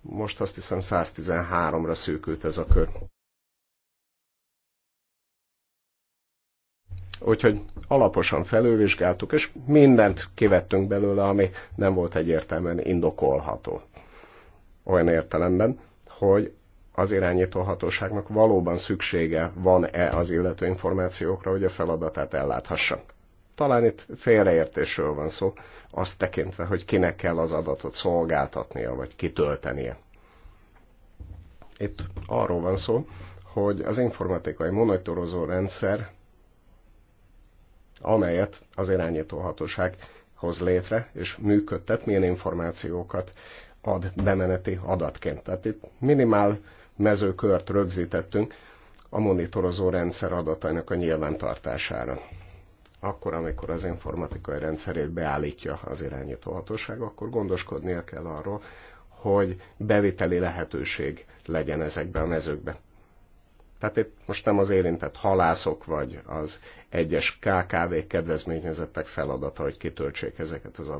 most azt hiszem 113-ra szűkült ez a kör. Úgyhogy alaposan felülvizsgáltuk, és mindent kivettünk belőle, ami nem volt egyértelműen indokolható. Olyan értelemben, hogy az irányítóhatóságnak valóban szüksége van-e az illető információkra, hogy a feladatát elláthassa. Talán itt félreértésről van szó, azt tekintve, hogy kinek kell az adatot szolgáltatnia, vagy kitöltenie. Itt arról van szó, hogy az informatikai monitorozó rendszer amelyet az irányítóhatóság hoz létre és működtet, milyen információkat ad bemeneti adatként. Tehát itt minimál mezőkört rögzítettünk a monitorozó rendszer adatainak a nyilvántartására. Akkor, amikor az informatikai rendszerét beállítja az irányítóhatóság, akkor gondoskodnia kell arról, hogy beviteli lehetőség legyen ezekbe a mezőkbe. Tehát itt most nem az érintett halászok vagy az egyes KKV kedvezményezettek feladata, hogy kitöltsék ezeket az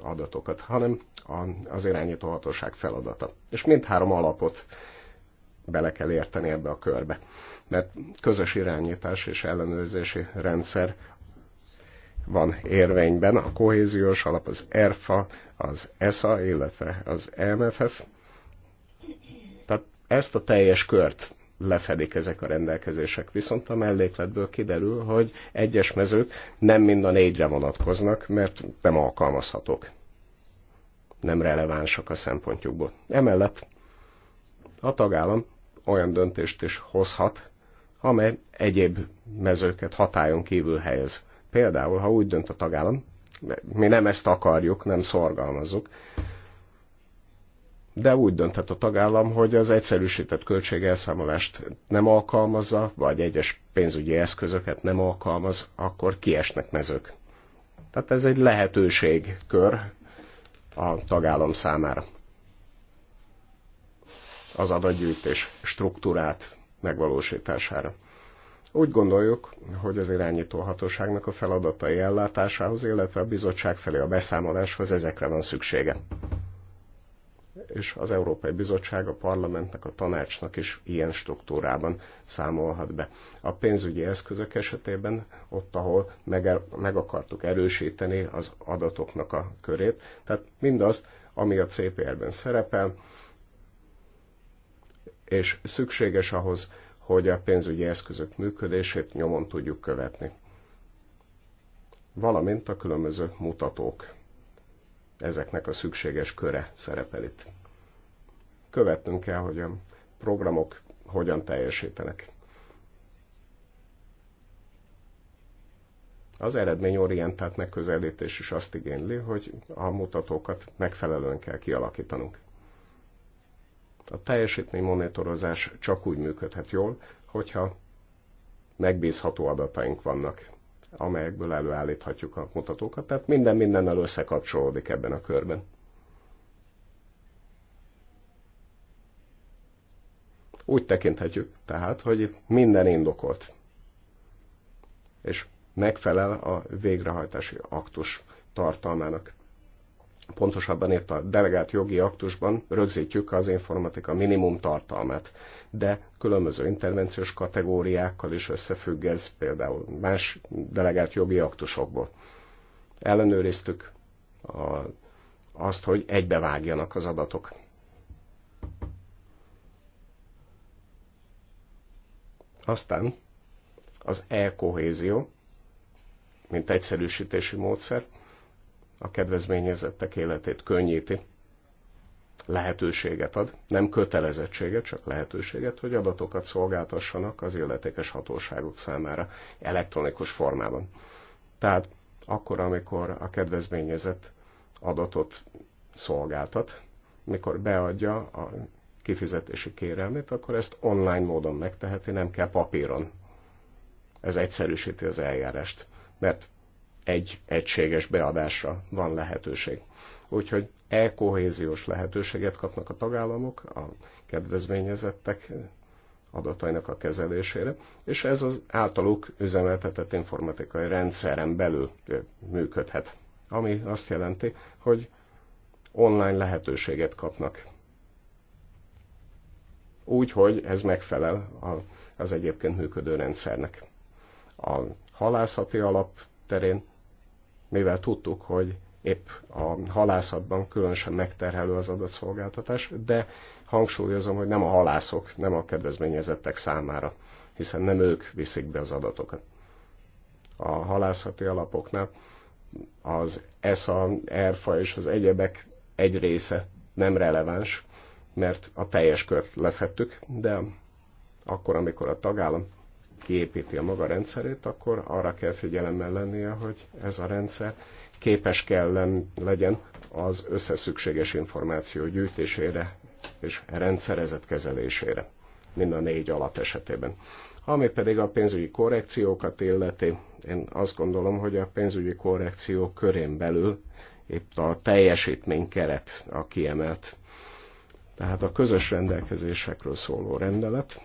adatokat, hanem az irányító hatóság feladata. És mindhárom alapot bele kell érteni ebbe a körbe. Mert közös irányítás és ellenőrzési rendszer van érvényben, a kohéziós alap, az ERFA, az ESA, illetve az e MFF. Tehát ezt a teljes kört lefedik ezek a rendelkezések. Viszont a mellékletből kiderül, hogy egyes mezők nem mind a négyre vonatkoznak, mert nem alkalmazhatók. Nem relevánsak a szempontjukból. Emellett a tagállam olyan döntést is hozhat, amely egyéb mezőket hatályon kívül helyez. Például, ha úgy dönt a tagállam, mi nem ezt akarjuk, nem szorgalmazzuk, de úgy dönthet a tagállam, hogy az egyszerűsített költségelszámolást nem alkalmazza, vagy egyes pénzügyi eszközöket nem alkalmaz, akkor kiesnek mezők. Tehát ez egy lehetőségkör a tagállam számára. Az adatgyűjtés struktúrát megvalósítására. Úgy gondoljuk, hogy az irányító hatóságnak a feladatai ellátásához, illetve a bizottság felé a beszámoláshoz ezekre van szüksége és az Európai Bizottság a parlamentnek, a tanácsnak is ilyen struktúrában számolhat be. A pénzügyi eszközök esetében ott, ahol meg, meg akartuk erősíteni az adatoknak a körét, tehát mindaz, ami a CPR-ben szerepel, és szükséges ahhoz, hogy a pénzügyi eszközök működését nyomon tudjuk követni. Valamint a különböző mutatók ezeknek a szükséges köre szerepel itt. Követnünk kell, hogy a programok hogyan teljesítenek. Az eredményorientált megközelítés is azt igényli, hogy a mutatókat megfelelően kell kialakítanunk. A teljesítménymonitorozás csak úgy működhet jól, hogyha megbízható adataink vannak amelyekből előállíthatjuk a mutatókat. Tehát minden mindennel összekapcsolódik ebben a körben. Úgy tekinthetjük tehát, hogy minden indokolt, és megfelel a végrehajtási aktus tartalmának pontosabban itt a delegált jogi aktusban rögzítjük az informatika minimum tartalmát, de különböző intervenciós kategóriákkal is összefügg ez például más delegált jogi aktusokból. Ellenőriztük a, azt, hogy egybevágjanak az adatok. Aztán az e-kohézió, mint egyszerűsítési módszer, a kedvezményezettek életét könnyíti, lehetőséget ad, nem kötelezettséget, csak lehetőséget, hogy adatokat szolgáltassanak az illetékes hatóságok számára elektronikus formában. Tehát akkor, amikor a kedvezményezett adatot szolgáltat, mikor beadja a kifizetési kérelmét, akkor ezt online módon megteheti, nem kell papíron. Ez egyszerűsíti az eljárást, mert egy egységes beadásra van lehetőség. Úgyhogy e-kohéziós lehetőséget kapnak a tagállamok, a kedvezményezettek adatainak a kezelésére, és ez az általuk üzemeltetett informatikai rendszeren belül működhet. Ami azt jelenti, hogy online lehetőséget kapnak. Úgy, hogy ez megfelel az egyébként működő rendszernek. A halászati alap terén mivel tudtuk, hogy épp a halászatban különösen megterhelő az adatszolgáltatás, de hangsúlyozom, hogy nem a halászok, nem a kedvezményezettek számára, hiszen nem ők viszik be az adatokat. A halászati alapoknál az ESA, ERFA és az egyebek egy része nem releváns, mert a teljes kört lefettük, de akkor, amikor a tagállam kiépíti a maga rendszerét, akkor arra kell figyelemmel lennie, hogy ez a rendszer képes kell legyen az összeszükséges információ gyűjtésére és rendszerezett kezelésére, mind a négy alap esetében. Ami pedig a pénzügyi korrekciókat illeti, én azt gondolom, hogy a pénzügyi korrekció körén belül itt a teljesítménykeret a kiemelt. Tehát a közös rendelkezésekről szóló rendelet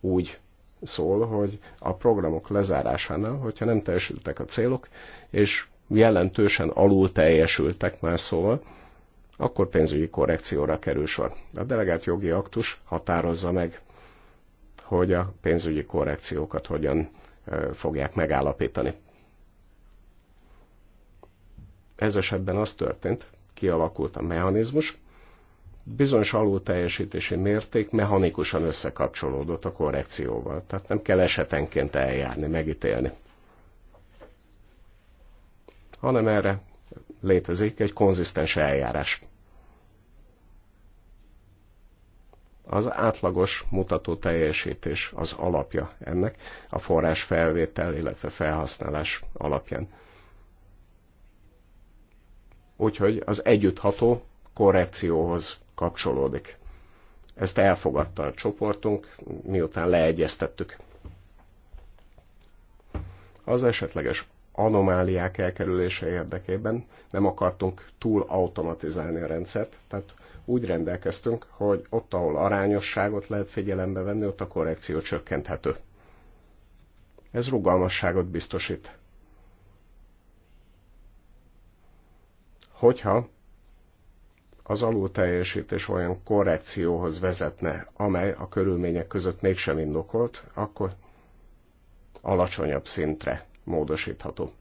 úgy szól, hogy a programok lezárásánál, hogyha nem teljesültek a célok, és jelentősen alul teljesültek már szóval, akkor pénzügyi korrekcióra kerül sor. A delegált jogi aktus határozza meg, hogy a pénzügyi korrekciókat hogyan fogják megállapítani. Ez esetben az történt, kialakult a mechanizmus, bizonyos alulteljesítési mérték mechanikusan összekapcsolódott a korrekcióval. Tehát nem kell esetenként eljárni, megítélni. Hanem erre létezik egy konzisztens eljárás. Az átlagos mutató teljesítés az alapja ennek, a forrás felvétel, illetve felhasználás alapján. Úgyhogy az együttható korrekcióhoz kapcsolódik. Ezt elfogadta a csoportunk, miután leegyeztettük. Az esetleges anomáliák elkerülése érdekében nem akartunk túl automatizálni a rendszert, tehát úgy rendelkeztünk, hogy ott, ahol arányosságot lehet figyelembe venni, ott a korrekció csökkenthető. Ez rugalmasságot biztosít. Hogyha az alulteljesítés olyan korrekcióhoz vezetne, amely a körülmények között mégsem indokolt, akkor alacsonyabb szintre módosítható.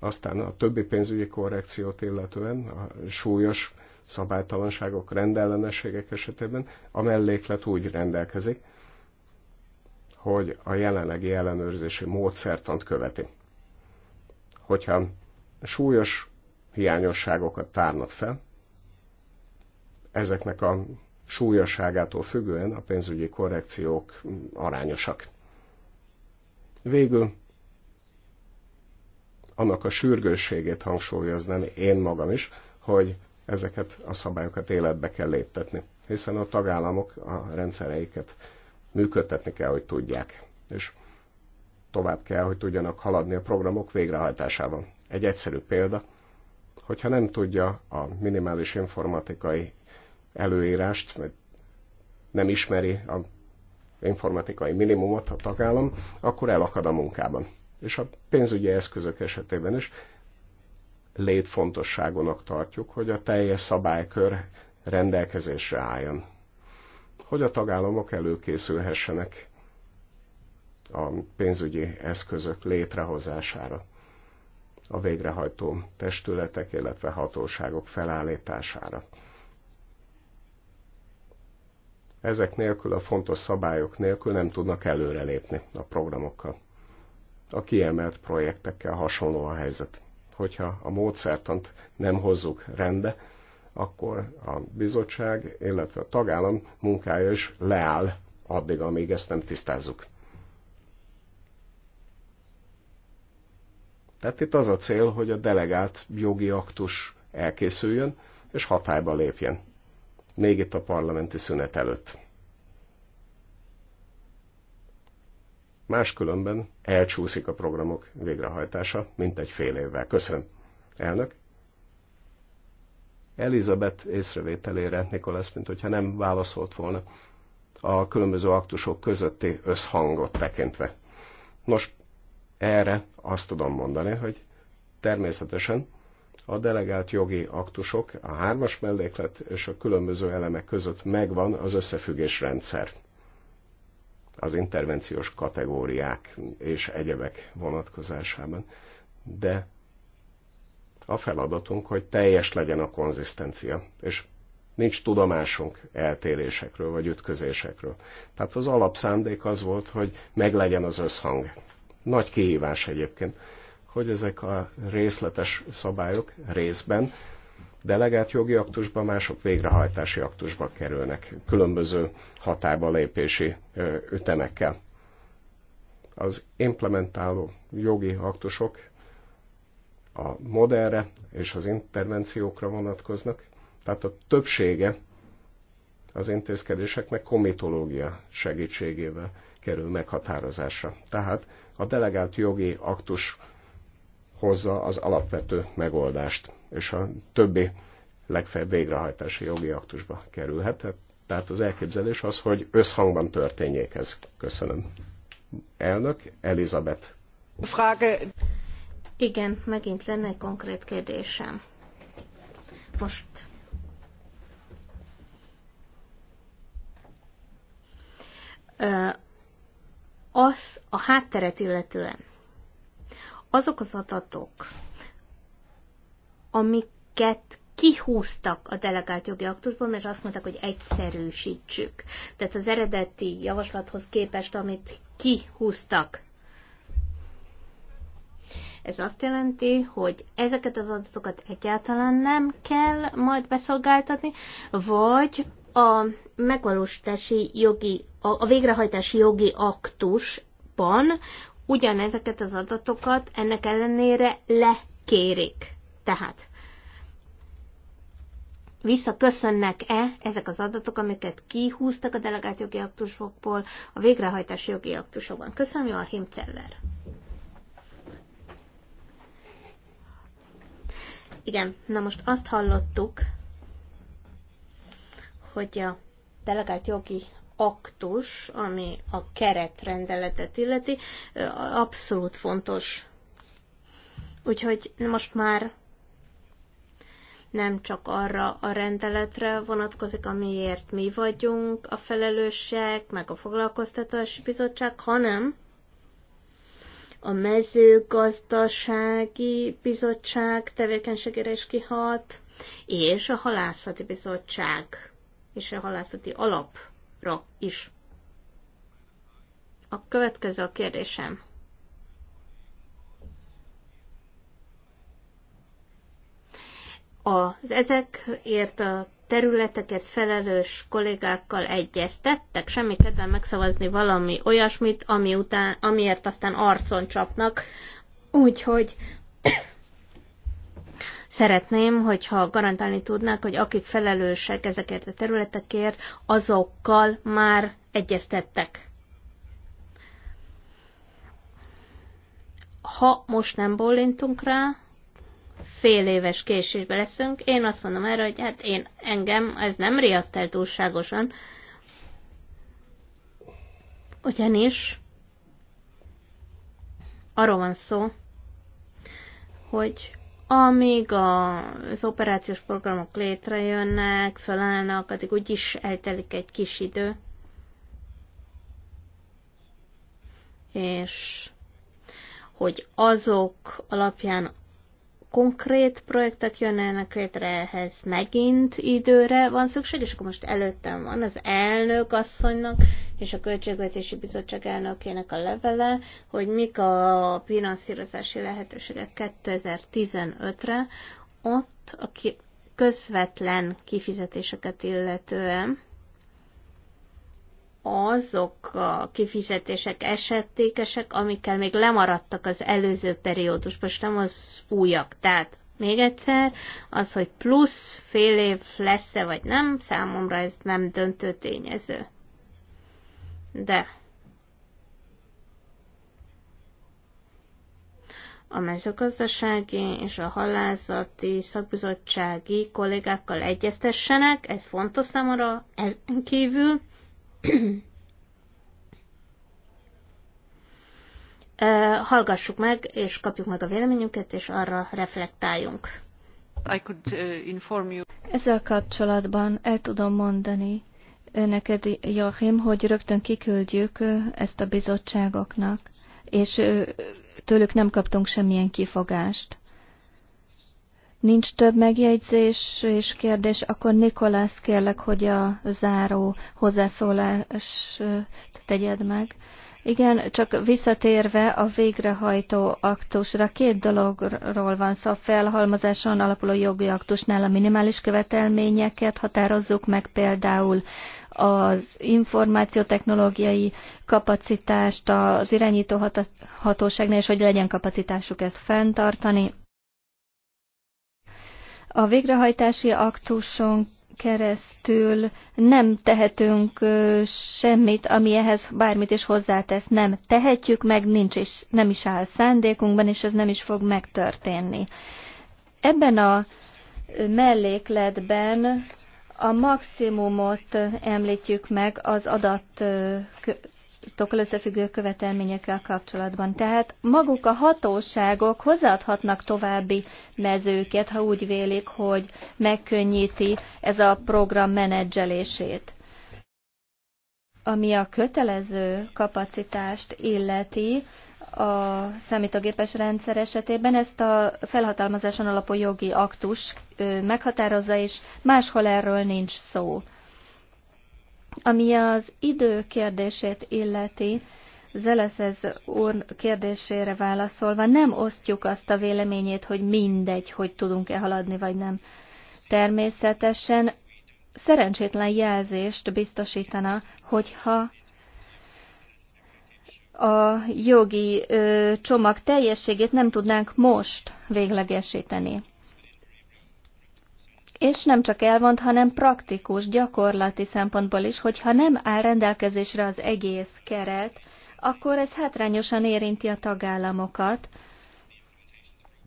Aztán a többi pénzügyi korrekciót illetően a súlyos szabálytalanságok, rendellenességek esetében a melléklet úgy rendelkezik, hogy a jelenlegi ellenőrzési módszertant követi. Hogyha súlyos hiányosságokat tárnak fel, ezeknek a súlyosságától függően a pénzügyi korrekciók arányosak. Végül annak a sürgősségét hangsúlyoznám én magam is, hogy ezeket a szabályokat életbe kell léptetni, hiszen a tagállamok a rendszereiket működtetni kell, hogy tudják, és tovább kell, hogy tudjanak haladni a programok végrehajtásában. Egy egyszerű példa, hogyha nem tudja a minimális informatikai előírást, nem ismeri a informatikai minimumot a tagállam, akkor elakad a munkában. És a pénzügyi eszközök esetében is létfontosságonak tartjuk, hogy a teljes szabálykör rendelkezésre álljon. Hogy a tagállamok előkészülhessenek a pénzügyi eszközök létrehozására, a végrehajtó testületek, illetve hatóságok felállítására ezek nélkül, a fontos szabályok nélkül nem tudnak előrelépni a programokkal. A kiemelt projektekkel hasonló a helyzet. Hogyha a módszertant nem hozzuk rendbe, akkor a bizottság, illetve a tagállam munkája is leáll addig, amíg ezt nem tisztázzuk. Tehát itt az a cél, hogy a delegált jogi aktus elkészüljön és hatályba lépjen még itt a parlamenti szünet előtt. Máskülönben elcsúszik a programok végrehajtása, mint egy fél évvel. Köszönöm. Elnök? Elizabeth észrevételére, Nikolász, mint hogyha nem válaszolt volna a különböző aktusok közötti összhangot tekintve. Nos, erre azt tudom mondani, hogy természetesen a delegált jogi aktusok, a hármas melléklet és a különböző elemek között megvan az rendszer, Az intervenciós kategóriák és egyebek vonatkozásában. De a feladatunk, hogy teljes legyen a konzisztencia, és nincs tudomásunk eltérésekről vagy ütközésekről. Tehát az alapszándék az volt, hogy meglegyen az összhang. Nagy kihívás egyébként hogy ezek a részletes szabályok részben delegált jogi aktusban, mások végrehajtási aktusba kerülnek különböző hatába lépési ütemekkel. Az implementáló jogi aktusok a modellre és az intervenciókra vonatkoznak, tehát a többsége az intézkedéseknek komitológia segítségével kerül meghatározásra. Tehát a delegált jogi aktus hozza az alapvető megoldást, és a többi legfeljebb végrehajtási jogi aktusba kerülhet. Tehát az elképzelés az, hogy összhangban történjék ez. Köszönöm. Elnök Elizabeth. Frage. Igen, megint lenne egy konkrét kérdésem. Most az a hátteret illetően, azok az adatok, amiket kihúztak a delegált jogi aktusból, mert azt mondták, hogy egyszerűsítsük. Tehát az eredeti javaslathoz képest, amit kihúztak. Ez azt jelenti, hogy ezeket az adatokat egyáltalán nem kell majd beszolgáltatni, vagy a megvalósítási jogi, a, végrehajtási jogi aktusban ugyanezeket az adatokat ennek ellenére lekérik. Tehát visszaköszönnek-e ezek az adatok, amiket kihúztak a delegált jogi aktusokból a végrehajtási jogi aktusokban. Köszönöm, a Celler. Igen, na most azt hallottuk, hogy a delegált jogi aktus, ami a keretrendeletet illeti, abszolút fontos. Úgyhogy most már nem csak arra a rendeletre vonatkozik, amiért mi vagyunk a felelősek, meg a foglalkoztatási bizottság, hanem a mezőgazdasági bizottság tevékenységére is kihat, és a halászati bizottság, és a halászati alap ra is. A következő a kérdésem. Az ezekért a területeket felelős kollégákkal egyeztettek, semmi kedven megszavazni valami olyasmit, ami után, amiért aztán arcon csapnak, úgyhogy Szeretném, hogyha garantálni tudnák, hogy akik felelősek ezekért a területekért, azokkal már egyeztettek. Ha most nem bólintunk rá, fél éves késésbe leszünk. Én azt mondom erre, hogy hát én engem ez nem riaszt el túlságosan, ugyanis arról van szó, hogy amíg az operációs programok létrejönnek, felállnak, addig úgyis eltelik egy kis idő. És hogy azok alapján konkrét projektek jönnek létre, ehhez megint időre van szükség, és akkor most előttem van az elnök asszonynak és a Költségvetési Bizottság elnökének a levele, hogy mik a finanszírozási lehetőségek 2015-re, ott a közvetlen kifizetéseket illetően azok a kifizetések esettékesek, amikkel még lemaradtak az előző periódusban, és nem az újak. Tehát még egyszer, az, hogy plusz fél év lesz-e vagy nem, számomra ez nem döntő tényező de a mezőgazdasági és a halászati szakbizottsági kollégákkal egyeztessenek, ez fontos számomra, ezen kívül hallgassuk meg, és kapjuk meg a véleményünket, és arra reflektáljunk. I could, uh, inform you. Ezzel kapcsolatban el tudom mondani, neked, Joachim, hogy rögtön kiküldjük ezt a bizottságoknak, és tőlük nem kaptunk semmilyen kifogást. Nincs több megjegyzés és kérdés, akkor Nikolász kérlek, hogy a záró hozzászólást tegyed meg. Igen, csak visszatérve a végrehajtó aktusra, két dologról van szó. A felhalmozáson alapuló jogi aktusnál a minimális követelményeket határozzuk meg, például az információtechnológiai kapacitást az irányító hatóságnál, és hogy legyen kapacitásuk ezt fenntartani. A végrehajtási aktuson keresztül nem tehetünk semmit, ami ehhez bármit is hozzátesz. Nem tehetjük meg, nincs is, nem is áll szándékunkban, és ez nem is fog megtörténni. Ebben a mellékletben a maximumot említjük meg az adatokkal összefüggő követelményekkel kapcsolatban. Tehát maguk a hatóságok hozzáadhatnak további mezőket, ha úgy vélik, hogy megkönnyíti ez a program menedzselését ami a kötelező kapacitást illeti, a számítógépes rendszer esetében ezt a felhatalmazáson alapú jogi aktus meghatározza, és máshol erről nincs szó. Ami az idő kérdését illeti, Zeleszez úr kérdésére válaszolva, nem osztjuk azt a véleményét, hogy mindegy, hogy tudunk-e haladni, vagy nem. Természetesen szerencsétlen jelzést biztosítana, hogyha a jogi csomag teljességét nem tudnánk most véglegesíteni. És nem csak elvont, hanem praktikus, gyakorlati szempontból is, hogyha nem áll rendelkezésre az egész keret, akkor ez hátrányosan érinti a tagállamokat,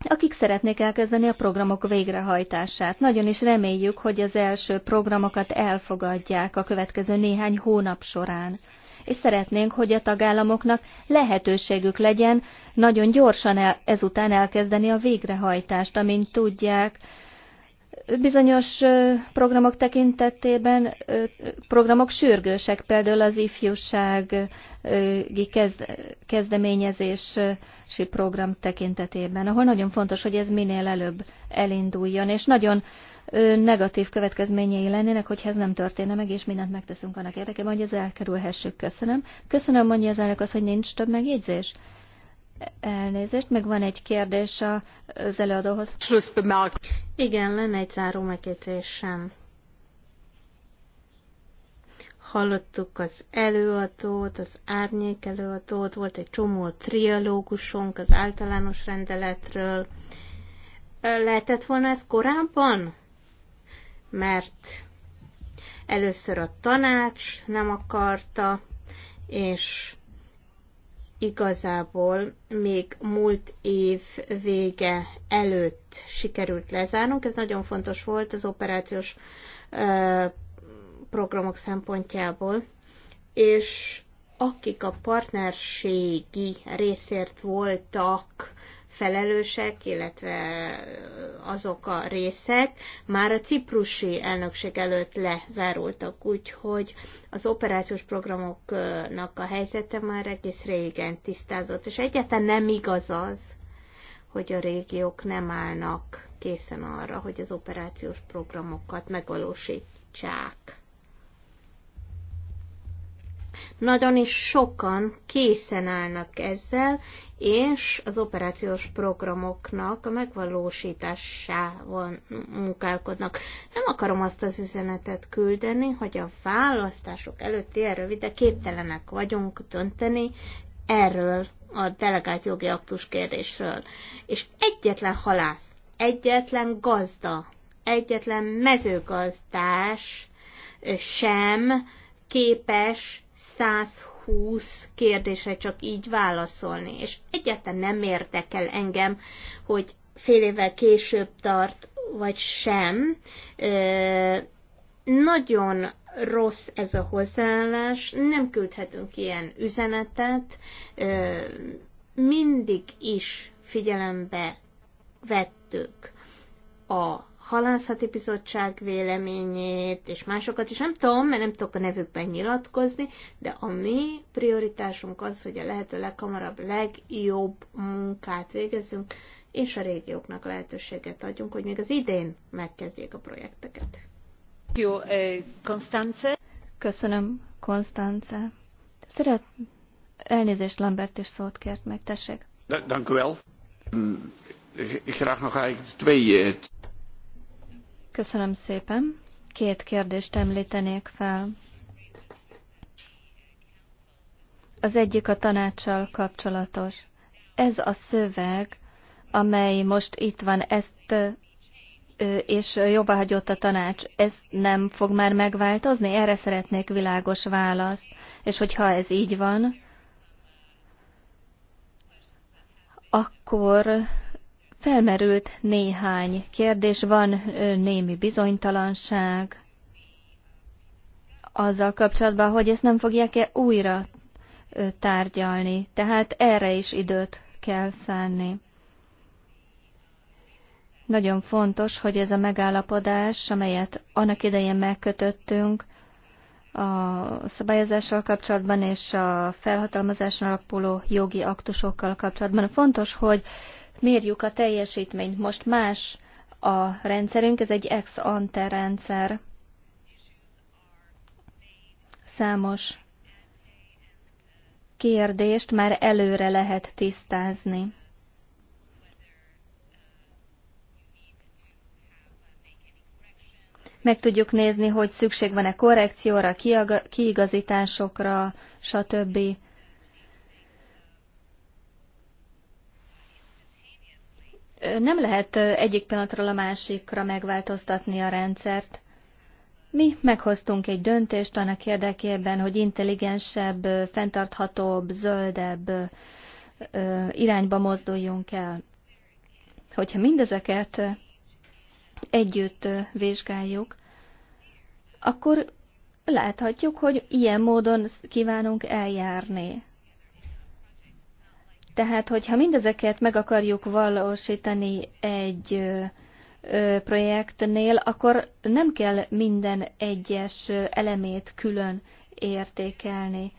akik szeretnék elkezdeni a programok végrehajtását. Nagyon is reméljük, hogy az első programokat elfogadják a következő néhány hónap során és szeretnénk, hogy a tagállamoknak lehetőségük legyen nagyon gyorsan el, ezután elkezdeni a végrehajtást, amint tudják, Bizonyos programok tekintetében programok sürgősek, például az ifjúsági kezdeményezési program tekintetében, ahol nagyon fontos, hogy ez minél előbb elinduljon, és nagyon negatív következményei lennének, hogyha ez nem történne meg, és mindent megteszünk annak érdekében, hogy ez elkerülhessük. Köszönöm. Köszönöm, mondja az elnök az, hogy nincs több megjegyzés. Elnézést, meg van egy kérdés az előadóhoz. Igen, lenne egy záró megjegyzésem. Hallottuk az előadót, az árnyék előadót, volt egy csomó trialógusunk az általános rendeletről. Lehetett volna ez korábban? mert először a tanács nem akarta, és igazából még múlt év vége előtt sikerült lezárnunk. Ez nagyon fontos volt az operációs ö, programok szempontjából, és akik a partnerségi részért voltak felelősek, illetve azok a részek már a ciprusi elnökség előtt lezárultak, úgyhogy az operációs programoknak a helyzete már egész régen tisztázott, és egyáltalán nem igaz az, hogy a régiók nem állnak készen arra, hogy az operációs programokat megvalósítsák. Nagyon is sokan készen állnak ezzel, és az operációs programoknak a megvalósításával munkálkodnak. Nem akarom azt az üzenetet küldeni, hogy a választások előtt ilyen rövide képtelenek vagyunk dönteni erről a delegált jogi aktus kérdésről. És egyetlen halász, egyetlen gazda, egyetlen mezőgazdás sem képes 120 kérdésre csak így válaszolni, és egyáltalán nem érdekel engem, hogy fél évvel később tart, vagy sem. Ö, nagyon rossz ez a hozzáállás, nem küldhetünk ilyen üzenetet, ö, mindig is figyelembe vettük a halászati bizottság véleményét, és másokat is nem tudom, mert nem tudok a nevükben nyilatkozni, de a mi prioritásunk az, hogy a lehető leghamarabb legjobb munkát végezzünk, és a régióknak lehetőséget adjunk, hogy még az idén megkezdjék a projekteket. Jó, Konstance. Eh, Köszönöm, Konstance. Szeret... Elnézést, Lambert is szót kért meg, tessék. Dank u wel. Mm, eh, graag nog eigenlijk twee eh, Köszönöm szépen. Két kérdést említenék fel. Az egyik a tanácssal kapcsolatos. Ez a szöveg, amely most itt van, ezt és jobba hagyott a tanács, ez nem fog már megváltozni? Erre szeretnék világos választ. És hogyha ez így van, akkor Felmerült néhány kérdés, van némi bizonytalanság azzal kapcsolatban, hogy ezt nem fogják-e újra tárgyalni. Tehát erre is időt kell szánni. Nagyon fontos, hogy ez a megállapodás, amelyet annak idején megkötöttünk, a szabályozással kapcsolatban és a felhatalmazáson alapuló jogi aktusokkal kapcsolatban. Fontos, hogy mérjük a teljesítményt. Most más a rendszerünk, ez egy ex-ante rendszer. Számos kérdést már előre lehet tisztázni. Meg tudjuk nézni, hogy szükség van-e korrekcióra, kiigazításokra, stb. Nem lehet egyik pillanatról a másikra megváltoztatni a rendszert. Mi meghoztunk egy döntést annak érdekében, hogy intelligensebb, fenntarthatóbb, zöldebb irányba mozduljunk el. Hogyha mindezeket együtt vizsgáljuk, akkor láthatjuk, hogy ilyen módon kívánunk eljárni. Tehát, hogyha mindezeket meg akarjuk valósítani egy projektnél, akkor nem kell minden egyes elemét külön értékelni.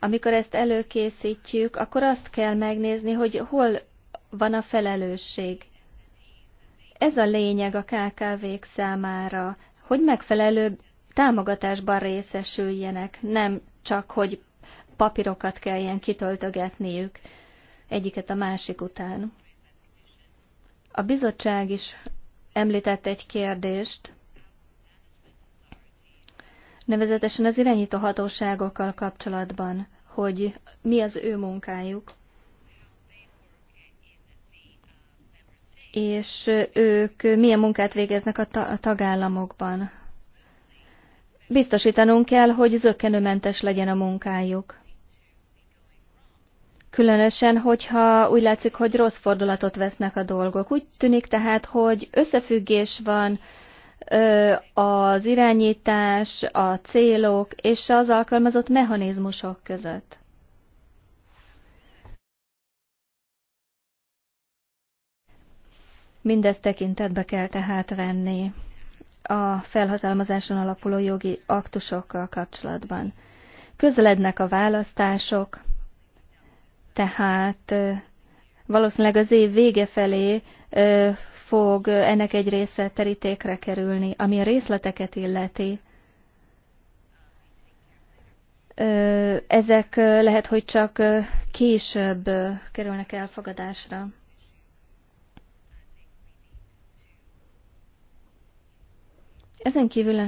Amikor ezt előkészítjük, akkor azt kell megnézni, hogy hol van a felelősség. Ez a lényeg a KKV-k számára, hogy megfelelő támogatásban részesüljenek, nem csak, hogy papírokat kelljen kitöltögetniük egyiket a másik után. A bizottság is említett egy kérdést, nevezetesen az irányító hatóságokkal kapcsolatban, hogy mi az ő munkájuk, és ők milyen munkát végeznek a, a tagállamokban. Biztosítanunk kell, hogy zöggenőmentes legyen a munkájuk. Különösen, hogyha úgy látszik, hogy rossz fordulatot vesznek a dolgok. Úgy tűnik tehát, hogy összefüggés van az irányítás, a célok és az alkalmazott mechanizmusok között. Mindezt tekintetbe kell tehát venni a felhatalmazáson alapuló jogi aktusokkal kapcsolatban. Közelednek a választások, tehát valószínűleg az év vége felé fog ennek egy része terítékre kerülni, ami a részleteket illeti. Ezek lehet, hogy csak később kerülnek elfogadásra. Ezen kívül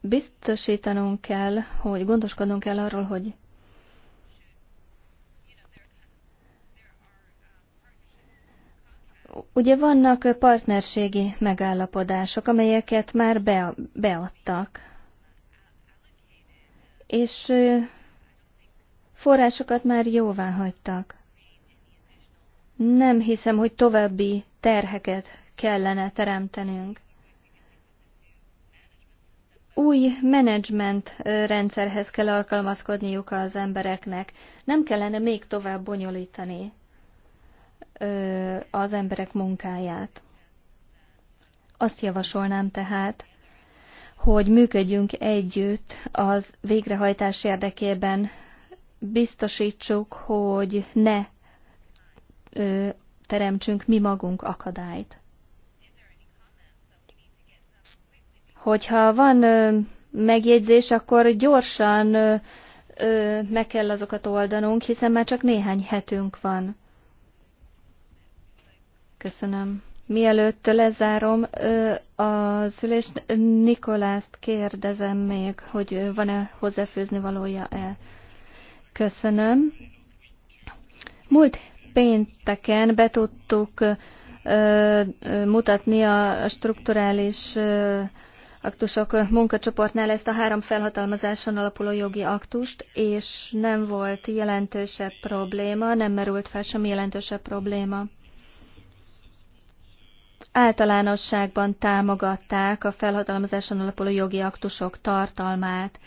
biztosítanunk kell, hogy gondoskodnunk kell arról, hogy Ugye vannak partnerségi megállapodások, amelyeket már be, beadtak, és forrásokat már jóvá hagytak. Nem hiszem, hogy további terheket kellene teremtenünk. Új menedzsment rendszerhez kell alkalmazkodniuk az embereknek. Nem kellene még tovább bonyolítani az emberek munkáját. Azt javasolnám tehát, hogy működjünk együtt az végrehajtás érdekében, biztosítsuk, hogy ne ö, teremtsünk mi magunk akadályt. Hogyha van ö, megjegyzés, akkor gyorsan ö, ö, meg kell azokat oldanunk, hiszen már csak néhány hetünk van. Köszönöm. Mielőtt lezárom a szülést, Nikolást kérdezem még, hogy van-e hozzáfőzni valója-e. Köszönöm. Múlt pénteken be tudtuk mutatni a strukturális aktusok munkacsoportnál ezt a három felhatalmazáson alapuló jogi aktust, és nem volt jelentősebb probléma, nem merült fel sem jelentősebb probléma általánosságban támogatták a felhatalmazáson alapuló jogi aktusok tartalmát,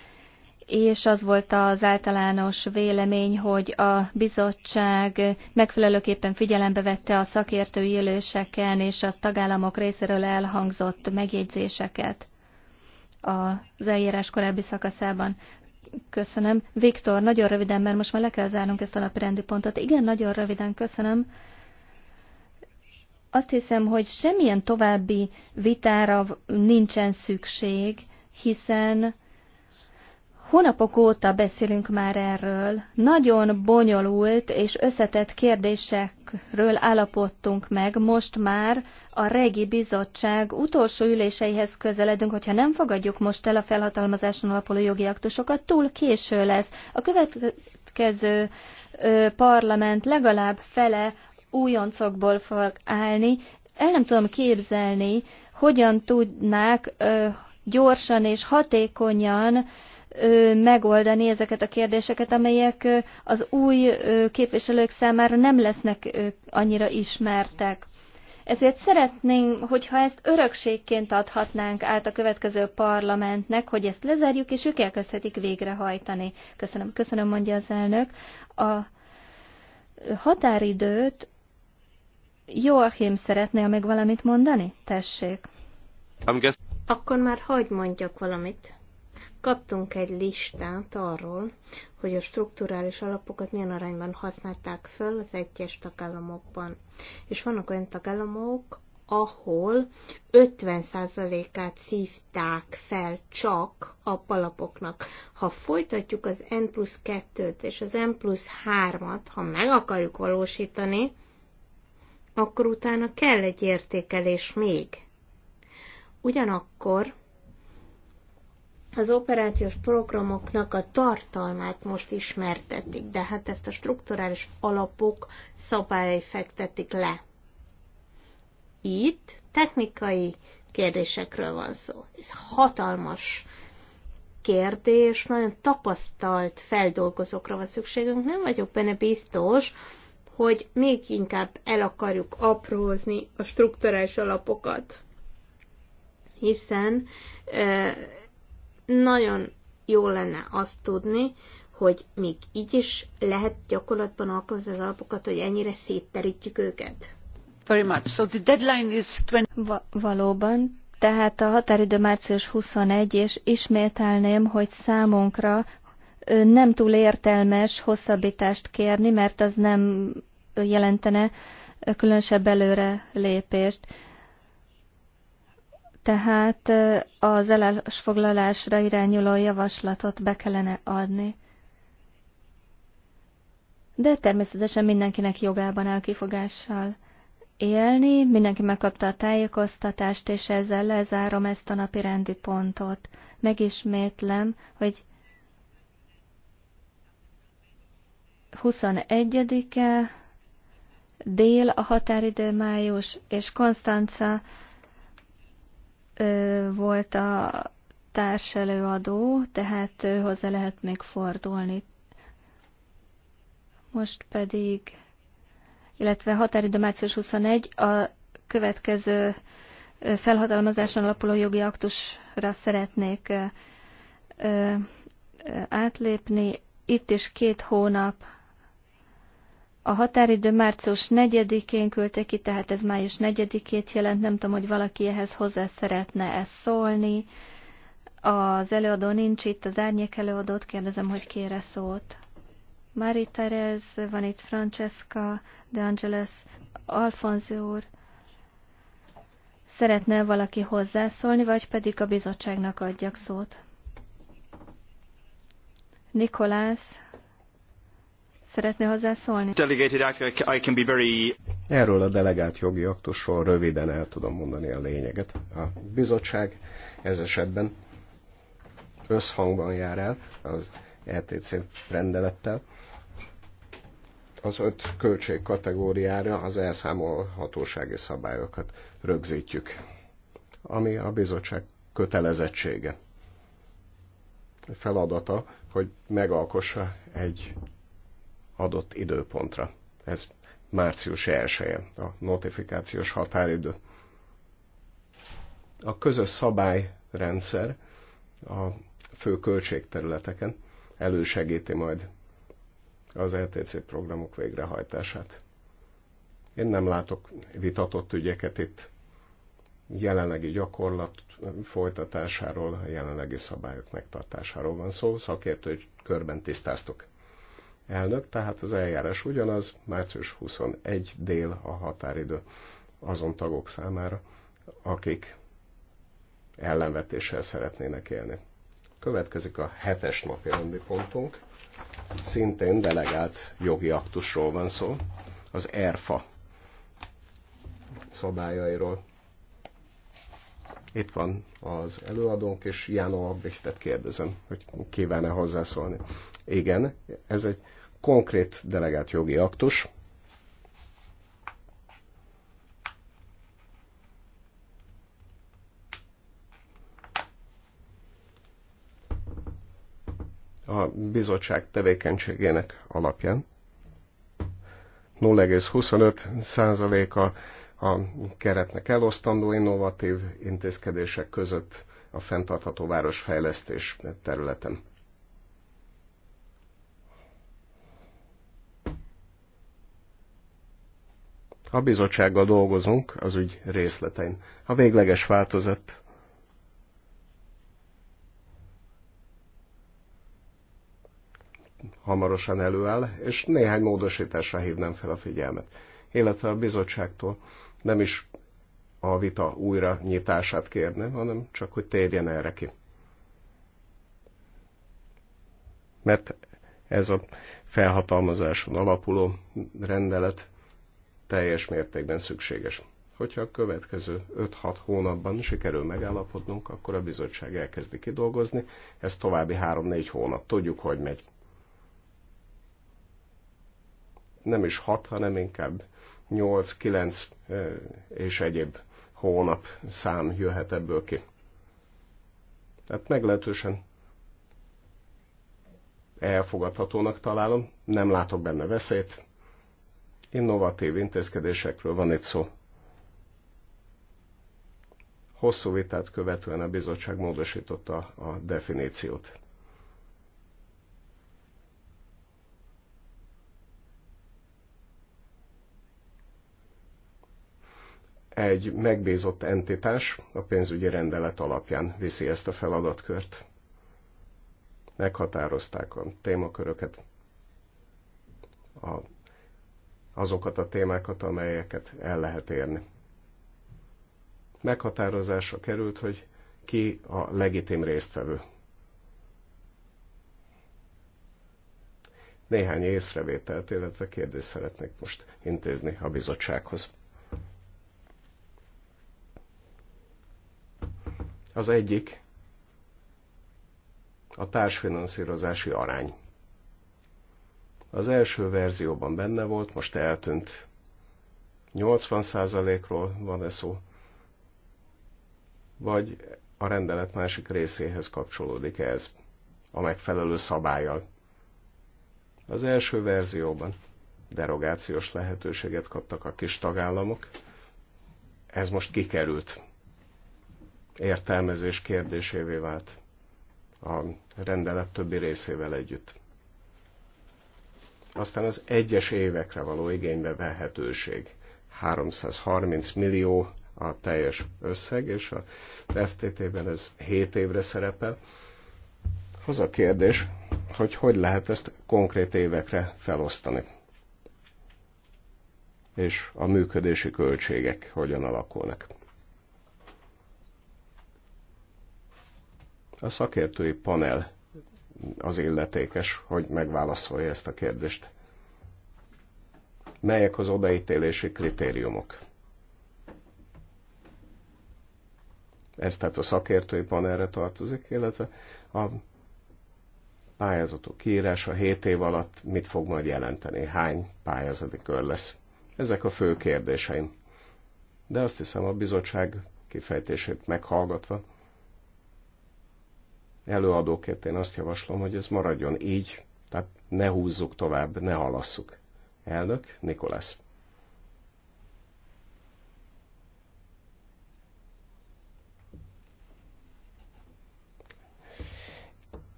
és az volt az általános vélemény, hogy a bizottság megfelelőképpen figyelembe vette a szakértői üléseken és a tagállamok részéről elhangzott megjegyzéseket az eljárás korábbi szakaszában. Köszönöm. Viktor, nagyon röviden, mert most már le kell zárnunk ezt a rendi pontot. Igen, nagyon röviden köszönöm. Azt hiszem, hogy semmilyen további vitára nincsen szükség, hiszen Hónapok óta beszélünk már erről. Nagyon bonyolult és összetett kérdésekről állapodtunk meg. Most már a Regi Bizottság utolsó üléseihez közeledünk, hogyha nem fogadjuk most el a felhatalmazáson alapuló jogi aktusokat, túl késő lesz. A következő parlament legalább fele újoncokból fog állni. El nem tudom képzelni, hogyan tudnák gyorsan és hatékonyan megoldani ezeket a kérdéseket, amelyek az új képviselők számára nem lesznek annyira ismertek. Ezért szeretném, hogyha ezt örökségként adhatnánk át a következő parlamentnek, hogy ezt lezárjuk, és ők elkezdhetik végrehajtani. Köszönöm, köszönöm, mondja az elnök. A határidőt Joachim, szeretnél még valamit mondani? Tessék. Akkor már hagyd mondjak valamit. Kaptunk egy listát arról, hogy a strukturális alapokat milyen arányban használták föl az egyes tagállamokban. És vannak olyan tagállamok, ahol 50%-át szívták fel csak a palapoknak. Ha folytatjuk az N plusz 2-t és az N plusz 3-at, ha meg akarjuk valósítani, akkor utána kell egy értékelés még. Ugyanakkor az operációs programoknak a tartalmát most ismertetik, de hát ezt a strukturális alapok szabályai fektetik le. Itt technikai kérdésekről van szó. Ez hatalmas kérdés, nagyon tapasztalt feldolgozókra van szükségünk. Nem vagyok benne biztos, hogy még inkább el akarjuk aprózni a strukturális alapokat, hiszen nagyon jó lenne azt tudni, hogy még így is lehet gyakorlatban alkalmazni az alapokat, hogy ennyire szétterítjük őket. Very much. So the deadline is 20... Va- valóban, tehát a határidő március 21, és ismételném, hogy számunkra nem túl értelmes hosszabbítást kérni, mert az nem jelentene különösebb előre lépést. Tehát az elásfoglalásra irányuló javaslatot be kellene adni. De természetesen mindenkinek jogában áll kifogással élni, mindenki megkapta a tájékoztatást, és ezzel lezárom ezt a napi rendi pontot. Megismétlem, hogy 21-e dél a határidő május, és Konstanca volt a társelőadó, tehát hozzá lehet még fordulni. Most pedig, illetve határidő március 21, a következő felhatalmazáson alapuló jogi aktusra szeretnék átlépni. Itt is két hónap a határidő március 4-én küldte ki, tehát ez május 4-ét jelent, nem tudom, hogy valaki ehhez hozzá szeretne ezt szólni. Az előadó nincs itt, az árnyék előadót kérdezem, hogy kére szót. Mári Terez, van itt Francesca, De Angeles, Alfonzi úr. Szeretne valaki hozzászólni, vagy pedig a bizottságnak adjak szót? Nikolász, Szeretne hozzászólni? Erről a delegált jogi aktusról röviden el tudom mondani a lényeget. A bizottság ez esetben összhangban jár el az ETC rendelettel. Az öt költség kategóriára az elszámolhatósági szabályokat rögzítjük, ami a bizottság kötelezettsége feladata, hogy megalkossa egy adott időpontra. Ez március 1 -e, a notifikációs határidő. A közös szabályrendszer a fő költségterületeken elősegíti majd az LTC programok végrehajtását. Én nem látok vitatott ügyeket itt jelenlegi gyakorlat folytatásáról, a jelenlegi szabályok megtartásáról van szó, szakértői körben tisztáztuk elnök, tehát az eljárás ugyanaz, március 21 dél a határidő azon tagok számára, akik ellenvetéssel szeretnének élni. Következik a hetes napi rendi pontunk. Szintén delegált jogi aktusról van szó, az ERFA szabályairól. Itt van az előadónk, és Jánó Abrichtet kérdezem, hogy kíván-e hozzászólni. Igen, ez egy konkrét delegált jogi aktus, a bizottság tevékenységének alapján. 0,25%-a a keretnek elosztandó innovatív intézkedések között a fenntartható városfejlesztés területen. A bizottsággal dolgozunk az ügy részletein. A végleges változat hamarosan előáll, és néhány módosításra hívnám fel a figyelmet. Illetve a bizottságtól nem is a vita újra nyitását kérne, hanem csak, hogy térjen erre ki. Mert ez a felhatalmazáson alapuló rendelet teljes mértékben szükséges. Hogyha a következő 5-6 hónapban sikerül megállapodnunk, akkor a bizottság elkezdi kidolgozni, ez további 3-4 hónap, tudjuk, hogy megy. Nem is 6, hanem inkább 8-9 eh, és egyéb hónap szám jöhet ebből ki. Tehát meglehetősen elfogadhatónak találom, nem látok benne veszélyt, innovatív intézkedésekről van itt szó. Hosszú vitát követően a bizottság módosította a definíciót. Egy megbízott entitás a pénzügyi rendelet alapján viszi ezt a feladatkört. Meghatározták a témaköröket, a azokat a témákat, amelyeket el lehet érni. Meghatározásra került, hogy ki a legitim résztvevő. Néhány észrevételt, illetve kérdést szeretnék most intézni a bizottsághoz. Az egyik a társfinanszírozási arány. Az első verzióban benne volt, most eltűnt. 80%-ról van ez szó? Vagy a rendelet másik részéhez kapcsolódik ez a megfelelő szabályal? Az első verzióban derogációs lehetőséget kaptak a kis tagállamok, ez most kikerült. Értelmezés kérdésévé vált a rendelet többi részével együtt. Aztán az egyes évekre való igénybe vehetőség. 330 millió a teljes összeg, és a FTT-ben ez 7 évre szerepel. Az a kérdés, hogy hogy lehet ezt konkrét évekre felosztani. És a működési költségek hogyan alakulnak. A szakértői panel az illetékes, hogy megválaszolja ezt a kérdést. Melyek az odaítélési kritériumok? Ez tehát a szakértői panelre tartozik, illetve a pályázatok kiírása 7 év alatt mit fog majd jelenteni, hány pályázati kör lesz. Ezek a fő kérdéseim. De azt hiszem a bizottság kifejtését meghallgatva előadóként én azt javaslom, hogy ez maradjon így, tehát ne húzzuk tovább, ne halasszuk. Elnök Nikolász.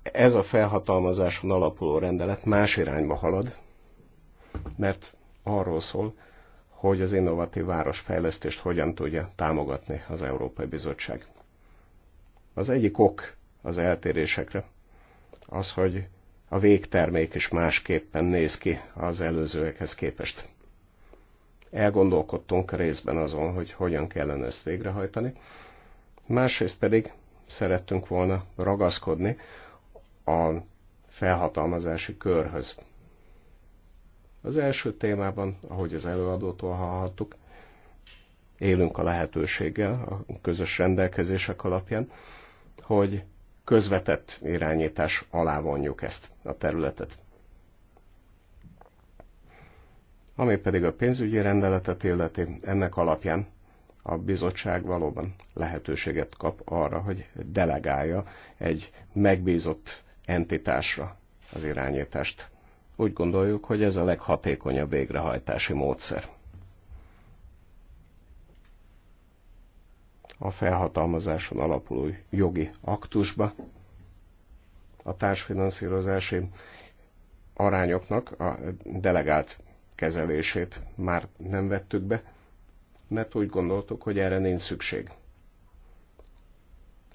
Ez a felhatalmazáson alapuló rendelet más irányba halad, mert arról szól, hogy az innovatív városfejlesztést hogyan tudja támogatni az Európai Bizottság. Az egyik ok az eltérésekre. Az, hogy a végtermék is másképpen néz ki az előzőekhez képest. Elgondolkodtunk részben azon, hogy hogyan kellene ezt végrehajtani, másrészt pedig szerettünk volna ragaszkodni a felhatalmazási körhöz. Az első témában, ahogy az előadótól hallhattuk, élünk a lehetőséggel a közös rendelkezések alapján, hogy közvetett irányítás alá vonjuk ezt a területet. Ami pedig a pénzügyi rendeletet illeti, ennek alapján a bizottság valóban lehetőséget kap arra, hogy delegálja egy megbízott entitásra az irányítást. Úgy gondoljuk, hogy ez a leghatékonyabb végrehajtási módszer. a felhatalmazáson alapuló jogi aktusba a társfinanszírozási arányoknak a delegált kezelését már nem vettük be, mert úgy gondoltuk, hogy erre nincs szükség.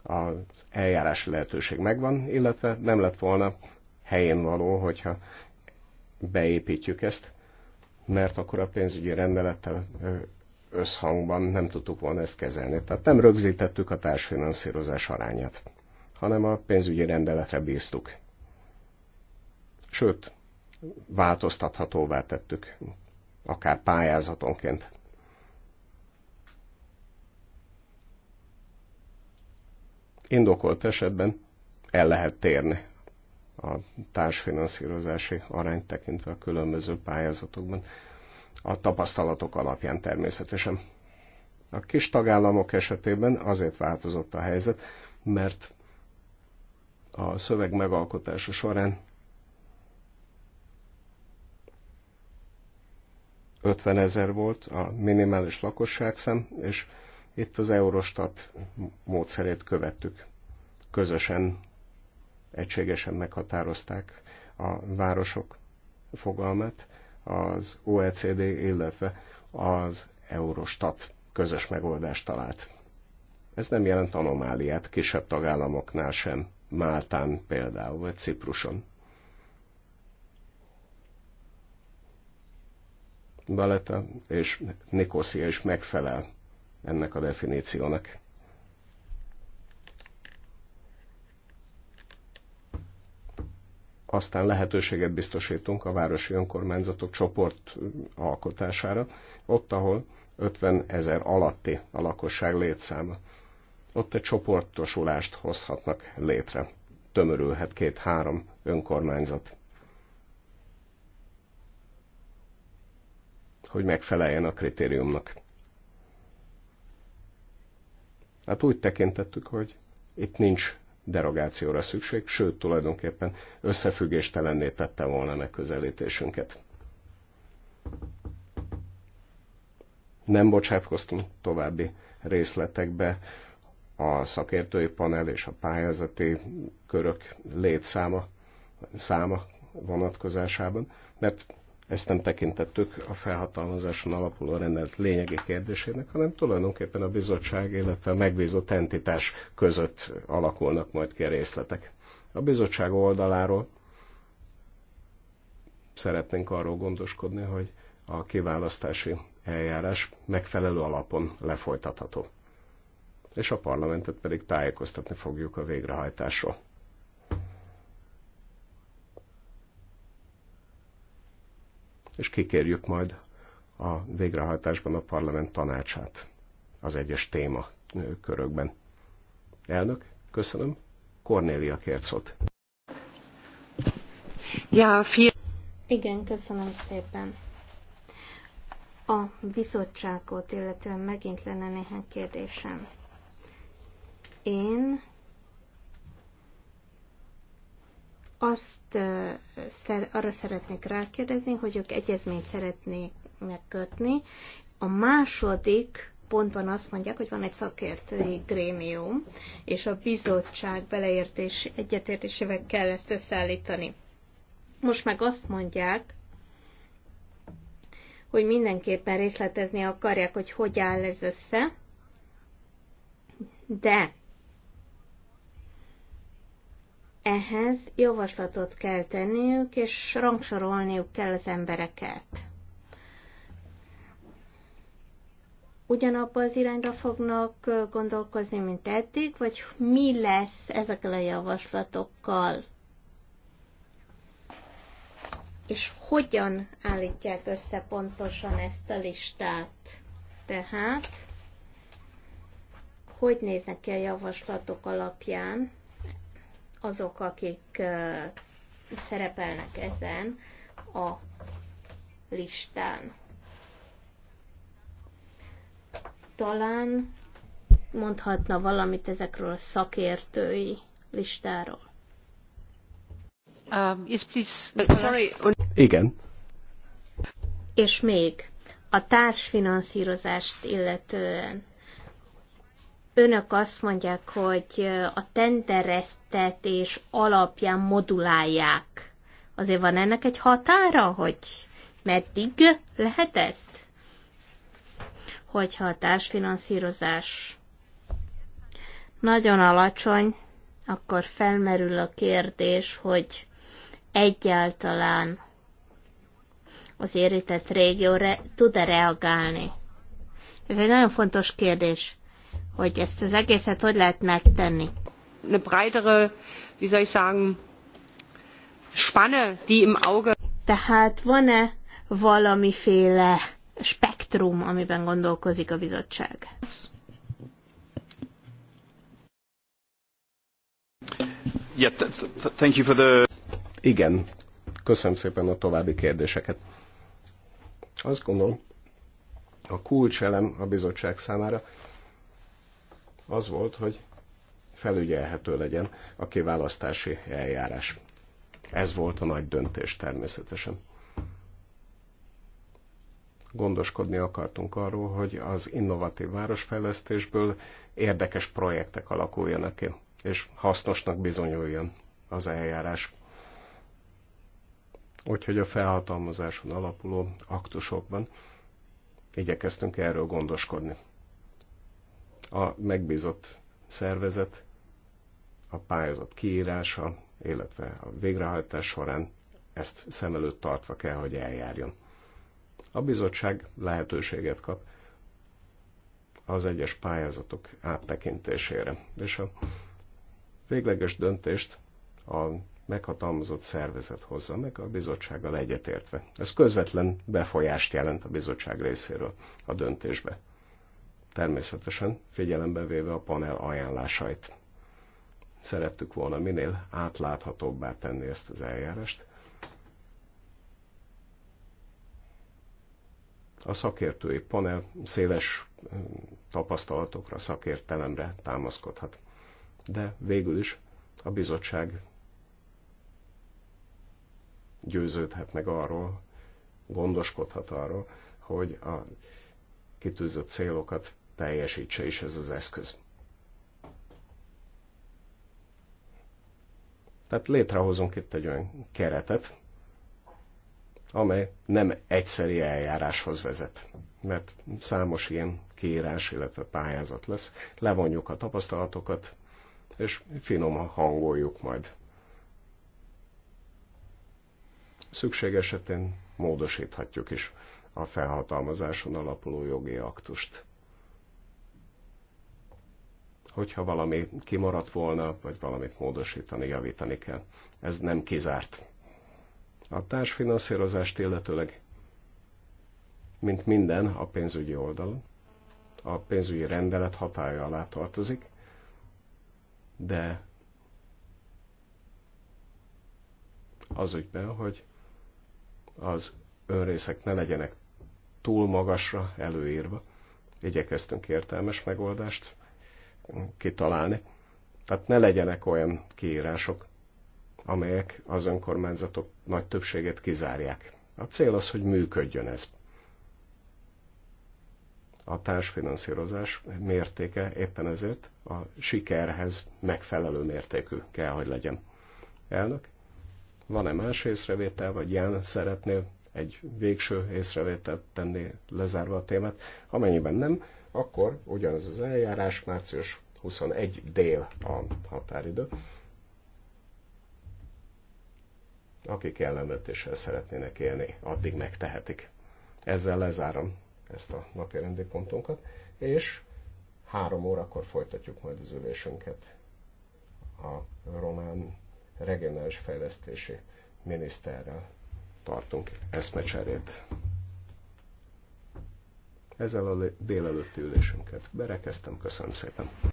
Az eljárási lehetőség megvan, illetve nem lett volna helyén való, hogyha beépítjük ezt, mert akkor a pénzügyi rendelettel összhangban nem tudtuk volna ezt kezelni. Tehát nem rögzítettük a társfinanszírozás arányát, hanem a pénzügyi rendeletre bíztuk. Sőt, változtathatóvá tettük, akár pályázatonként. Indokolt esetben el lehet térni a társfinanszírozási arányt tekintve a különböző pályázatokban a tapasztalatok alapján természetesen. A kis tagállamok esetében azért változott a helyzet, mert a szöveg megalkotása során 50 ezer volt a minimális lakosságszám, és itt az Eurostat módszerét követtük. Közösen, egységesen meghatározták a városok fogalmát, az OECD, illetve az Eurostat közös megoldást talált. Ez nem jelent anomáliát kisebb tagállamoknál sem, Máltán például, vagy Cipruson. Baleta és Nikosia is megfelel ennek a definíciónak. aztán lehetőséget biztosítunk a városi önkormányzatok csoport alkotására, ott, ahol 50 ezer alatti a lakosság létszáma. Ott egy csoportosulást hozhatnak létre. Tömörülhet két-három önkormányzat. Hogy megfeleljen a kritériumnak. Hát úgy tekintettük, hogy itt nincs derogációra szükség, sőt tulajdonképpen összefüggéstelenné tette volna megközelítésünket. Nem bocsátkoztunk további részletekbe, a szakértői panel és a pályázati körök létszáma, száma vonatkozásában, mert ezt nem tekintettük a felhatalmazáson alapuló rendelt lényegi kérdésének, hanem tulajdonképpen a bizottság, illetve a megbízott entitás között alakulnak majd ki a részletek. A bizottság oldaláról szeretnénk arról gondoskodni, hogy a kiválasztási eljárás megfelelő alapon lefolytatható. És a parlamentet pedig tájékoztatni fogjuk a végrehajtásról. és kikérjük majd a végrehajtásban a parlament tanácsát az egyes téma körökben. Elnök, köszönöm. Kornélia Kércot. Ja, fi- Igen, köszönöm szépen. A bizottságot, illetően megint lenne néhány kérdésem. Én azt arra szeretnék rákérdezni, hogy ők egyezményt szeretnének kötni. A második pontban azt mondják, hogy van egy szakértői grémium, és a bizottság beleértés egyetértésével kell ezt összeállítani. Most meg azt mondják, hogy mindenképpen részletezni akarják, hogy hogy áll ez össze, de ehhez javaslatot kell tenniük, és rangsorolniuk kell az embereket. Ugyanabban az irányba fognak gondolkozni, mint eddig, vagy mi lesz ezekkel a javaslatokkal? És hogyan állítják össze pontosan ezt a listát? Tehát, hogy néznek ki a javaslatok alapján? azok, akik szerepelnek ezen a listán. Talán mondhatna valamit ezekről a szakértői listáról. Um, yes, please. Sorry. Igen. És még a társfinanszírozást illetően önök azt mondják, hogy a tendereztetés alapján modulálják. Azért van ennek egy határa, hogy meddig lehet ezt? Hogyha a társfinanszírozás nagyon alacsony, akkor felmerül a kérdés, hogy egyáltalán az érített régió tud-e reagálni. Ez egy nagyon fontos kérdés hogy ezt az egészet hogy lehet megtenni. Eine breitere, wie soll ich sagen, Spanne, die im Auge. Tehát van-e valamiféle spektrum, amiben gondolkozik a bizottság? Yeah, thank you for the... Igen, köszönöm szépen a további kérdéseket. Azt gondolom, a kulcselem a bizottság számára az volt, hogy felügyelhető legyen a kiválasztási eljárás. Ez volt a nagy döntés természetesen. Gondoskodni akartunk arról, hogy az innovatív városfejlesztésből érdekes projektek alakuljanak ki, és hasznosnak bizonyuljon az eljárás. Úgyhogy a felhatalmazáson alapuló aktusokban igyekeztünk erről gondoskodni a megbízott szervezet a pályázat kiírása, illetve a végrehajtás során ezt szem előtt tartva kell, hogy eljárjon. A bizottság lehetőséget kap az egyes pályázatok áttekintésére, és a végleges döntést a meghatalmazott szervezet hozza meg a bizottsággal egyetértve. Ez közvetlen befolyást jelent a bizottság részéről a döntésbe természetesen figyelembe véve a panel ajánlásait. Szerettük volna minél átláthatóbbá tenni ezt az eljárást. A szakértői panel széles tapasztalatokra, szakértelemre támaszkodhat. De végül is a bizottság győződhet meg arról, gondoskodhat arról, hogy a kitűzött célokat teljesítse is ez az eszköz. Tehát létrehozunk itt egy olyan keretet, amely nem egyszeri eljáráshoz vezet, mert számos ilyen kiírás, illetve pályázat lesz. Levonjuk a tapasztalatokat, és finom hangoljuk majd. Szükség esetén módosíthatjuk is a felhatalmazáson alapuló jogi aktust hogyha valami kimaradt volna, vagy valamit módosítani, javítani kell. Ez nem kizárt. A társfinanszírozást illetőleg, mint minden a pénzügyi oldalon, a pénzügyi rendelet hatája alá tartozik, de az ügyben, hogy az önrészek ne legyenek túl magasra előírva. Igyekeztünk értelmes megoldást kitalálni. Tehát ne legyenek olyan kiírások, amelyek az önkormányzatok nagy többségét kizárják. A cél az, hogy működjön ez. A társfinanszírozás mértéke éppen ezért a sikerhez megfelelő mértékű kell, hogy legyen. Elnök, van-e más észrevétel, vagy ilyen szeretnél egy végső észrevételt tenni lezárva a témát? Amennyiben nem, akkor ugyanaz az eljárás március 21 dél a határidő. Akik ellenvetéssel szeretnének élni, addig megtehetik. Ezzel lezárom ezt a napi rendi pontunkat, és három órakor folytatjuk majd az ülésünket a román regionális fejlesztési miniszterrel tartunk eszmecserét. Ezzel a délelőtti ülésünket berekeztem. Köszönöm szépen.